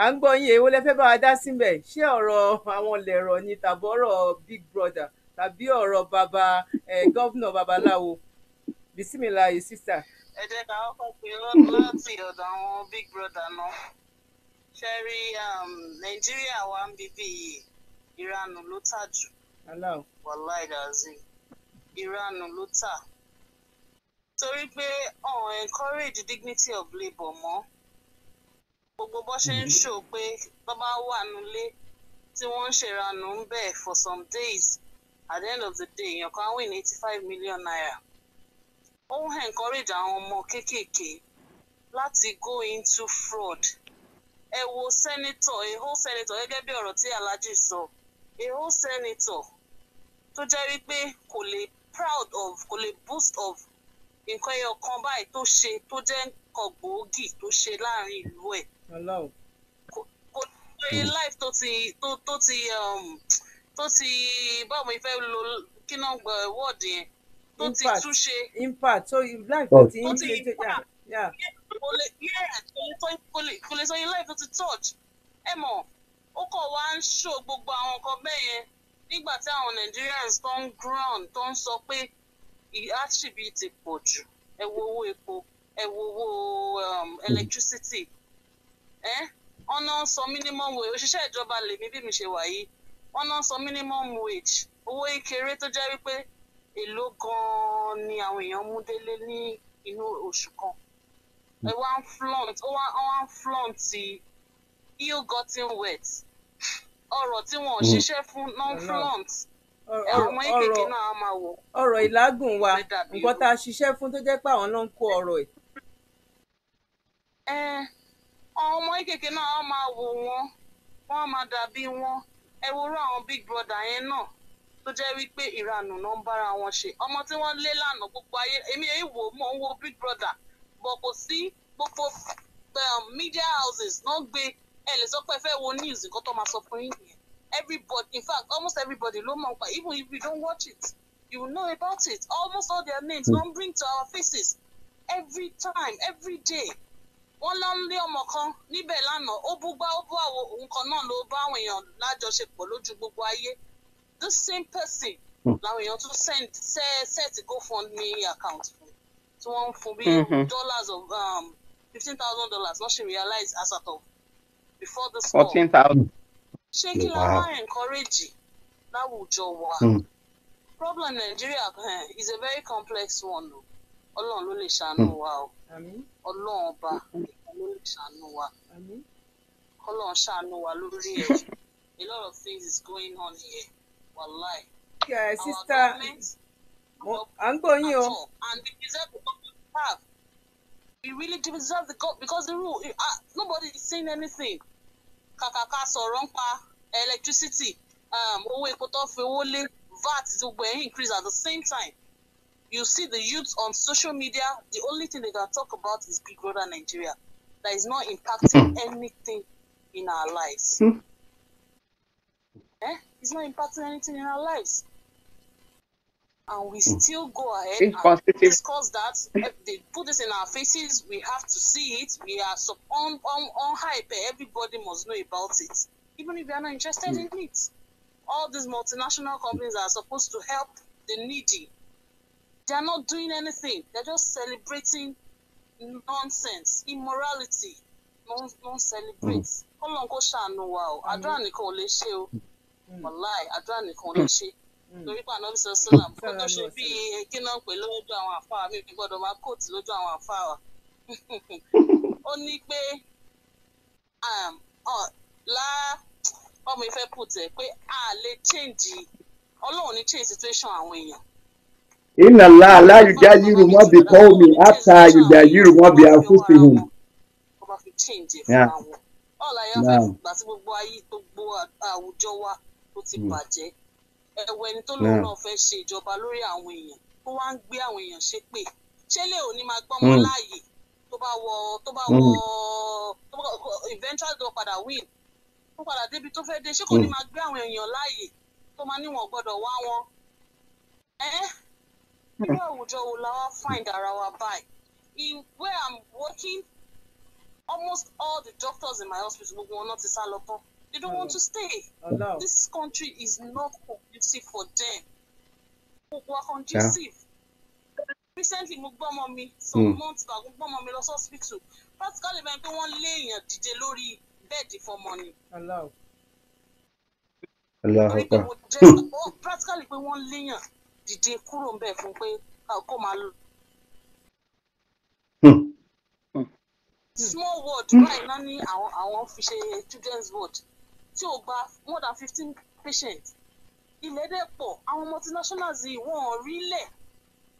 à ń gbọ́ yín èwo lẹ bá wa dá síbẹ̀ ṣé ọ̀rọ̀ àwọn lẹ̀rọ ni tàbí ọ̀rọ̀ Big Brother tàbí ọ̀rọ̀ baba eh, gọ́vnà babaláwo Bismillah yìí sísà. ẹ jẹ́ ká kọ́kọ́ pé láti ọ̀dọ̀ àwọn Big Brother náà ṣe rí um, Nàìjíríà wa ń bíbí ìranù ló tà jù wàláì dàzí ìranù ló tà torí pé ọ̀n encourage dignity of labour mọ́ gbogbo bó ṣe ń ṣò mm-hmm. pé bàbá wà nulẹ̀ tí wọ́n ń ṣèrànú ń bẹ̀ for some days at the end of the day èèyàn kan win eighty five million naira ó ń encourage àwọn ọmọ kéékèèké láti go into fraud ẹ wo senator a whole senator gẹ́gẹ́ bí ọ̀rọ̀ tí Alhaji sọ a whole senator tó jẹ́ wípé kò lè proud of kò lè boost of nǹkan ẹyọ kan báyìí tó ṣe tó jẹ́ nǹkan gbòógì tó ṣe láàrin ìlú ẹ̀. kò tó yẹ hmm. life tó ti tó ti um, tó ti báwo ni fẹ́ lo kí náà gbọ́ wọ́ọ̀dì yẹn tó ti túnṣe. impact so life oh. tó ti impact kò lè sọ yín life tó ti touch ẹ mọ̀ ó kọ̀ wá ń ṣó gbogbo àwọn nǹkan bẹ́ẹ̀ yẹn nígbà tí àwọn Nigerians tó ń ground tó ń sọ pé àṣì bíi ti pọ̀ jù ẹ wo owó epo ẹ wo owó um, hmm. electricity ẹ wọn náà sọ minimum wage òṣìṣẹ́ ìjọba lèmi bí mi ṣe wà yìí wọn náà sọ minimum wage owó ìkéré tó jẹ́ wípé èló gan-an ni àwọn èèyàn mú délé ní inú oṣù kan ẹ wá ń flaunt ó wá ń flaunt ill gotten wet ọ̀rọ̀ tí wọn ò hmm. ṣiṣẹ́ fún non-flaunt. Mm -hmm. ọrọ ìlágùn wa nǹkan tá a ṣiṣẹ́ fún tó jẹ́ pé àwọn náà ń kó ọ̀rọ̀ ẹ ọmọ ìkèké náà á máa wò wọn wọn máa dàbí wọn ẹ worú àwọn big brother yẹn náà tó jẹ́ wípé ìranù náà ń bára wọn ṣe ọmọ tí wọn lé lánàá gbogbo ayé èmi èyí wò mò ń wo big brother bọ̀ kò sí gbogbo um, media houses náà gbé ẹ lè sọ pé ẹ fẹ́ wo news nǹkan tó máa sọ fún yín nìyẹn everybody, in fact, almost everybody, Lomongpa, even if you don't watch it, you will know about it. Almost all their names, don't hmm. bring to our faces. Every time, every day. wọ́n lé ọmọ kan níbẹ̀ lánàá ó búgbá ó bú náà ló bá àwọn èèyàn lájọṣepọ̀ lójú gbogbo ayé the same person hmm. làwọn èèyàn tún send ṣe set GoFundMe account fún tí wọ́n ń fún bí mm-hmm. dollars of um, fifteen thousand dollars not she realize as at of before this call. fourteen thousand. ṣé kí la máa encourage láwùjọ wa hmm. problem Nigeria eh, is a very complex one o Ọlọ́run ló lè ṣàánú hmm. wa o Ọlọ́run ọba ló lè ṣàánú wa Ọlọ́run ṣàánú wa lórí ẹ a lot of things is going on here wallahi. Yeah, our sister, government à ń gbọ́ yín and we deserve the God we have we really deserve the God because the rule uh, nobody is saying anything. kàkà sọ̀rọ̀ electricity um, owó epo tó fi owó lé VAT gbogbo ẹ̀ increase at the same time you see the youth on social media the only thing they can talk about is Big Brother Nigeria that is not impacting hmm. anything in our lives. Hmm. eh? It's not impacting anything in our lives and we hmm. still go ahead and discuss that. Eh, they put this in our faces. We have to see it. We are so on, on, on hype. Eh, everybody must know about it, even if they are not interested hmm. in it. All these multinational companies are supposed to help the needy. They are not doing anything. They're just celebrating nonsense, immorality. Non, non celebrate. Hmm. Ọlọ́run kò ṣàánú wa o. Mm. torí pé ànábì sọ sọlá kó tó ṣe bí kí náà pè lójú àwọn àfa mi kì í gbọ́dọ̀ máa kóòtù lójú àwọn àfa wa ó ní pé um, lá ọmọ ìfẹ́ pùtẹ́ pé a lè change ọlọ́run ní change situation àwọn èèyàn. Inna Allah la yughayyiru ma bi qawmin hatta yughayyiru ma bi anfusihim. Ọba fi change Ọ̀la yẹn fẹ́ gbà tí gbogbo ayé gbogbo àwùjọ wa tó ti mm. bàjẹ́ ẹwọ ẹni tó lóun náà fẹ́ ṣe ìjọba lórí àwọn èèyàn tó wá ń gbé àwọn èèyàn ṣépè ṣé lè ò ní máa gbọ́ ọmọ hmm. láàyè tó bá wọ tó bá hmm. wọ eventual tó padà win tó padà débi tó fẹ́ dé ṣé kò ní hmm. máa gbé àwọn èèyàn láàyè tó máa níwọ̀n gbọ́dọ̀ wá wọn ẹ́ irú àwùjọ wo la wá find ara wa báyìí in where I'm working almost all the doctors in my hospital gbogbo wọn náà ti sá lọ tán. They don't want to uh, stay. This country is not conducive for them. We're conducive. Yeah. Recently, mo gbọ́ some mm. months back, mo gbọ́ ọmọ mi lọ to. Practically, mo pé wọ́n lé èèyàn dìde lórí bẹ́ẹ̀dì fọmọ ni. Oh, practically pé hmm. small word hmm. báyìí nanny ní àwọn children's word. tí ò gba more than fifteen patients ilẹ̀ dẹ̀ pọ̀ àwọn multinationals yìí wọ́n rí lẹ̀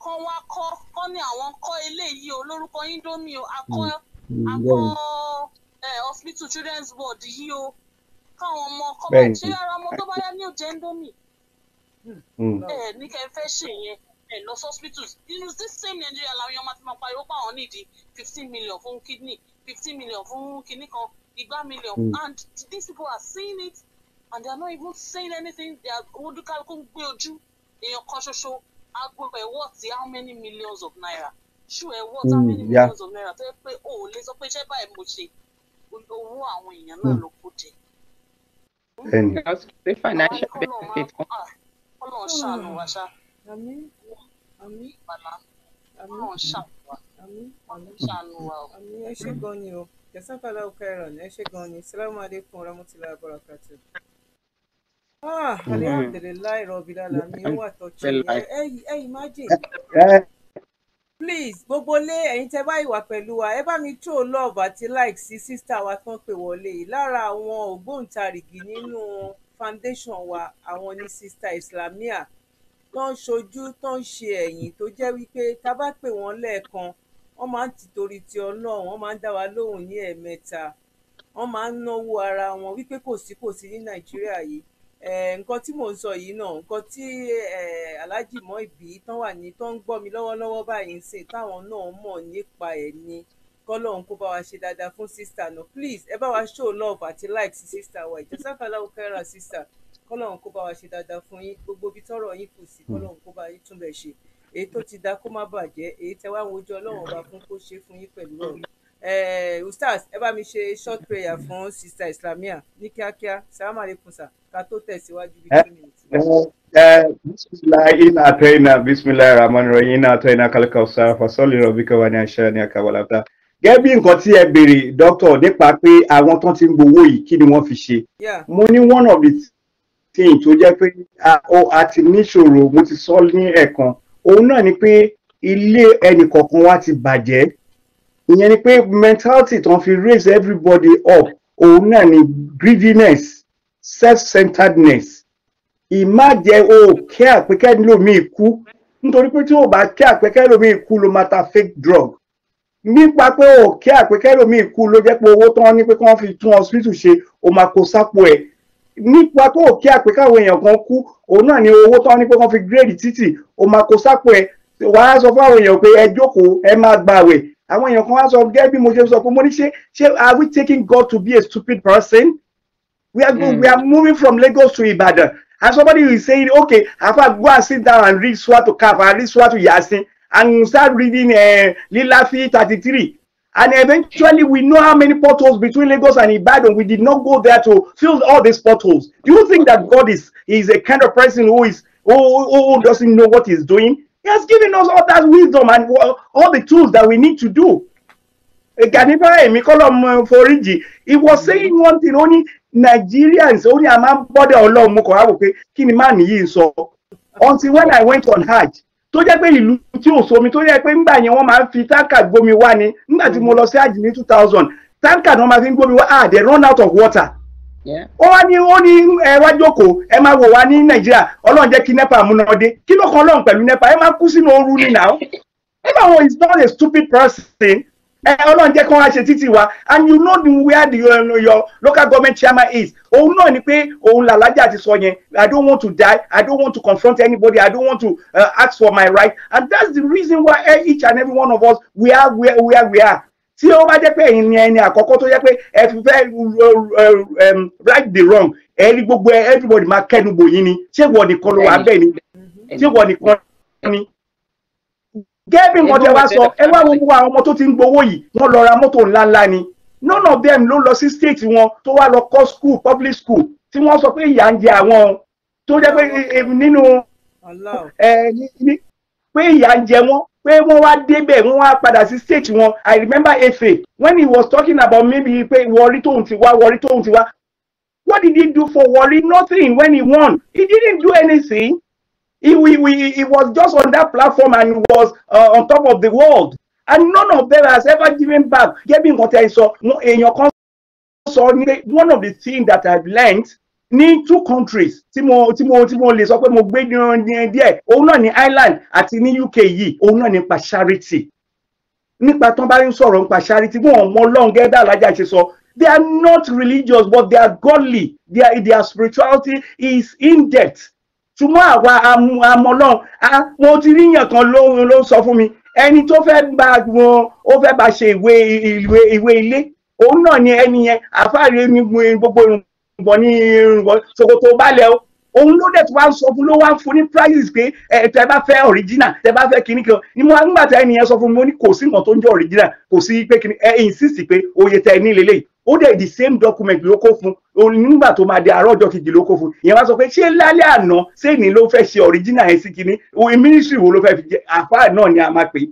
kọ́ wá kọ́ kọ́ ní àwọn kọ́ eléyìí olórúkọ indomie o akọ́ hmm. akọ́ hmm. hospital children's ward yìí o káwọn ọmọ kọ́ bá ṣe ara ọmọ tó bá yá ní òjẹ́ indomie hmm. ẹ̀ ní kẹ́ fẹ́ ṣe yẹn ẹ̀ lọ sí hospitals inú this same Nigeria làwọn èèyàn máa ti máa pariwo pàwọn nídìí fifteen million fún kidney fifteen million fún kinní kan igba million mm. and these people are seeing it and they are not even saying anything they are olúkálukú ń in your èèyàn show. ṣoṣo agbóhùn ẹ̀ worth how many millions of naira Sure, ẹ̀ worth how hmm, many millions of naira tó yẹ pé Let's ò lè sọ pé iṣẹ́ báyìí mo ṣe owó àwọn èèyàn hmm. hmm. the financial benefit. ọlọ́run ah, ṣàánú wa ṣá. àmín àmín bàlá ọlọ́run ṣàánú wa ọlọ́run ṣàánú wa o. ẹ ṣé gan ni o jẹ́sàkàlà òkèrò ẹ̀ ṣe gan ni salamu aleykum rahmatulah abarakatu. ah mm-hmm. alihamdulilayi rọbìlálà mi mm-hmm. ó wà tọ́jú ẹ imagine eh. please gbogbo lé ẹ̀yin tẹ́ bá ìwà pẹ̀lú wa ẹ bá mi tó love àti like sí sísítà wa tán pé wọlé lára àwọn ògbóǹtarìgì nínú foundation wa àwọn ní sísítà islamia tó ń ṣojú tó ṣe ẹ̀yìn tó jẹ́ wípé tá a bá pè wọ́n lẹ́ẹ̀kan wọ́n máa ń tìtorí ti ọlọ́run wọ́n máa ń dá wa lóhùn ní ẹ̀ẹ̀mẹ́ta wọ́n máa ń náwó ara wọn wípé kò sí kò sí ní nàìjíríà yìí nǹkan tí mò ń sọ yìí náà nǹkan tí aláàjì mọ ìbí tán wà ní tó ń gbọ́ mi lọ́wọ́lọ́wọ́ báyìí ń sìn táwọn náà mọ̀ nípa ẹ̀ ni kọ́lọ́hún kó bá wa ṣe dáadáa fún sísà náà please ẹ bá wa show love àti like sí sísà wa ìjọsáfàlà òkèèrà sísà kọ́lọ́hún kó bá wa ṣe dáadáa fún yín gbogbo ibi tọ́rọ̀ yín kù sí kọ́lọ́hún kó bá yín túnbẹ̀ ṣe èyí tó ti da kó má bàjẹ́ èyí tẹ wá ń wojú ọlọ́run ọba fún kó ṣe fún yín pẹ̀lú ọ̀run eh, ustaz ẹ bá mi ṣe short prayer fún sista islamia ní kíákíá salamu aleykum sir ká tó tẹ̀síwájú bí ina atayina bisimilayi rahman rahim ina atayina kalkausa fasoli robika wani aṣa ni akawalata gẹ́gẹ́ bí nǹkan tí ẹ béèrè dókítà nípa pé àwọn tó ti ń gbowó yìí kí ni wọ́n fi ṣe mo ní one of the things tó jẹ́ pé ah, oh, a ti níṣòro mo ti sọ ní ẹ̀kan òun náà ni pé ilé ẹnì kọ̀ọ̀kan wa ti bàjẹ́ ìyẹn ni pé mentality tó ń fi raise everybody up òun náà ni greediness self-centeredness ìmájẹ o kẹ́ àpẹ́kẹ́ lómi ikú nítorí pé tí o bá kẹ́ àpẹ́kẹ́ lómi ikú ló máa ta fake drug nípa pé o kẹ́ àpẹ́kẹ́ lómi ikú ló jẹ́ pé owó tán ní pé kí wọ́n fi tún hospital ṣe o máa kó sápò ẹ̀ nípa tó kí àpé káwọn èèyàn kan kú òun náà ni owó tán ní pé wọ́n fi gírèdì títì ó máa kó sápò ẹ wàá sọ fún àwọn èèyàn pé ẹ jókòó ẹ máa gbààwẹ̀ àwọn èèyàn kan wá sọ gẹ́gẹ́ bí mo ṣe sọ pé mo ní ṣe ṣe are we taking God to be a stupid person we are, mm. we are hmm. moving from Lagos to Ibadan and somebody is saying okay afa go and sit down and read Swat to Kaf and read Swat to Yasin and start reading uh, Lilafi thirty three And eventually, we know how many potholes between Lagos and Ibadan. We did not go there to fill all these potholes. Do you think that God is is a kind of person who is who, who doesn't know what he's doing? He has given us all that wisdom and all the tools that we need to do. Uh, he was saying one thing only Nigerians only a man body so. Until when I went on Hajj, tó jẹ́ pé ìlú tí ò sómi tó jẹ́ pé ńgbà yẹn wọ́n máa fi táǹkà gbomi wá ni ńgbà tí mo lọ sí àjì ní two thousand táǹkà ni wọ́n máa fi gbomi gbómi wá ah they run out of water ó wá ní ó ní ẹ wá jókòó ẹ máa wò wá ní nàìjíríà ọlọ́run jẹ́ kí nepa múnadé kí ló kan ọlọ́run pẹ̀lú nepa ẹ máa kú sínú ooru nínà ó nígbà wo is not a stupid person ọlọ́run jẹ́ kí wọ́n ṣe títì wa and you know where the your, uh, your local government chairman is òun náà ni pé òun làlájà ti sọ yẹn i don't want to die i don't want to confront anybody i don't want to uh, ask for my right and that's the reason why e, each and every one of us we are where we are we are tí ó bá jẹ́ pé ẹ̀yin ni ẹni àkọ́kọ́ tó jẹ́ pé ẹ fẹ́ uh, uh, um, right the wrong ẹ rí gbogbo everybody máa kẹ́nu bòyí ni ṣé wọ́n nìkan ló wà bẹ́ẹ̀ ni ṣé wọ́n nìkan ni gẹ́gẹ́ bí nǹkan tẹ wá sọ ẹ wá gbogbo àwọn ọmọ tó ti ń gbowó yìí wọ́n lọ ra mọ́tò ńláńlá ni none of them ló lọ sí state wọn tó wá lọ kọ́ school public school tí wọ́n sọ pé ìyà ń jẹ àwọn tó jẹ́ pé e, e, nínú pé ìyà ń jẹ wọ́n pé wọ́n wá débẹ̀ wọ́n wá padà sí state wọn I remember Efe when he was talking about maybe pé Warri tóun ti wá Warri tóun ti wá what did he do for Warri nothing when he won he didn't do anything. He, we, we, he was just on that platform and was uh, on top of the world. And none of them has ever given back. sọ èèyàn kan sọ one of the things that I've learned in two countries Timo, mo tí mo tí mo lè sọ pé mo gbé ní díẹ̀ òun ní ní UK charity they are not religious but they are godly their their spirituality is in depth ṣùgbọ́n àwa amọ̀lọ́run mo ti ríyàn kan ló sọ fún mi ẹni tó fẹ́ bá wọn ó fẹ́ bá ṣe ìwé ìwé ilé òun náà ni ẹni yẹn àfáàrí mi gbogbo ìrùnbọ̀ ní ìrùnbọ̀ ṣòkòtò balẹ̀ o òun ló dẹ̀ tí wàá sọ fún ló wàá fún ní prices pé ẹ tẹ bá fẹ́ original tẹ bá fẹ́ kíní kan ni mo nígbà tí ẹni yẹn sọ fún mi ó ní kò sí nǹkan tó ń jẹ́ original kò sí pé kíní ẹ insist pé oye tẹ ní lélẹ́yìí ó dẹ̀ the same document ló kó fún nígbà tó máa di àárọ̀ ọjọ́ kejì ló kó fún ìyẹn wá sọ pé ṣé lálẹ́ àná sẹ́ni ló fẹ́ ṣe original yẹn sí kinní ministry wo ló fẹ́ fi jẹ àfáà náà ni a máa pè é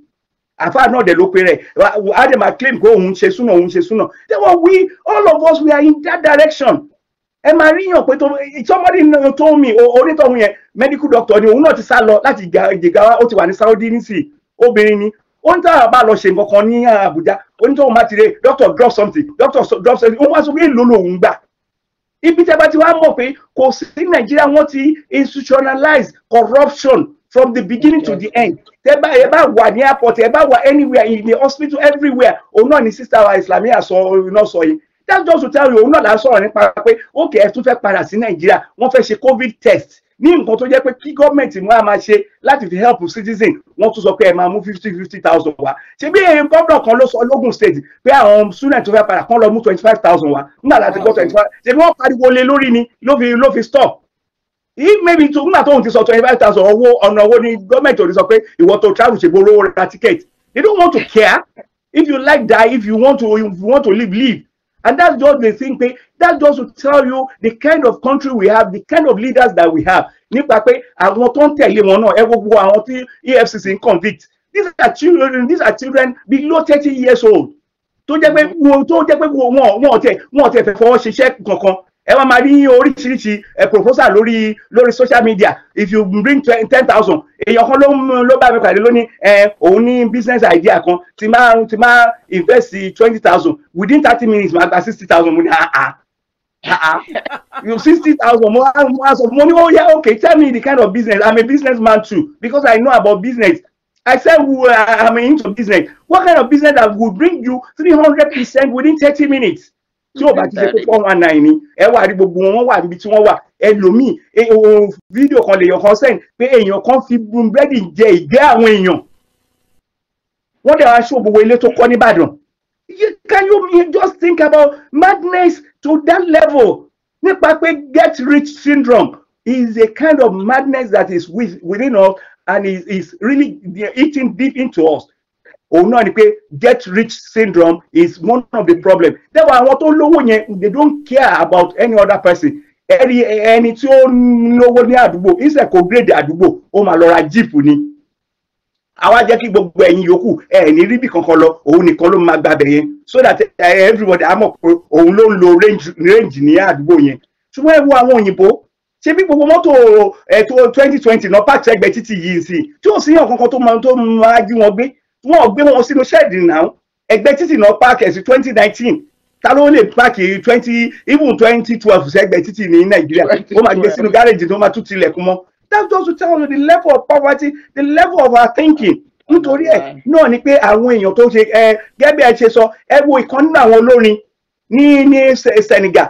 àfáà náà dẹ̀ ló pe rẹ̀ á claim pé òun ṣe súnà òun ṣe súnà they were we all of us we are in that direction ẹ máa ríyàn pé somebody told me onítọ̀hún yẹn medical doctor ni òun náà ti sá lọ láti jìgáwá ó ti wà ní Saudi nísìnyí obìnrin ni ó ń tàbá lọ ṣe nǹkan kan ní Àbújá onítọ̀hún bá ti re doctor drop something doctor drop something òun wá sọ pé èlò lòun gbà ibi tẹ́ bá ti wá mọ̀ pé kò sí nàìjíríà wọ́n ti institutionalize corruption from the beginning okay. to the end tẹ́ bá ẹ bá wà ní airport ẹ bá wà anywhere in the hospital everywhere òun náà ni sister wa islamiyah sọ iná sọ yìí that's just to tell you òun náà là ń sọ̀rọ̀ nípa pé ókè ẹ tún fẹ́ padà sí nàìjíríà wọ́n fẹ́ ṣe covid test ní nǹkan tó jẹ́ pé kí gọ́ọ̀mẹ̀ntì wọn máa ṣe láti fi help citizen wọ́n tún sọ pé ẹ máa mú fifty fifty thousand wá ṣé bí ẹ̀yin gómìnà kan ló sọ lógùn state pé àwọn student tó fẹ́ padà kán lọ mú twenty five thousand wá nígbà láti kọ́ twenty five ṣé bí wọ́n pariwo lé lórí ni ló fi ló fi stop if maybe tó nígbà tóun ti sọ twenty five thousand owó ọ̀nà owó ni gọ́ọ̀mẹ̀ntì ò ní sọ pé ìwọ tó travel ṣe gbóró ra ticket they don't want to care if you like die if you want to if you want to live live And that's just the thing That that's just to tell you the kind of country we have the kind of leaders that we have nípa pé àwọn tó ń tẹ̀lé wọn náà ẹ gbogbo EFCC convict these are children these are children below thirty years old tó jẹ́ pé tó jẹ́ pé ẹ wá máa rí oríṣiríṣi ẹ eh, proposal lórí lórí social media if you bring ten thousand èèyàn kan ló ló bá mi pàdé lónìí ẹ eh, òun ní business idea kan ti máa ti máa invest twenty thousand within thirty minutes máa gba sixty thousand mo ní àá ah, ah, ah, you sixty thousand more, wá sọ mo ní oh yeah okay tell me the kind of business i'm a businessman too because i know about business I said, well, uh, I'm into business. What kind of business that would bring you 300% within 30 minutes? tí ò bá ti ṣe pé four one nine ni ẹ wà rí gbogbo wọn wà níbi tí wọ́n wà ẹlòmíì fídíò kan lèèyàn kan sẹ́yìn pé èèyàn kan fi búrẹ́dì jẹ ìgbẹ́ àwọn èèyàn wọ́n dẹ̀ wá ṣó gbogbo ilé tó kọ́ nìbàdàn can you, you just think about madness to that level nípa pé get rich syndrome is a kind of madness that is with, within us and is, is really eating deep into us òun náà ni pé get rich syndrome is one of the problem tẹ́wọ̀ àwọn tó lówó yẹn they don't care about any other person ẹni ẹni tí ó lówó ní àdúgbò ìṣẹ̀ kò gírèdì àdúgbò ó máa lọ ra jíìpù ni àwa jẹ́ kí gbogbo ẹ̀yin yòókù ẹ̀ ní ríbi kankan lọ òun nìkan ló máa gbàbẹ̀ yẹn so that everybody á mọ̀ pé òun ló ń lo range ní àdúgbò yẹn ṣùgbọ́n ẹ wo àwọn òyìnbó ṣé bí gbogbo mọ́tò ètò twenty twenty náà pàṣẹ ẹgbẹ́ títì yìí sí tí ò sí yàn kankan tó máa jí wọn gbé wọn ò gbé wọn sínú ṣẹ́ẹ̀dì náà ẹgbẹ́ títì náà páàkì ẹ̀sìn twenty nineteen ta ló lè páàkì twenty even twenty twelve sẹ́gbẹ́ títì ní nàìjíríà ó máa gbé sínú gárèjì tó máa tún tilẹ̀kùn mọ́ that's just to tell you the level of poverty the level of our thinking nítorí ẹ No, ni pé àwọn èèyàn tó ṣe ẹ gẹ́gẹ́ ẹ ṣe sọ ẹ wo ìkan nínú àwọn olórin ní ní Senegal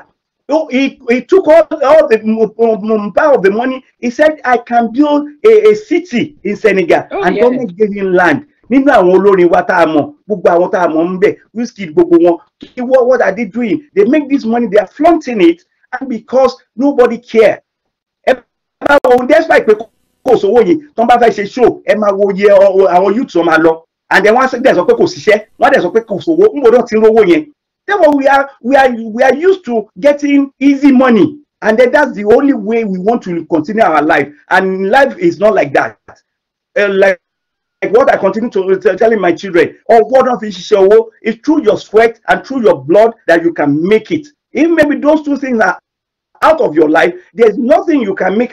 So he, he took all, all the um, part of the money he said I can build a, a city in Senegal oh, and yeah. government gave him land nínú àwọn olórin wa tá a mọ̀ gbogbo àwọn tá a mọ̀ ń bẹ̀ Wizkid gbogbo wọn kí wọ́n what are they doing they make this money they are flaunting it and because nobody care ẹ máa wo ohun despite pé kò sówó yìí tó ń bá fẹ́ ṣe show ẹ máa wo iye àwọn youths wọn máa lọ and then wọ́n dẹ̀ sọ pé kò síṣẹ́ wọ́n dẹ̀ sọ pé kò sówó ń gbọ́dọ̀ ti rówó yẹn therefore we are we are we are used to getting easy money and then that's the only way we want to continue our life and life is not like that uh, like like what I continue to uh, tell, my children, or what of Ishishowo, it's through your sweat and through your blood that you can make it. If maybe those two things are out of your life, there's nothing you can make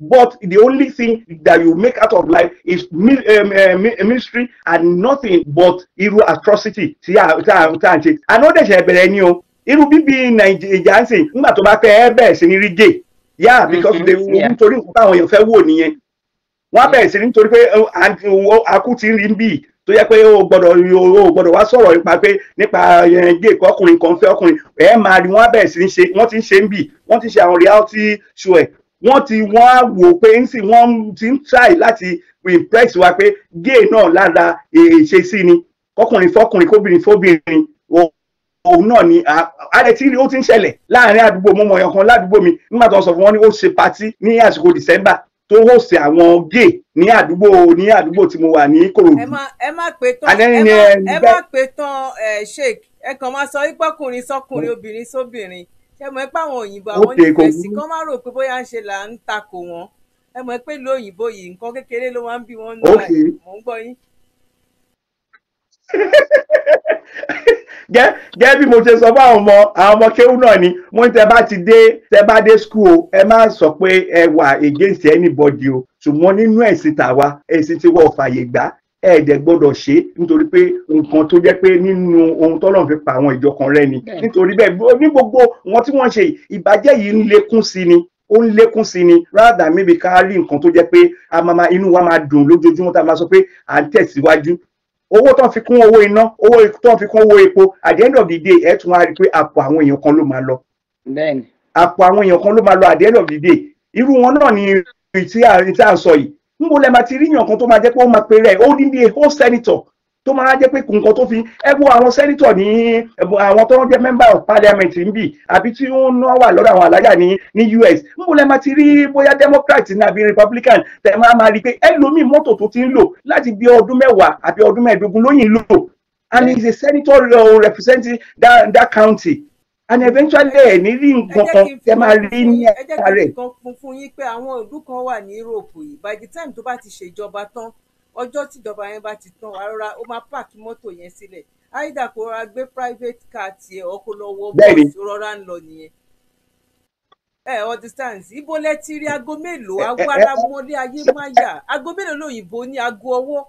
but the only thing that you make out of life is um, uh, ministry and nothing but evil, atrocity tí a tá à I ṣe àná dẹ̀sẹ̀ bẹ̀rẹ̀ ni o irú bíbí nàìjíríà ń sìn tó bá fẹ́ bẹ̀rẹ̀ sí yeah because mm-hmm, nítorí nǹkan táwọn your fẹ́ wò wọ́n á bẹ̀rẹ̀ sí nítorí pé akú ti rí bí tó yẹ pé o gbọ́dọ̀ o gbọ́dọ̀ wá sọ̀rọ̀ nípa pé nípa gay ọkùnrin kan fẹ́ ọkùnrin ẹ̀ máa rí wọ́n á bẹ̀rẹ̀ sí ní ṣe wọ́n ti ń ṣe ń bì wọ́n ti ṣe àwọn reality show ẹ̀ wọ́n ti wọ́n á wò pé ń sì wọ́n ti ń try láti impress wa pé gay náà lára ìṣesí ni kọkùnrin fọkùnrin kóbìnrin fóbìnrin òun náà ni ààrẹ tí ó ti ń ṣẹlẹ̀ láàrin àdúgbò mọ́mọ́ ọ̀kan ládùúgbò mi nígbà tó ń sọ fún wọn ni ó ṣe patí ní àsìkò December tó hòsè àwọn gay ní àdúgbò ní àdúgbò tí mo wà ní Ìkòròdú. ẹ má ẹ má pè tán ẹ má pè tán sheik ẹ kàn máa sọ wípé ọkùnrin sọkùnrin obìnrin sóbìnrin ẹ mọ̀ pé àwọn òyìnbó àwọn nífẹ̀ẹ́sì kan máa rò pé bóyá ń ṣe là ń takò wọ́n ẹ mọ̀ pé lóyìnbó yìí nǹkan kékeré ló máa ń bí wọ́n nù mọ̀ ń gbọ́ yín gẹ́gẹ́ bí mo ṣe sọ fún àwọn ọmọ àwọn ọmọ kéwù náà ni wọ́n tẹ́ bá ti dé tẹ́ bá dé school o ẹ má sọ pé ẹ wà against anybody o ṣùgbọ́n nínú ẹ̀sìn tàwa ẹ̀sìn tí wọ́n fàyè gbà ẹ̀ẹ́dẹ̀ gbọ́dọ̀ ṣe nítorí pé nǹkan tó jẹ́ pé nínú ohun tọ́lọ́run fi pa àwọn ìjọ kan rẹ́ ni nítorí bẹ́ẹ̀ ní gbogbo wọn tí wọ́n ṣe ìbàjẹ́ yìí ń lékún sí ni ó ń lékún sí ni rather maybe ká rí nǹkan tó jẹ́ pé amama inú wa máa dùn lójoojúmọ́ tá a máa sọ pé à ń tẹ̀síwájú owó tó fi kún owó iná owó tó fi kún owó epo at the end of the day ẹ tún wá rí i pé àpò àwọn èèyàn kan ló máa lọ. àpò àwọn èèyàn kan ló máa lọ at the end of the day irú wọn náà ni ìtí à ń sọ yìí níbo lẹ́ẹ̀ máa ti rí yàn kan tó máa jẹ́ pé ó máa pe rẹ̀ ó ní bí a whole senator tó máa jẹ́ pé nǹkan tó fi ẹ wo àwọn sẹ́nitọ̀ ní àwọn tó ń jẹ́ member of parliament ń bì àbí tí ó ń wà lọ́dọ̀ àwọn aláyà ní ní US ń bò lẹ́ máa ti rí bóyá democrat ní àbí republican tẹ̀ máa máa rí i pé ẹlòmíì mọ́tò tó ti ń lò láti bí ọdún mẹ́wàá àbí ọdún mẹ́ẹ̀ẹ́dógún lóyìn lò and he is a senator uh, representing that, that county and eventually ẹ̀ ní rí nǹkan kan tẹ máa rí ní ẹ̀ka rẹ̀. ẹ jẹ́ kí n kan fún yín pé àwọn ìlú kan wà ní Europe yìí by the time tó bá ti ṣèjọba tán ọjọ́ tíjọba yẹn bá ti tán wàá rọra ó máa páàkì mọ́tò yẹn sílẹ̀ áìdà kó rọra gbé private car tiẹ̀ ọkọ̀ lọ́wọ́ bọ́ọ̀sì rọra ń lọ nìyẹn ẹ understand ibo lẹ ti rí aago mélòó eh, aago eh, eh. ara ayé má yà aago mélòó lóyìnbó ní aago ọwọ́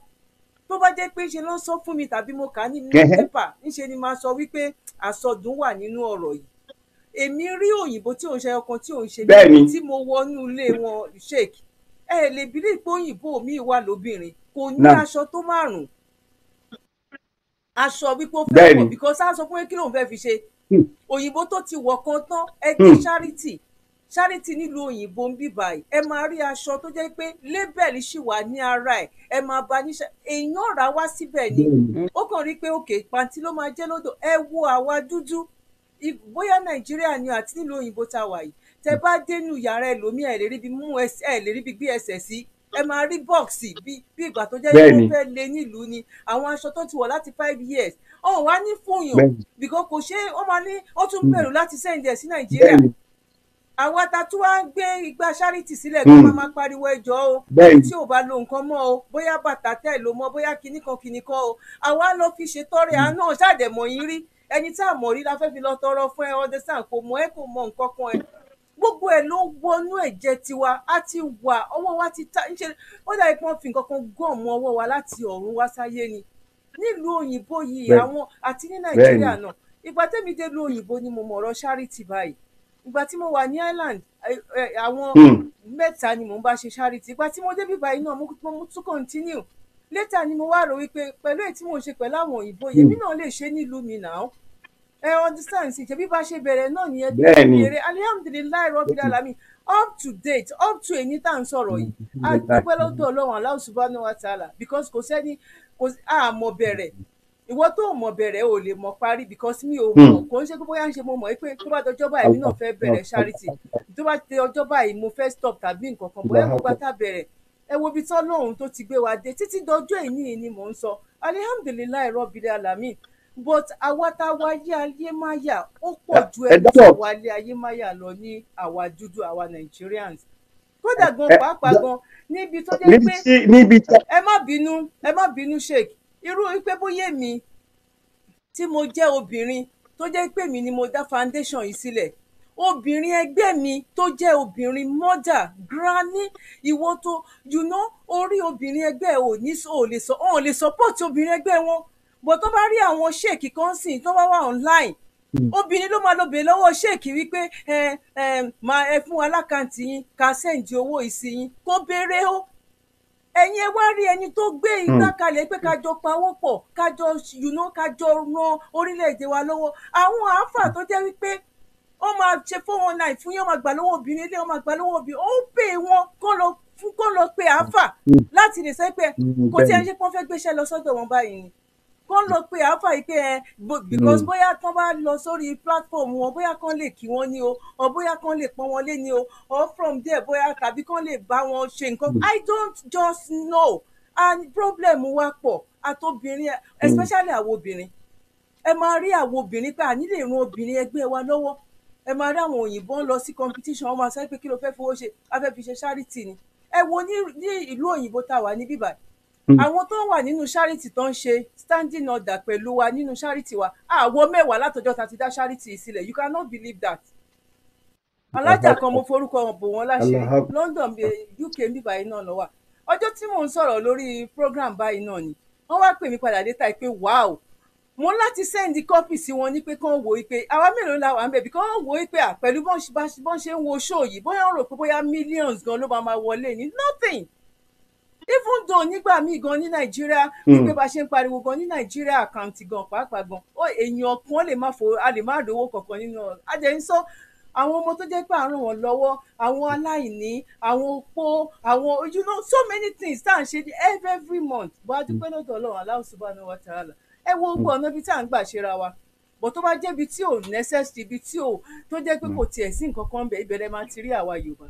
tó bá jẹ́ pé ṣe ló sọ fún mi tàbí mo kà á nínú pépà ńṣe ni máa sọ wípé àsọdùn wà nínú ọ̀rọ̀ yìí èmi rí òyìnbó tí òun ṣe ọkàn tí òun ṣe níbi tí mo wọnú ilé wọn sheik ẹ lè bí lè pọ́yìnbó mi wà lóbìnrin kò ní aṣọ tó márùn-ún aṣọ wípé ó fẹ́ wọ̀ because a sọ fún pé kí lóun fẹ́ fi ṣe hmm. òyìnbó tó ti wọ̀ kan tán ẹ kí hmm. charity charity nílùú òyìnbó ń bí báyìí ẹ máa rí aṣọ tó jẹ́ pé lébẹ̀lì ṣì wà ní ara ẹ̀ ẹ máa bá níṣẹ́ èèyàn rà wá síbẹ̀ ni ó kàn rí pé òkè pàǹtí ló máa jẹ́ lọ́dọ̀ ẹ wo àwa dúdú bóyá nàìjíríà ni àti nílùú òyìnbó tá wà yìí tẹ bá dénú yàrá ẹlòmíì ẹ lè ríbi mú ẹsẹ̀ ẹ lè ríbi gbé ẹsẹ̀ sí ẹ máa rí bọ́ọ̀sì bí bí ìgbà tó jẹ́ pé wọ́n fẹ́ lé nílùú ni àwọn aṣọ tó ti wọ̀ láti five years ọ̀hún wá ní fòyàn because kò ṣe wọ́n máa ní wọ́n tún hmm. bẹ̀rù láti send ẹ̀ sí nàìjíríà àwọn atatú wa ń gbé igba charity sílẹ̀ tó hmm. máa máa pariwo ẹjọ́ o tí ò bá lo nǹkan mọ́ o bóyá bàtà tẹ̀ ló mọ́ bóyá kinní kan kinní kan o àwa lọ fi ṣe tọrẹ hmm. àánú ṣàdẹ̀mọ̀ yín rí ẹni tá a rí la fẹ́ fi lọ tọrọ fún ẹ ọdẹ sáà kò mọ ẹ kò mọ nǹkan kan ẹ gbogbo ẹ̀ ló wọnú ẹ̀jẹ̀ tiwa a ti wà ọwọ́ wa ti ta ń ṣe ó dàbí pé wọ́n fi nǹkan kan gàn mọ́ ọwọ́ wa láti ọ̀run wá sáyé ni nílùú òyìnbó yìí àwọn àti ní nàìjíríà náà ìgbà tẹ́mi dé lu òyìnbó ni mo mọ̀ ọ̀rọ̀ charity báyìí ìgbà tí mo wà ní Ireland àwọn hmm. mẹ́ta ni mò ń bá ṣe charity ìgbà tí mo dé bíbá yìí náà mo tún continue later ni mo wá rò wípé pẹ̀lú èyí tí mo ṣe pẹ̀lú àwọn òyìnbó yìí hmm. èmi náà lè ṣe nílùú mi náà ẹ understand sí ṣe bí bá ṣe bẹ̀rẹ̀ náà nìyẹn bí wọ́n bẹ̀rẹ̀ alihamudulilayi rọ́bì dàlámì up to date up to èyí tá à ń sọ̀rọ̀ yìí a dúpẹ́ lọ́dọ̀ ọlọ́run Allah subhanahu wa ta'ala because kò sẹ́ni kò àmọ̀ bẹ̀rẹ̀ ìwọ tó mọ̀ bẹ̀rẹ̀ ò lè mọ̀ parí because mi ò mọ̀ hmm. kò ń ṣe pé bóyá ń ṣe mo mọ̀ pé tó bá di ọjọ́ báyìí mi náà fẹ́ bẹ̀rẹ̀ charity tó bá di ọjọ́ báyìí mo fẹ́ stop tàbí nǹkan kan bóyá mo gbá tá bẹ̀rẹ̀ ẹ wo ibi tán lọ́hùn tó ti gbé wa dé títí dọjọ́ ìní ni mò ń sọ alihamdulilayi rọ́bìlẹ̀ alamin but àwa tá a wáyé ayémáyà ó pọ̀ ju ẹni tó wáyé ayémáyà lọ ní àwa dúdú àwa Nigerians kódà gan pàápàá gan níbi tó jẹ́ pé ẹ má bínú ẹ má bínú sheik irú pé bóyá mi tí mo jẹ́ obìnrin tó jẹ́ pé mi ni mo dá foundation yìí sílẹ̀ obìnrin ẹgbẹ́ mi tó jẹ́ obìnrin mọ́dà granny ìwọ tó you know orí obìnrin ẹgbẹ́ ò ní ò lè sọ ò lè support obìnrin ẹgbẹ́ wọn bó tó bá rí àwọn ṣéèkì kan sìn tó bá wà online hmm. obìnrin ló máa lọ bèèrè lọ́wọ́ ṣéèkì wípé ẹ ẹ máa ẹ fún alákàntì yín ká sẹ́ǹdì owó ìsìn kó béèrè ó ẹ̀yin ẹ wá rí ẹni tó gbé hmm. igbá kalẹ̀ pé kájọ pawó pọ̀ kájọ yùnà kájọ ran orílẹ̀-èdè wa lọ́wọ́ àwọn àáfà tó jẹ́ wípé ó máa ṣe four one fún yín máa gbà lọ́wọ́ obìnrin ilé ó máa gbà lọ́wọ́ obìnrin ó ń pè wọn kó lọ fún kó lọ pe àáfà hmm. láti lè sẹ́ pé kò tí ẹ ṣe pé wọ́n fẹ́ lọ sọ́dọ̀ wọn báyìí ni kó ń lọ pé àáfà yìí pé ẹ because hmm. bóyá kán bá lọ sórí platform wọn bóyá kán lè kí wọn ní o or bóyá kán lè pọ́n wọn lé ní o or from there bóyá tàbí kán lè bá wọn ṣe nǹkan hmm. i don't just know and problem wa pọ̀ àtobìnrin especially hmm. àwọn obìnrin ẹ máa rí àwọn obìnrin pé àní lè ran obìnrin ẹgbẹ́ wa lọ́wọ́ ẹ máa rí àwọn òyìnbó lọ sí competition wọn máa sọ pé kí ló fẹ́ fowó ṣe a charity ni ẹ wo ní ìlú òyìnbó tá a wà ní bíbáyìí Mm. àwọn tó wà nínú charity tó ń ṣe standing order pẹ̀lú wa nínú charity wa àwo mẹ́wàá látọjọ́ ta ti dá charity sílẹ̀ you cannot believe that alájà kan mo forúkọ bò wọ́n láṣẹ London UK ń bíbá iná lọ wà ọjọ́ tí mò ń sọ̀rọ̀ lórí program báyìí náà ni wọ́n wá pè mí padà déta pé wow mo láti send copy sí wọn ní pé kán wò ó pé àwa mélòó la wà ń bẹ̀ bí kán wò ó pé à pẹ̀lú bọ́n ṣe ń wo ṣóò yìí bóyá ń rò pé bóyá millions gan ló máa wọlé ní nothing even though nígbà míì gan ní nàìjíríà hmm. wípé bá ṣe ń pariwo gan ní nàìjíríà àkáǹtì gan pàápàá gan ó èèyàn kan lè má fo a lè má rówó kankan nínú àjẹyìnsọ àwọn ọmọ tó jẹ́ pé à ń ràn wọ́n lọ́wọ́ àwọn aláìní àwọn opó àwọn you know so many things tá à ń ṣe every every month bá a dúpẹ́ lọ́dọ̀ ọlọ́run aláwọ̀ subhanahu wa ta'ala ẹ wo gbogbo ọ̀nà ibi tá à ń gbà ṣera wa bọ̀ tó bá jẹ́ ibi tí ò necessary ibi tí ò tó jẹ́ pé kò tiẹ̀ sí nǹkan kan bẹ̀ ibẹ̀rẹ̀ máa ti rí àwa yorùbá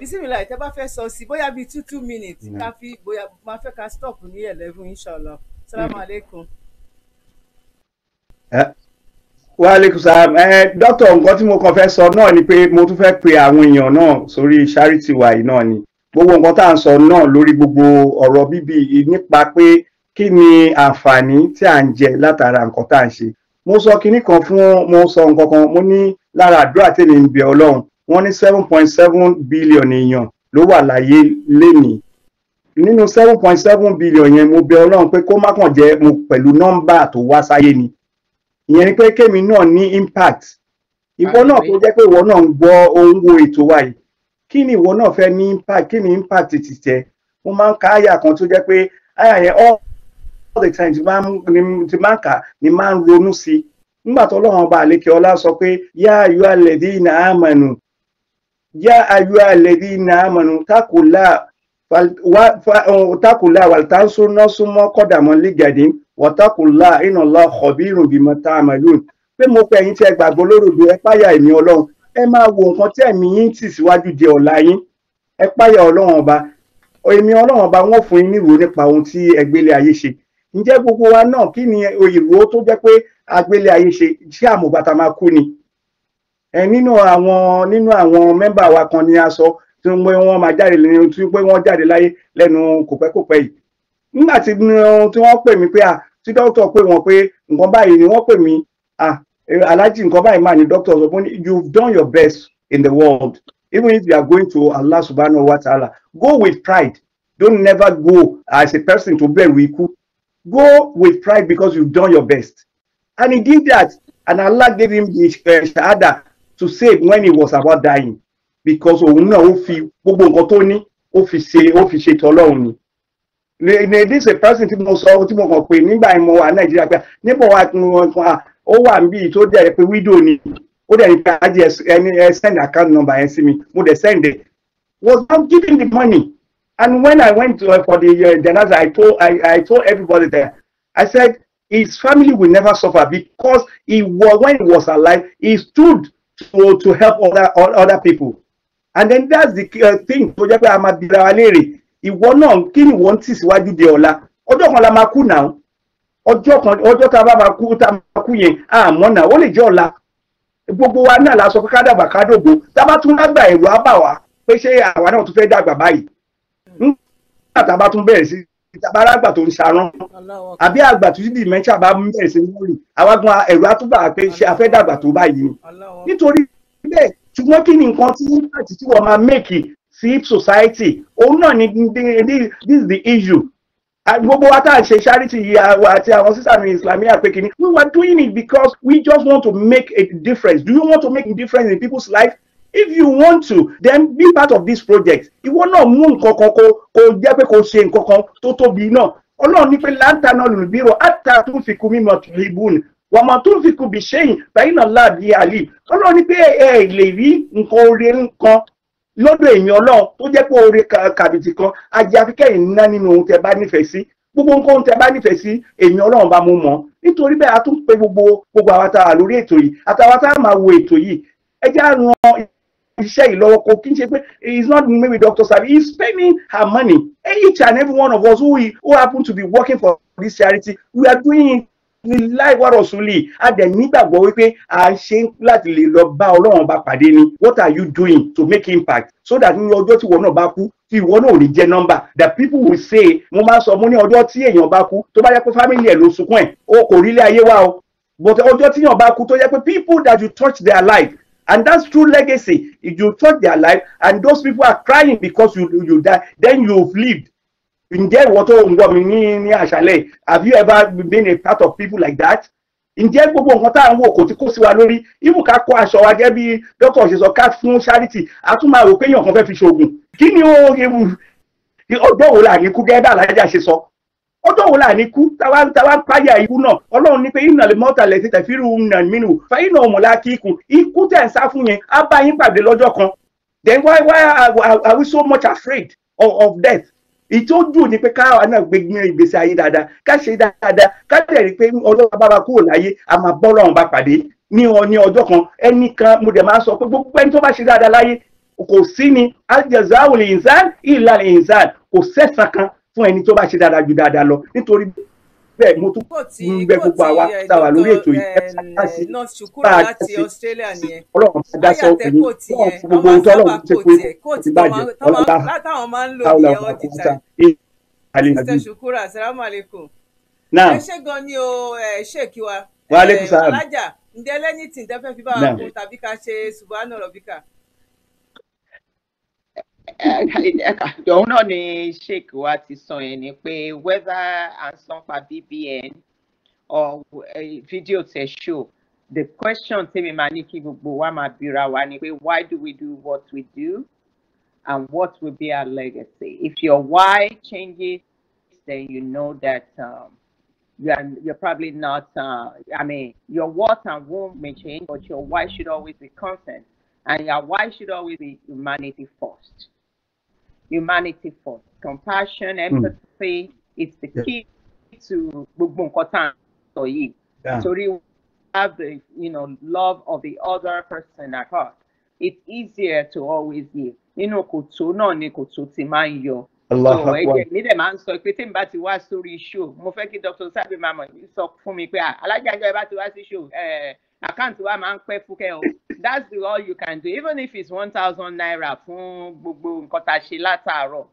bisimilayi tẹ bá fẹ́ sọ sí bóyá bíi two two minutes ká fi bóyá ma fẹ́ ká stop ní eleven inshallah salamu aleykum. Eh, wa aleykum salaam ẹ eh, dókítà nǹkan tí mo kàn fẹ́ sọ náà ni pé mo tún fẹ́ pe àwọn èèyàn náà sórí charity wa yìí náà ni gbogbo nǹkan tá à ń sọ náà lórí gbogbo ọ̀rọ̀ bíbí nípa pé kí ni àǹfààní tí à ń jẹ látara nǹkan tá à ń ṣe mo sọ kinní kan fún mo sọ nǹkan kan mo ní lára àdúrà tèmi ń bẹ Ọlọ́run wọ́n ní seven point seven billion èèyàn ló wà láyé lénìí nínú seven point seven billion yẹn mo bẹ ọlọ́run pé kó má kàn jẹ́ mo pẹ̀lú nọ́mbà tó wá sáyé ni ìyẹn ni pé kémi náà ní impact ìwọ náà tó jẹ́ pé ìwọ náà ń gbọ́ ohun ètò wa yìí kí ni ìwọ náà fẹ́ ní impact kí ni impact ti tẹ̀ mo máa ń ka àyà kan tó jẹ́ pé àyà yẹn all the time ti máa ń kà ni máa ń ronú sí i nígbà tó ọlọ́run ọba àlékè ọlá sọ pé yá ayọ́ alẹ̀ dín iná àmọ̀nù ya ayyuha alladhina amanu taqullaha wataqullaha waltansur nafsun ma qaddamat ligadin wataqullaha innallaha khabirun bima ta'malun pé mo pè yín tí ẹ gbàgbọ́ lódodo ẹ páyà ẹ̀mí ọlọ́run ẹ máa wo nǹkan tí ẹ̀mí yín tì síwájú di ọ̀la yín ẹ páyà ọlọ́run ọba ẹ̀mí ọlọ́run ọba wọ́n fún yín nírò nípa ohun tí ẹgbẹ́lẹ̀ ayé ṣe ǹjẹ́ gbogbo wa náà kí ni ìrò tó jẹ́ pé agbélé ayé ṣe ṣé àmọ̀gbàtà máa kú ni ẹ nínú àwọn nínú àwọn mẹ́mbà wa kan ni a sọ tí wọ́n máa jáde lẹ́nu tí pé wọ́n jáde láyé lẹ́nu kòpẹ́kòpẹ́ yìí nígbà tí wọ́n pè mí pé à tí Doctor, pè wọ́n pé nǹkan báyìí ni wọ́n pè mí à aláàjì nǹkan báyìí máa doctor. dókítà sọ fún you've done your best in the world even if you are going to Allah subhanahu wa ta'ala go with pride don't never go as a person to bẹ̀rù ikú go with pride because you've done your best and he did that and Allah gave him the uh, shahada to save when he was about dying because òun náà ó fi gbogbo nǹkan tó ní ó fi ṣe ó fi ṣètò ọlọ́run ni this a person tí mo sọ tí mo kàn pé nígbà yẹn mo wà nàìjíríà pé nígbà wà ah, ó wà níbí tó dẹ̀ pé widow ni ó dẹ̀ ní pé àjẹ ah, ẹni send account number yẹn sí mi mo dẹ̀ send it was not giving the money and when I went to, uh, for the uh, janaza I told I, I told everybody there I said his family will never suffer because he was when he was alive he stood to to help other other people and then that's the uh, thing tó jẹ́ pé a máa bira wa léèrè ìwọ náà kí ni wọ́n ń tì síwájú de ọ̀la ọjọ́ kan la máa kú náà ọjọ́ kan ọjọ́ tá a bá máa kú tá máa kú yẹn àmọ́ náà ó lè jẹ́ ọ̀la gbogbo wa náà la sọ pé ká dàgbà ká dògbò tá a bá tún lágbà ẹ̀rọ á bà wá pé ṣé àwa náà tún fẹ́ dàgbà báyìí nígbà tá a bá tún bẹ̀rẹ̀ sí ìtàbára àgbà tó ń ṣarán àbí àgbà tó di mẹ́ta bá ń bẹ̀rẹ̀ sí lórí àwágun ẹ̀rọ àtúgbà pé ṣe afẹ́dàgbà tó báyìí ni nítorí bẹ́ẹ̀ ṣùgbọ́n kí ni nǹkan tí impact tí wọ́n máa make sí society òun náà ni this is the issue gbogbo wa tá ṣe charity yìí àwọn àti àwọn sísá mi islamiyà pé we were doing it because we just want to make a difference do you want to make a difference in people's lives? if you want to then be part of this project ìwọ náà mú nǹkan kan kó kó jẹ́ pé kó ṣe nǹkan kan tó tóbi náà ọlọ́run ní pé láńtà náà lùlù bírò àtà tó ń fi kú mímọ tìrìbùn wọ́n mọ̀ tó ń fi kú bí sẹ́yìn báyìí náà láàbí àlè ọlọ́run ní pé ẹ lè rí nǹkan oore nǹkan lọ́dọ̀ èèyàn ọlọ́run tó jẹ́ pé oore kàbìtì kan ajé afikẹ́yìn ńlá nínú ohun tẹ bá nífẹ̀ẹ́ sí gbogbo nǹkan tẹ bá nífẹ̀ẹ́ sí èèyàn ọlọ́run bá mú mọ́ nítorí bẹ́ẹ̀ a tún pe gbogbo gbogbo àwọn àtàwà lórí ètò yìí àtàwà tá a máa wo ètò yìí ẹ já ran iṣẹ́ ìlọ́wọ́ kò kí n ṣe pé he is not maybe Dr. Sabi he is spending her money each and every one of us who, who happen to be working for this charity we are doing it ní láìwá rọ̀sùnlé a dẹ̀ nígbàgbọ́ wípé a ṣe láti lè lọ bá ọlọ́run bá pàdé ni what are you doing to make impact so that ní ọjọ́ tí ìwọ náà bá kú tí ìwọ náà ò ní jẹ́ nọ́mbà the people will say mo máa ń sọ mo ní ọjọ́ tí èèyàn bá kú tó bá yẹ pé family ẹ̀ ló sunkún ẹ̀ o kò rí ilé ayé wa o but ọjọ́ tí èèyàn bá kú tó yẹ pé people that you touch their life and that's true legacy. If you touch their life and those people are crying because you, you die, then you've lived. In ìwọ tó ń gbọ́ mi ní ní àṣálẹ̀ have you ever been a part of people like that? In gbogbo nǹkan tá à ń wò kò tí kò sí wa lórí? Ibù ká kó aṣọ wa gẹ́gẹ́ bí dókítà ṣe sọ ká fún charity a tún máa rò pé èèyàn kan fẹ́ fi ṣoògùn. Kí ni ó ọjọ́ wo la ní kú sọ? ọjọ́ wo la ní kú táwa táwa ń ikú náà ọlọ́run ní pé iná lè mọ́ta lè ti tẹ̀fí rú nà mínú fàyínà ọ̀mọ̀lá kí ikú ikú tẹ̀ ń sá fún yẹn á bá yín pàdé lọ́jọ́ kan then why why are, are we so much afraid of, of death ìtọ́jú ni pé káwa náà gbẹgbẹ́ ìgbésí ayé dáadáa ká ṣe dáadáa ká dẹ̀ rí i pé ọlọ́run bá wa kúrò láyé a máa bọ́ ọlọ́run bá pàdé ní ní ọjọ́ kan ẹnì kan mo dẹ̀ máa sọ pé gbogbo ẹni tó bá ṣe dáadáa láyé kò sí ni al jaza'ul insan illa al insan kò sẹ́sàn kan fún ẹni tó bá ṣe dáadáa ju dáadáa lọ nítorí bẹ́ẹ̀ mo tún ń gbẹ gbogbo àwa tá a wà lórí ètò yìí ẹ bá sí bá a dá sí ọlọ́run bá dá sọ òkùnrin ọlọ́run fún gbogbo ohun tó ọlọ́run ṣe pé ti bàjẹ́ ọlọ́run bá táwọn ọkọ̀ kúta ẹ alẹ́ nàbí. Mr. Shukura assalamu alaikum. náà ẹ ṣe gan ni o ẹ ṣe kí wa. wa alaikum salaam. alájà ǹdẹ́ lẹ́yìn tí ǹdẹ́ fẹ́ fi bá wa kú tàbí ká ṣe subahana rọ̀bíkà. òun ni sheik wa ti sọ yẹn pé whether ansanpa bbn or eh, video tẹ show the question tèmi máa ní kí wa bira wa ni pé why do we do what we do and what will be our legacy if your why changes then you know that um, you are, you're probably not uh, i mean your what and who may change but your why should always be constant and your why should always be humanity first humanity first compassion hmm. empathy mm. it's the yeah. key to gbogbo nǹkan tá ń sọ have the you know love of the other person at heart it's easier to always give know, kòtò no ni kòtò ti máa ń yọ so ẹjẹ mi dẹ̀ máa ń sọ pé tèmi bá ti wá sórí show mo fẹ́ kí Dr. Sabi máa mọ̀ sọ fún mi pé ah, alájà ń jọ ẹ bá ti wá sí show Eh, àkáǹtì wa máa ń pẹ́ fúkẹ́ o that's the all you can do even if it's one thousand naira fún gbogbo nǹkan tá a ṣe látàárọ̀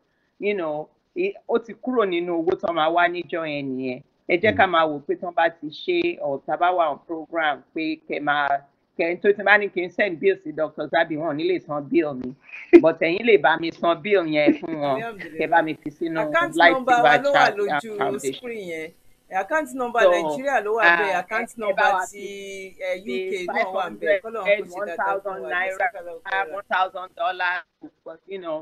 you know ó ti kúrò nínú owó tó máa wá níjọ́ yẹn nìyẹn ẹ jẹ́ ká mm-hmm. máa wò pé tán bá ti ṣe ọ̀tá on program pé kẹ máa kẹ tó ti bá ní kí n send bill sí Doctor Zabby wọn ò san bill mi but ẹ̀yin lè bá mi san bill yẹn fún wọn kẹ bá mi fi sínú life saver foundation àkáǹtì nọmba nàìjíríà ló wà ah, bẹ́ẹ̀ àkáǹtì nọmba ti eh, uk náà wà bẹ́ẹ̀ kọlọ kò sí dáadáa fún wa ní sàkàlà ah, one thousand dollars but you know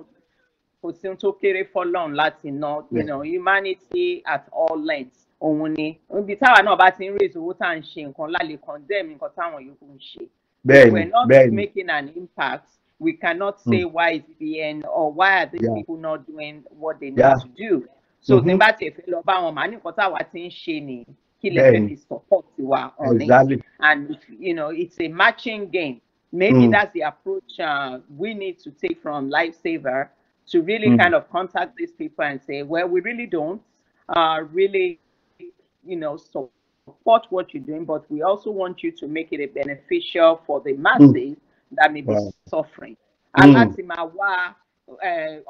kò sí ohun tó kéré fọ́lọ́run láti ná you know humanity at all lengths òun ni níbi táwa náà bá ti ń raise owó tá à ń ṣe nǹkan lálẹ́ condemn nǹkan táwọn yòókù ń ṣe. bẹ́ẹ̀ni bẹ́ẹ̀ni we are not making an impact we cannot hmm. say mm. why is the end or why are these yeah. people not doing what they yeah. need to do. so mm-hmm. tí n bá tiẹ̀ fẹ́ lọ bá wọn màá ní nǹkan táwa ti ń ṣe nìyí nnkan tawa se fẹ́ support wa on exactly. it and you know it's a matching game maybe mm. that's the approach uh, we need to take from lifesaver to really mm. kind of contact these people and say well we really don't uh, really you know support what you're doing but we also want you to make it a beneficial for the mm. masses mm. that may be wow. suffering aláti mm. máa wá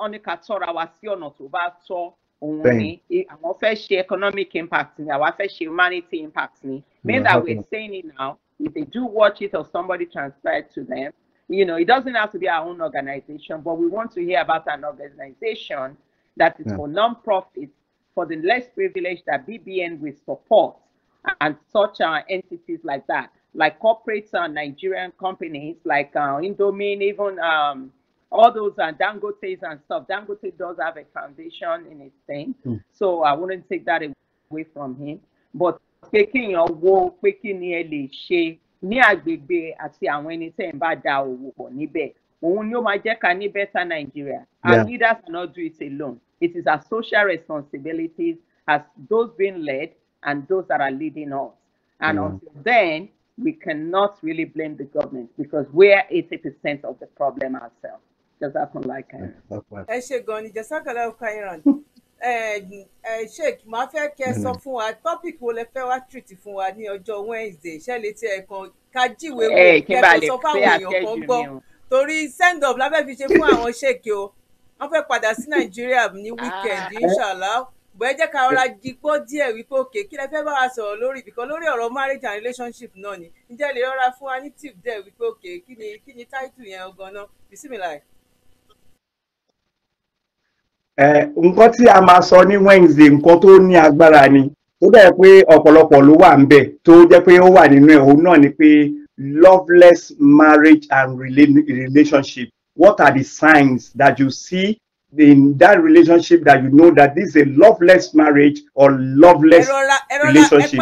ọ̀nìkà eh, tọ́ra wa sí ọ̀nà tó bá tọ́ only. i àwọn fẹ́ economic impact I àwa fẹ́ ṣe humanity impact me. mean that we're saying it now if they do watch it or somebody transferred to them you know it doesn't have to be our own organization but we want to hear about an organization that is yeah. for non-profit for the less privileged that BBN will support and such uh, entities like that like corporates uh, Nigerian companies like uh, Indomine even um, all those uh, Dangote's and stuff. Dangote does have a foundation in his thing, mm. so I wouldn't take that away from him. But taking your work, taking your ni ẹ lè ṣe ní àgbègbè àti àwọn ẹni tẹ́ ń bá da òwò pọ̀ níbẹ̀ òun ni ó máa jẹ́ ká better Nigeria. Our leaders cannot do it alone. It is our social responsibilities as those being led and those that are leading us. And mm. until then, we cannot really blame the government because we are 80% of the problem ourselves. jazakumullahu eh? ẹ ṣe gan ni jazakallahu khairan eh, eh, sheik máa fẹ́ kẹ́ sọ mm-hmm. fún wa topic wo lẹ fẹ́ wá treat fún wa ní ọjọ́ wednesday ṣẹlẹ̀ tí ẹ kan kájíwèé wò kẹ́kọ̀ọ́ sọ fáwọn èèyàn kan gbọ́ torí send up lábẹ́ fi ṣe fún àwọn sheik o wọ́n fẹ́ padà sí nàìjíríà ní ah. weekend inshallah bọ́ ẹ jẹ́ ká ọ̀rá digbó díẹ̀ wípé òkè kí lẹ fẹ́ bá wa sọ̀rọ̀ lórí ìbìkan lórí ọ̀rọ̀ marriage and relationship náà ni ǹjẹ́ lè rọra fún wa ní tip díẹ̀ wípé òkè kí ni kí ni title yẹn gan-an bismillah nǹkan tí a máa sọ ní Wednesday nǹkan tó ní agbára ni tó dẹ̀ pé ọ̀pọ̀lọpọ̀ ló wà ń bẹ̀ tó jẹ́ pé ó wà nínú ẹ̀ òun náà ni pé loveless marriage and relationship what are the signs that you see in that relationship that you know that this is a loveless marriage or loveless relationship.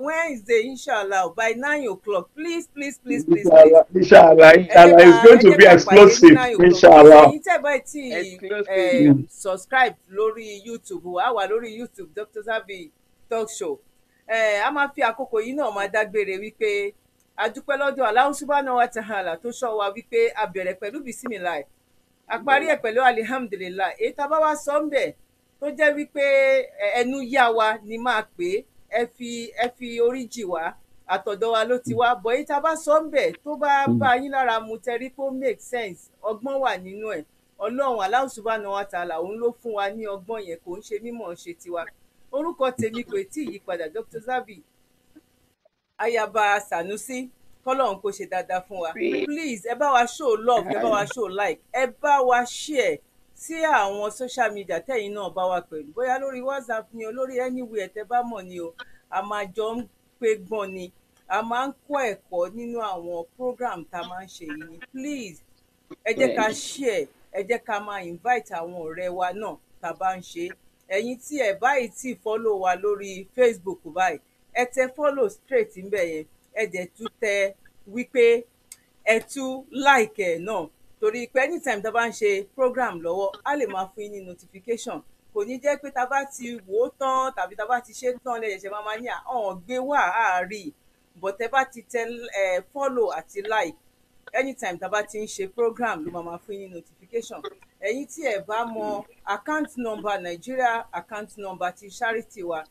Wednesday, inshallah, by nine o'clock. Please, please, please, please. Inshallah, inshallah, inshallah. it's going to be explosive. Inshallah. Eh, subscribe lórí YouTube á wà lórí youtube Dr. Zabby's talk show ẹ a máa fi àkókò yìí náà máa dágbére wípé a dúpẹ́ lọ́dọ̀ Allahu subhanahu wa ta'ala tó ṣọ́ wa wípé a bẹ̀rẹ̀ pẹ̀lú bisimilahi a parí ẹ̀ pẹ̀lú alihamdulilah èyí tá a bá wá sọ ń bẹ̀ tó jẹ́ wípé ẹnu yá wa ni máa pè é ẹ fi ẹ fi orí jì wá àtọ̀dọ̀ wa ló ti wá bọ̀ èyí tá a bá sọ ń bẹ̀ tó bá mm. bá yín lára mu tẹ́rí kó make sense ọgbọ́n wà nínú ẹ̀ ọlọ́run aláwọ̀ subahana wa ta'ala òun ló fún wa ní ọgbọ́n yẹn kò ń ṣe mímọ̀ ṣe tiwa orúkọ tèmi kò tí ì yípadà Dr. Zabby ayaba Sanusi kọlọ́run kò ṣe dáadáa fún wa please ẹ bá wa show love ẹ bá wa show like ẹ bá wa share sí àwọn social media tẹ́yìn náà bá wa pẹ̀lú bóyá lórí WhatsApp ni o lórí anywhere tẹ́ bá mọ̀ ni o a máa jọ ń pé gbọ́n ni a máa ń kọ́ ẹ̀kọ́ nínú àwọn program tá a máa ń ṣe yìí please ẹ jẹ́ ká share ẹ jẹ́ ká máa invite àwọn ọ̀rẹ́ wa náà tá a bá ń ṣe ẹ̀yin tí ẹ báyìí tí follow wa lórí Facebook báyìí ẹ tẹ follow straight ńbẹ̀ yẹn ẹ dẹ̀ tún tẹ wípé ẹ tún like ẹ̀ náà torí pé anytime tá a bá ń ṣe program lọ́wọ́ a lè máa fún yín ní notification kò ní jẹ́ pé tá a bá ti wò ó tán tàbí tá a bá ti ṣe tán lẹ́yìn ẹ̀ṣẹ̀ máa ní ọ̀hún gbé wá àárí bọ̀tẹ́ bá ti tẹ follow àti like anytime tá a bá ti ń ṣe program ló máa máa fún yín ní notification application ẹ̀yin tí ẹ bá mọ account number Nigeria account number ti charity wa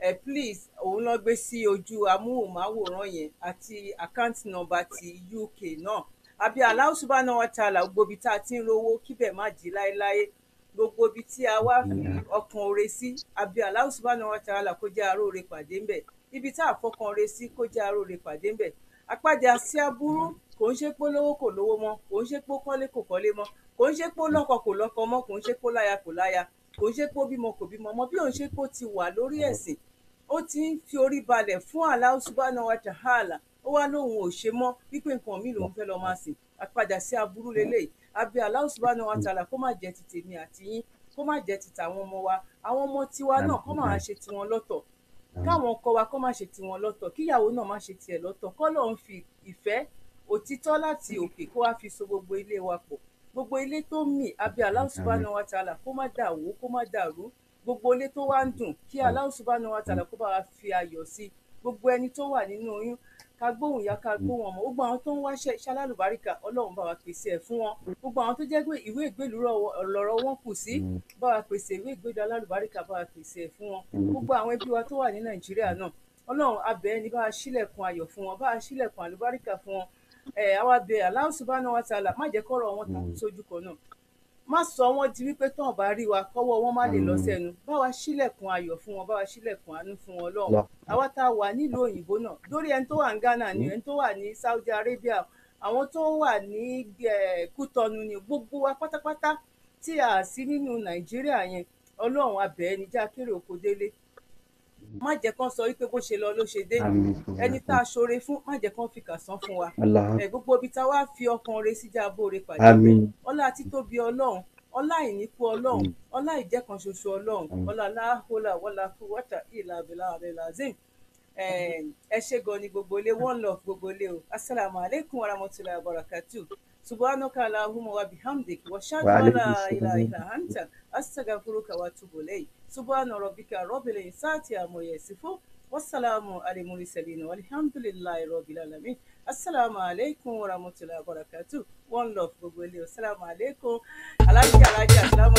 ẹ eh, please òun lọ gbé sí ojú amóhùnmáwòrán yẹn àti account number ti UK náà àbí Allahu subhanahu wa ta'ala gbogbo ibi tá a ti ń rówó kíbẹ̀ má jí láéláé gbogbo ibi tí a wá fi ọkàn oore sí àbí Allahu subhanahu wa ta'ala kó jẹ́ aróore pàdé ńbẹ̀ ibi tá a fọkàn oore sí kó jẹ́ aróore pàdé ńbẹ̀ apájà sí aburú kò ń ṣe pé kò lówó mọ́ kò ń ṣe pé kọ́lé kò kọ́lé mọ́ kò ń ṣe pé ó hmm. lọ́kọ kò lọ́kọ mọ́ kò ń ṣe pé ó láya kò láya kò ń ṣe pé ó bímọ kò bímọ mọ́ bí òun ṣe pé ó ti wà lórí hmm. ẹ̀sìn ó ti ń fi orí balẹ̀ fún Allahu subhanahu wa ta'ala ó wá lóun ò ṣe mọ́ wípé nǹkan mi lòun fẹ́ lọ máa sìn àpadà sí aburú lélẹ́yìí abẹ Allahu subhanahu wa ta'ala kó má jẹ́ ti tèmi àti yín kó má jẹ́ ti tàwọn ọmọ wa àwọn ọmọ tiwa náà kó má ṣe tiwọn lọ́tọ̀ hmm. káwọn ọkọ wa kó má ṣe tiwọn lọ́tọ̀ kíyàwó náà má ṣe tiẹ̀ lọ́tọ̀ kọ́ lóun fi ìfẹ́ òtítọ́ láti òkè kó wá fi so gbogbo ilé wa pọ̀ gbogbo ilé tó ń mì abẹ́ Allah subhanahu wa ta'ala kó má dàwó kó má dàrú gbogbo ilé tó wá ń dùn kí Allah subhanahu wa ta'ala kó bá wa fi ayọ̀ sí gbogbo ẹni tó wà nínú oyún ká gbóhùn ya ká gbóhùn ọmọ gbogbo àwọn tó ń wá ṣàlálùbáríkà Ọlọ́run bá wa pèsè ẹ̀ fún wọn gbogbo àwọn tó jẹ́ pé ìwé ìgbélú lọ́rọ̀ wọn kù sí bá wa pèsè ìwé ìgbélú alálùbáríkà bá wa pèsè ẹ̀ fún wọn gbogbo àwọn ẹbí wa tó wà ní Nàìjíríà náà Ọlọ́run abẹ́ ni bá a ṣílẹ̀kùn ayọ̀ fún wọn bá a ṣílẹ̀kùn àlùbáríkà fún wọn àwa bẹ Allah subhanahu wa ta'ala má jẹ́ kọ́rọ̀ wọn ta mm. sójú kan náà má sọ wọn di wípé tán bá rí wa kọ́wọ́ wọn má lè lọ mm. sẹ́nu bá wa ṣílẹ̀kùn ayọ̀ fún wọn bá wa ṣílẹ̀kùn àánú fún wọn lọ́wọ́ àwa tá a wà nílùú òyìnbó náà lórí ẹni tó wà ní Ghana ni mm. ẹni tó wà ní Saudi Arabia àwọn tó wà ní Kútọnu ni gbogbo wa pátápátá tí a sí nínú Nàìjíríà yẹn Ọlọ́run abẹ́ẹ́ni jákèrè òkòdélé má jẹ́ kán sọ wípé bó ṣe lọ ló ṣe dé ẹni tá a ṣoore fún má jẹ́ kán fìkà sán fún wa ẹ gbogbo ibi tá a wá fi ọkàn re síjà bóore pàdé ọlá títóbi Ọlọ́run ọlá ìníkú Ọlọ́run ọlá ìjẹ́kan ṣoṣo Ọlọ́run ọlá aláhólà wọlá fún wọta ìlà abẹlà abẹlà zim ẹ ṣé gan ni gbogbo ilé one love gbogbo ilé o asalaamualeykum warahmatulahi wabarakatuh. subhanaka allahumma wa bihamdik wa ashhadu an la ilaha illa anta astaghfiruka wa atubu ilayk subhana rabbika rabbil izzati amma yasifun wassalamu alal mursalin walhamdulillahi rabbil alamin assalamu alaikum wa rahmatullahi wa barakatuh one love gbogbo ilé assalamu alaikum alhaji alhaji assalamu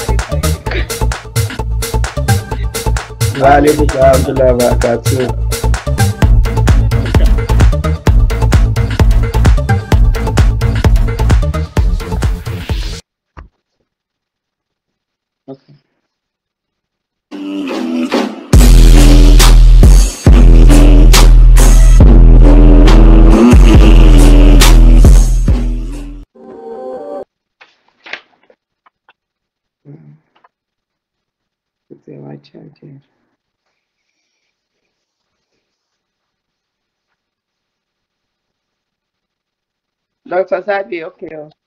alaikum wa alaikum Okay. Fazer o adiante. Dá pra ok,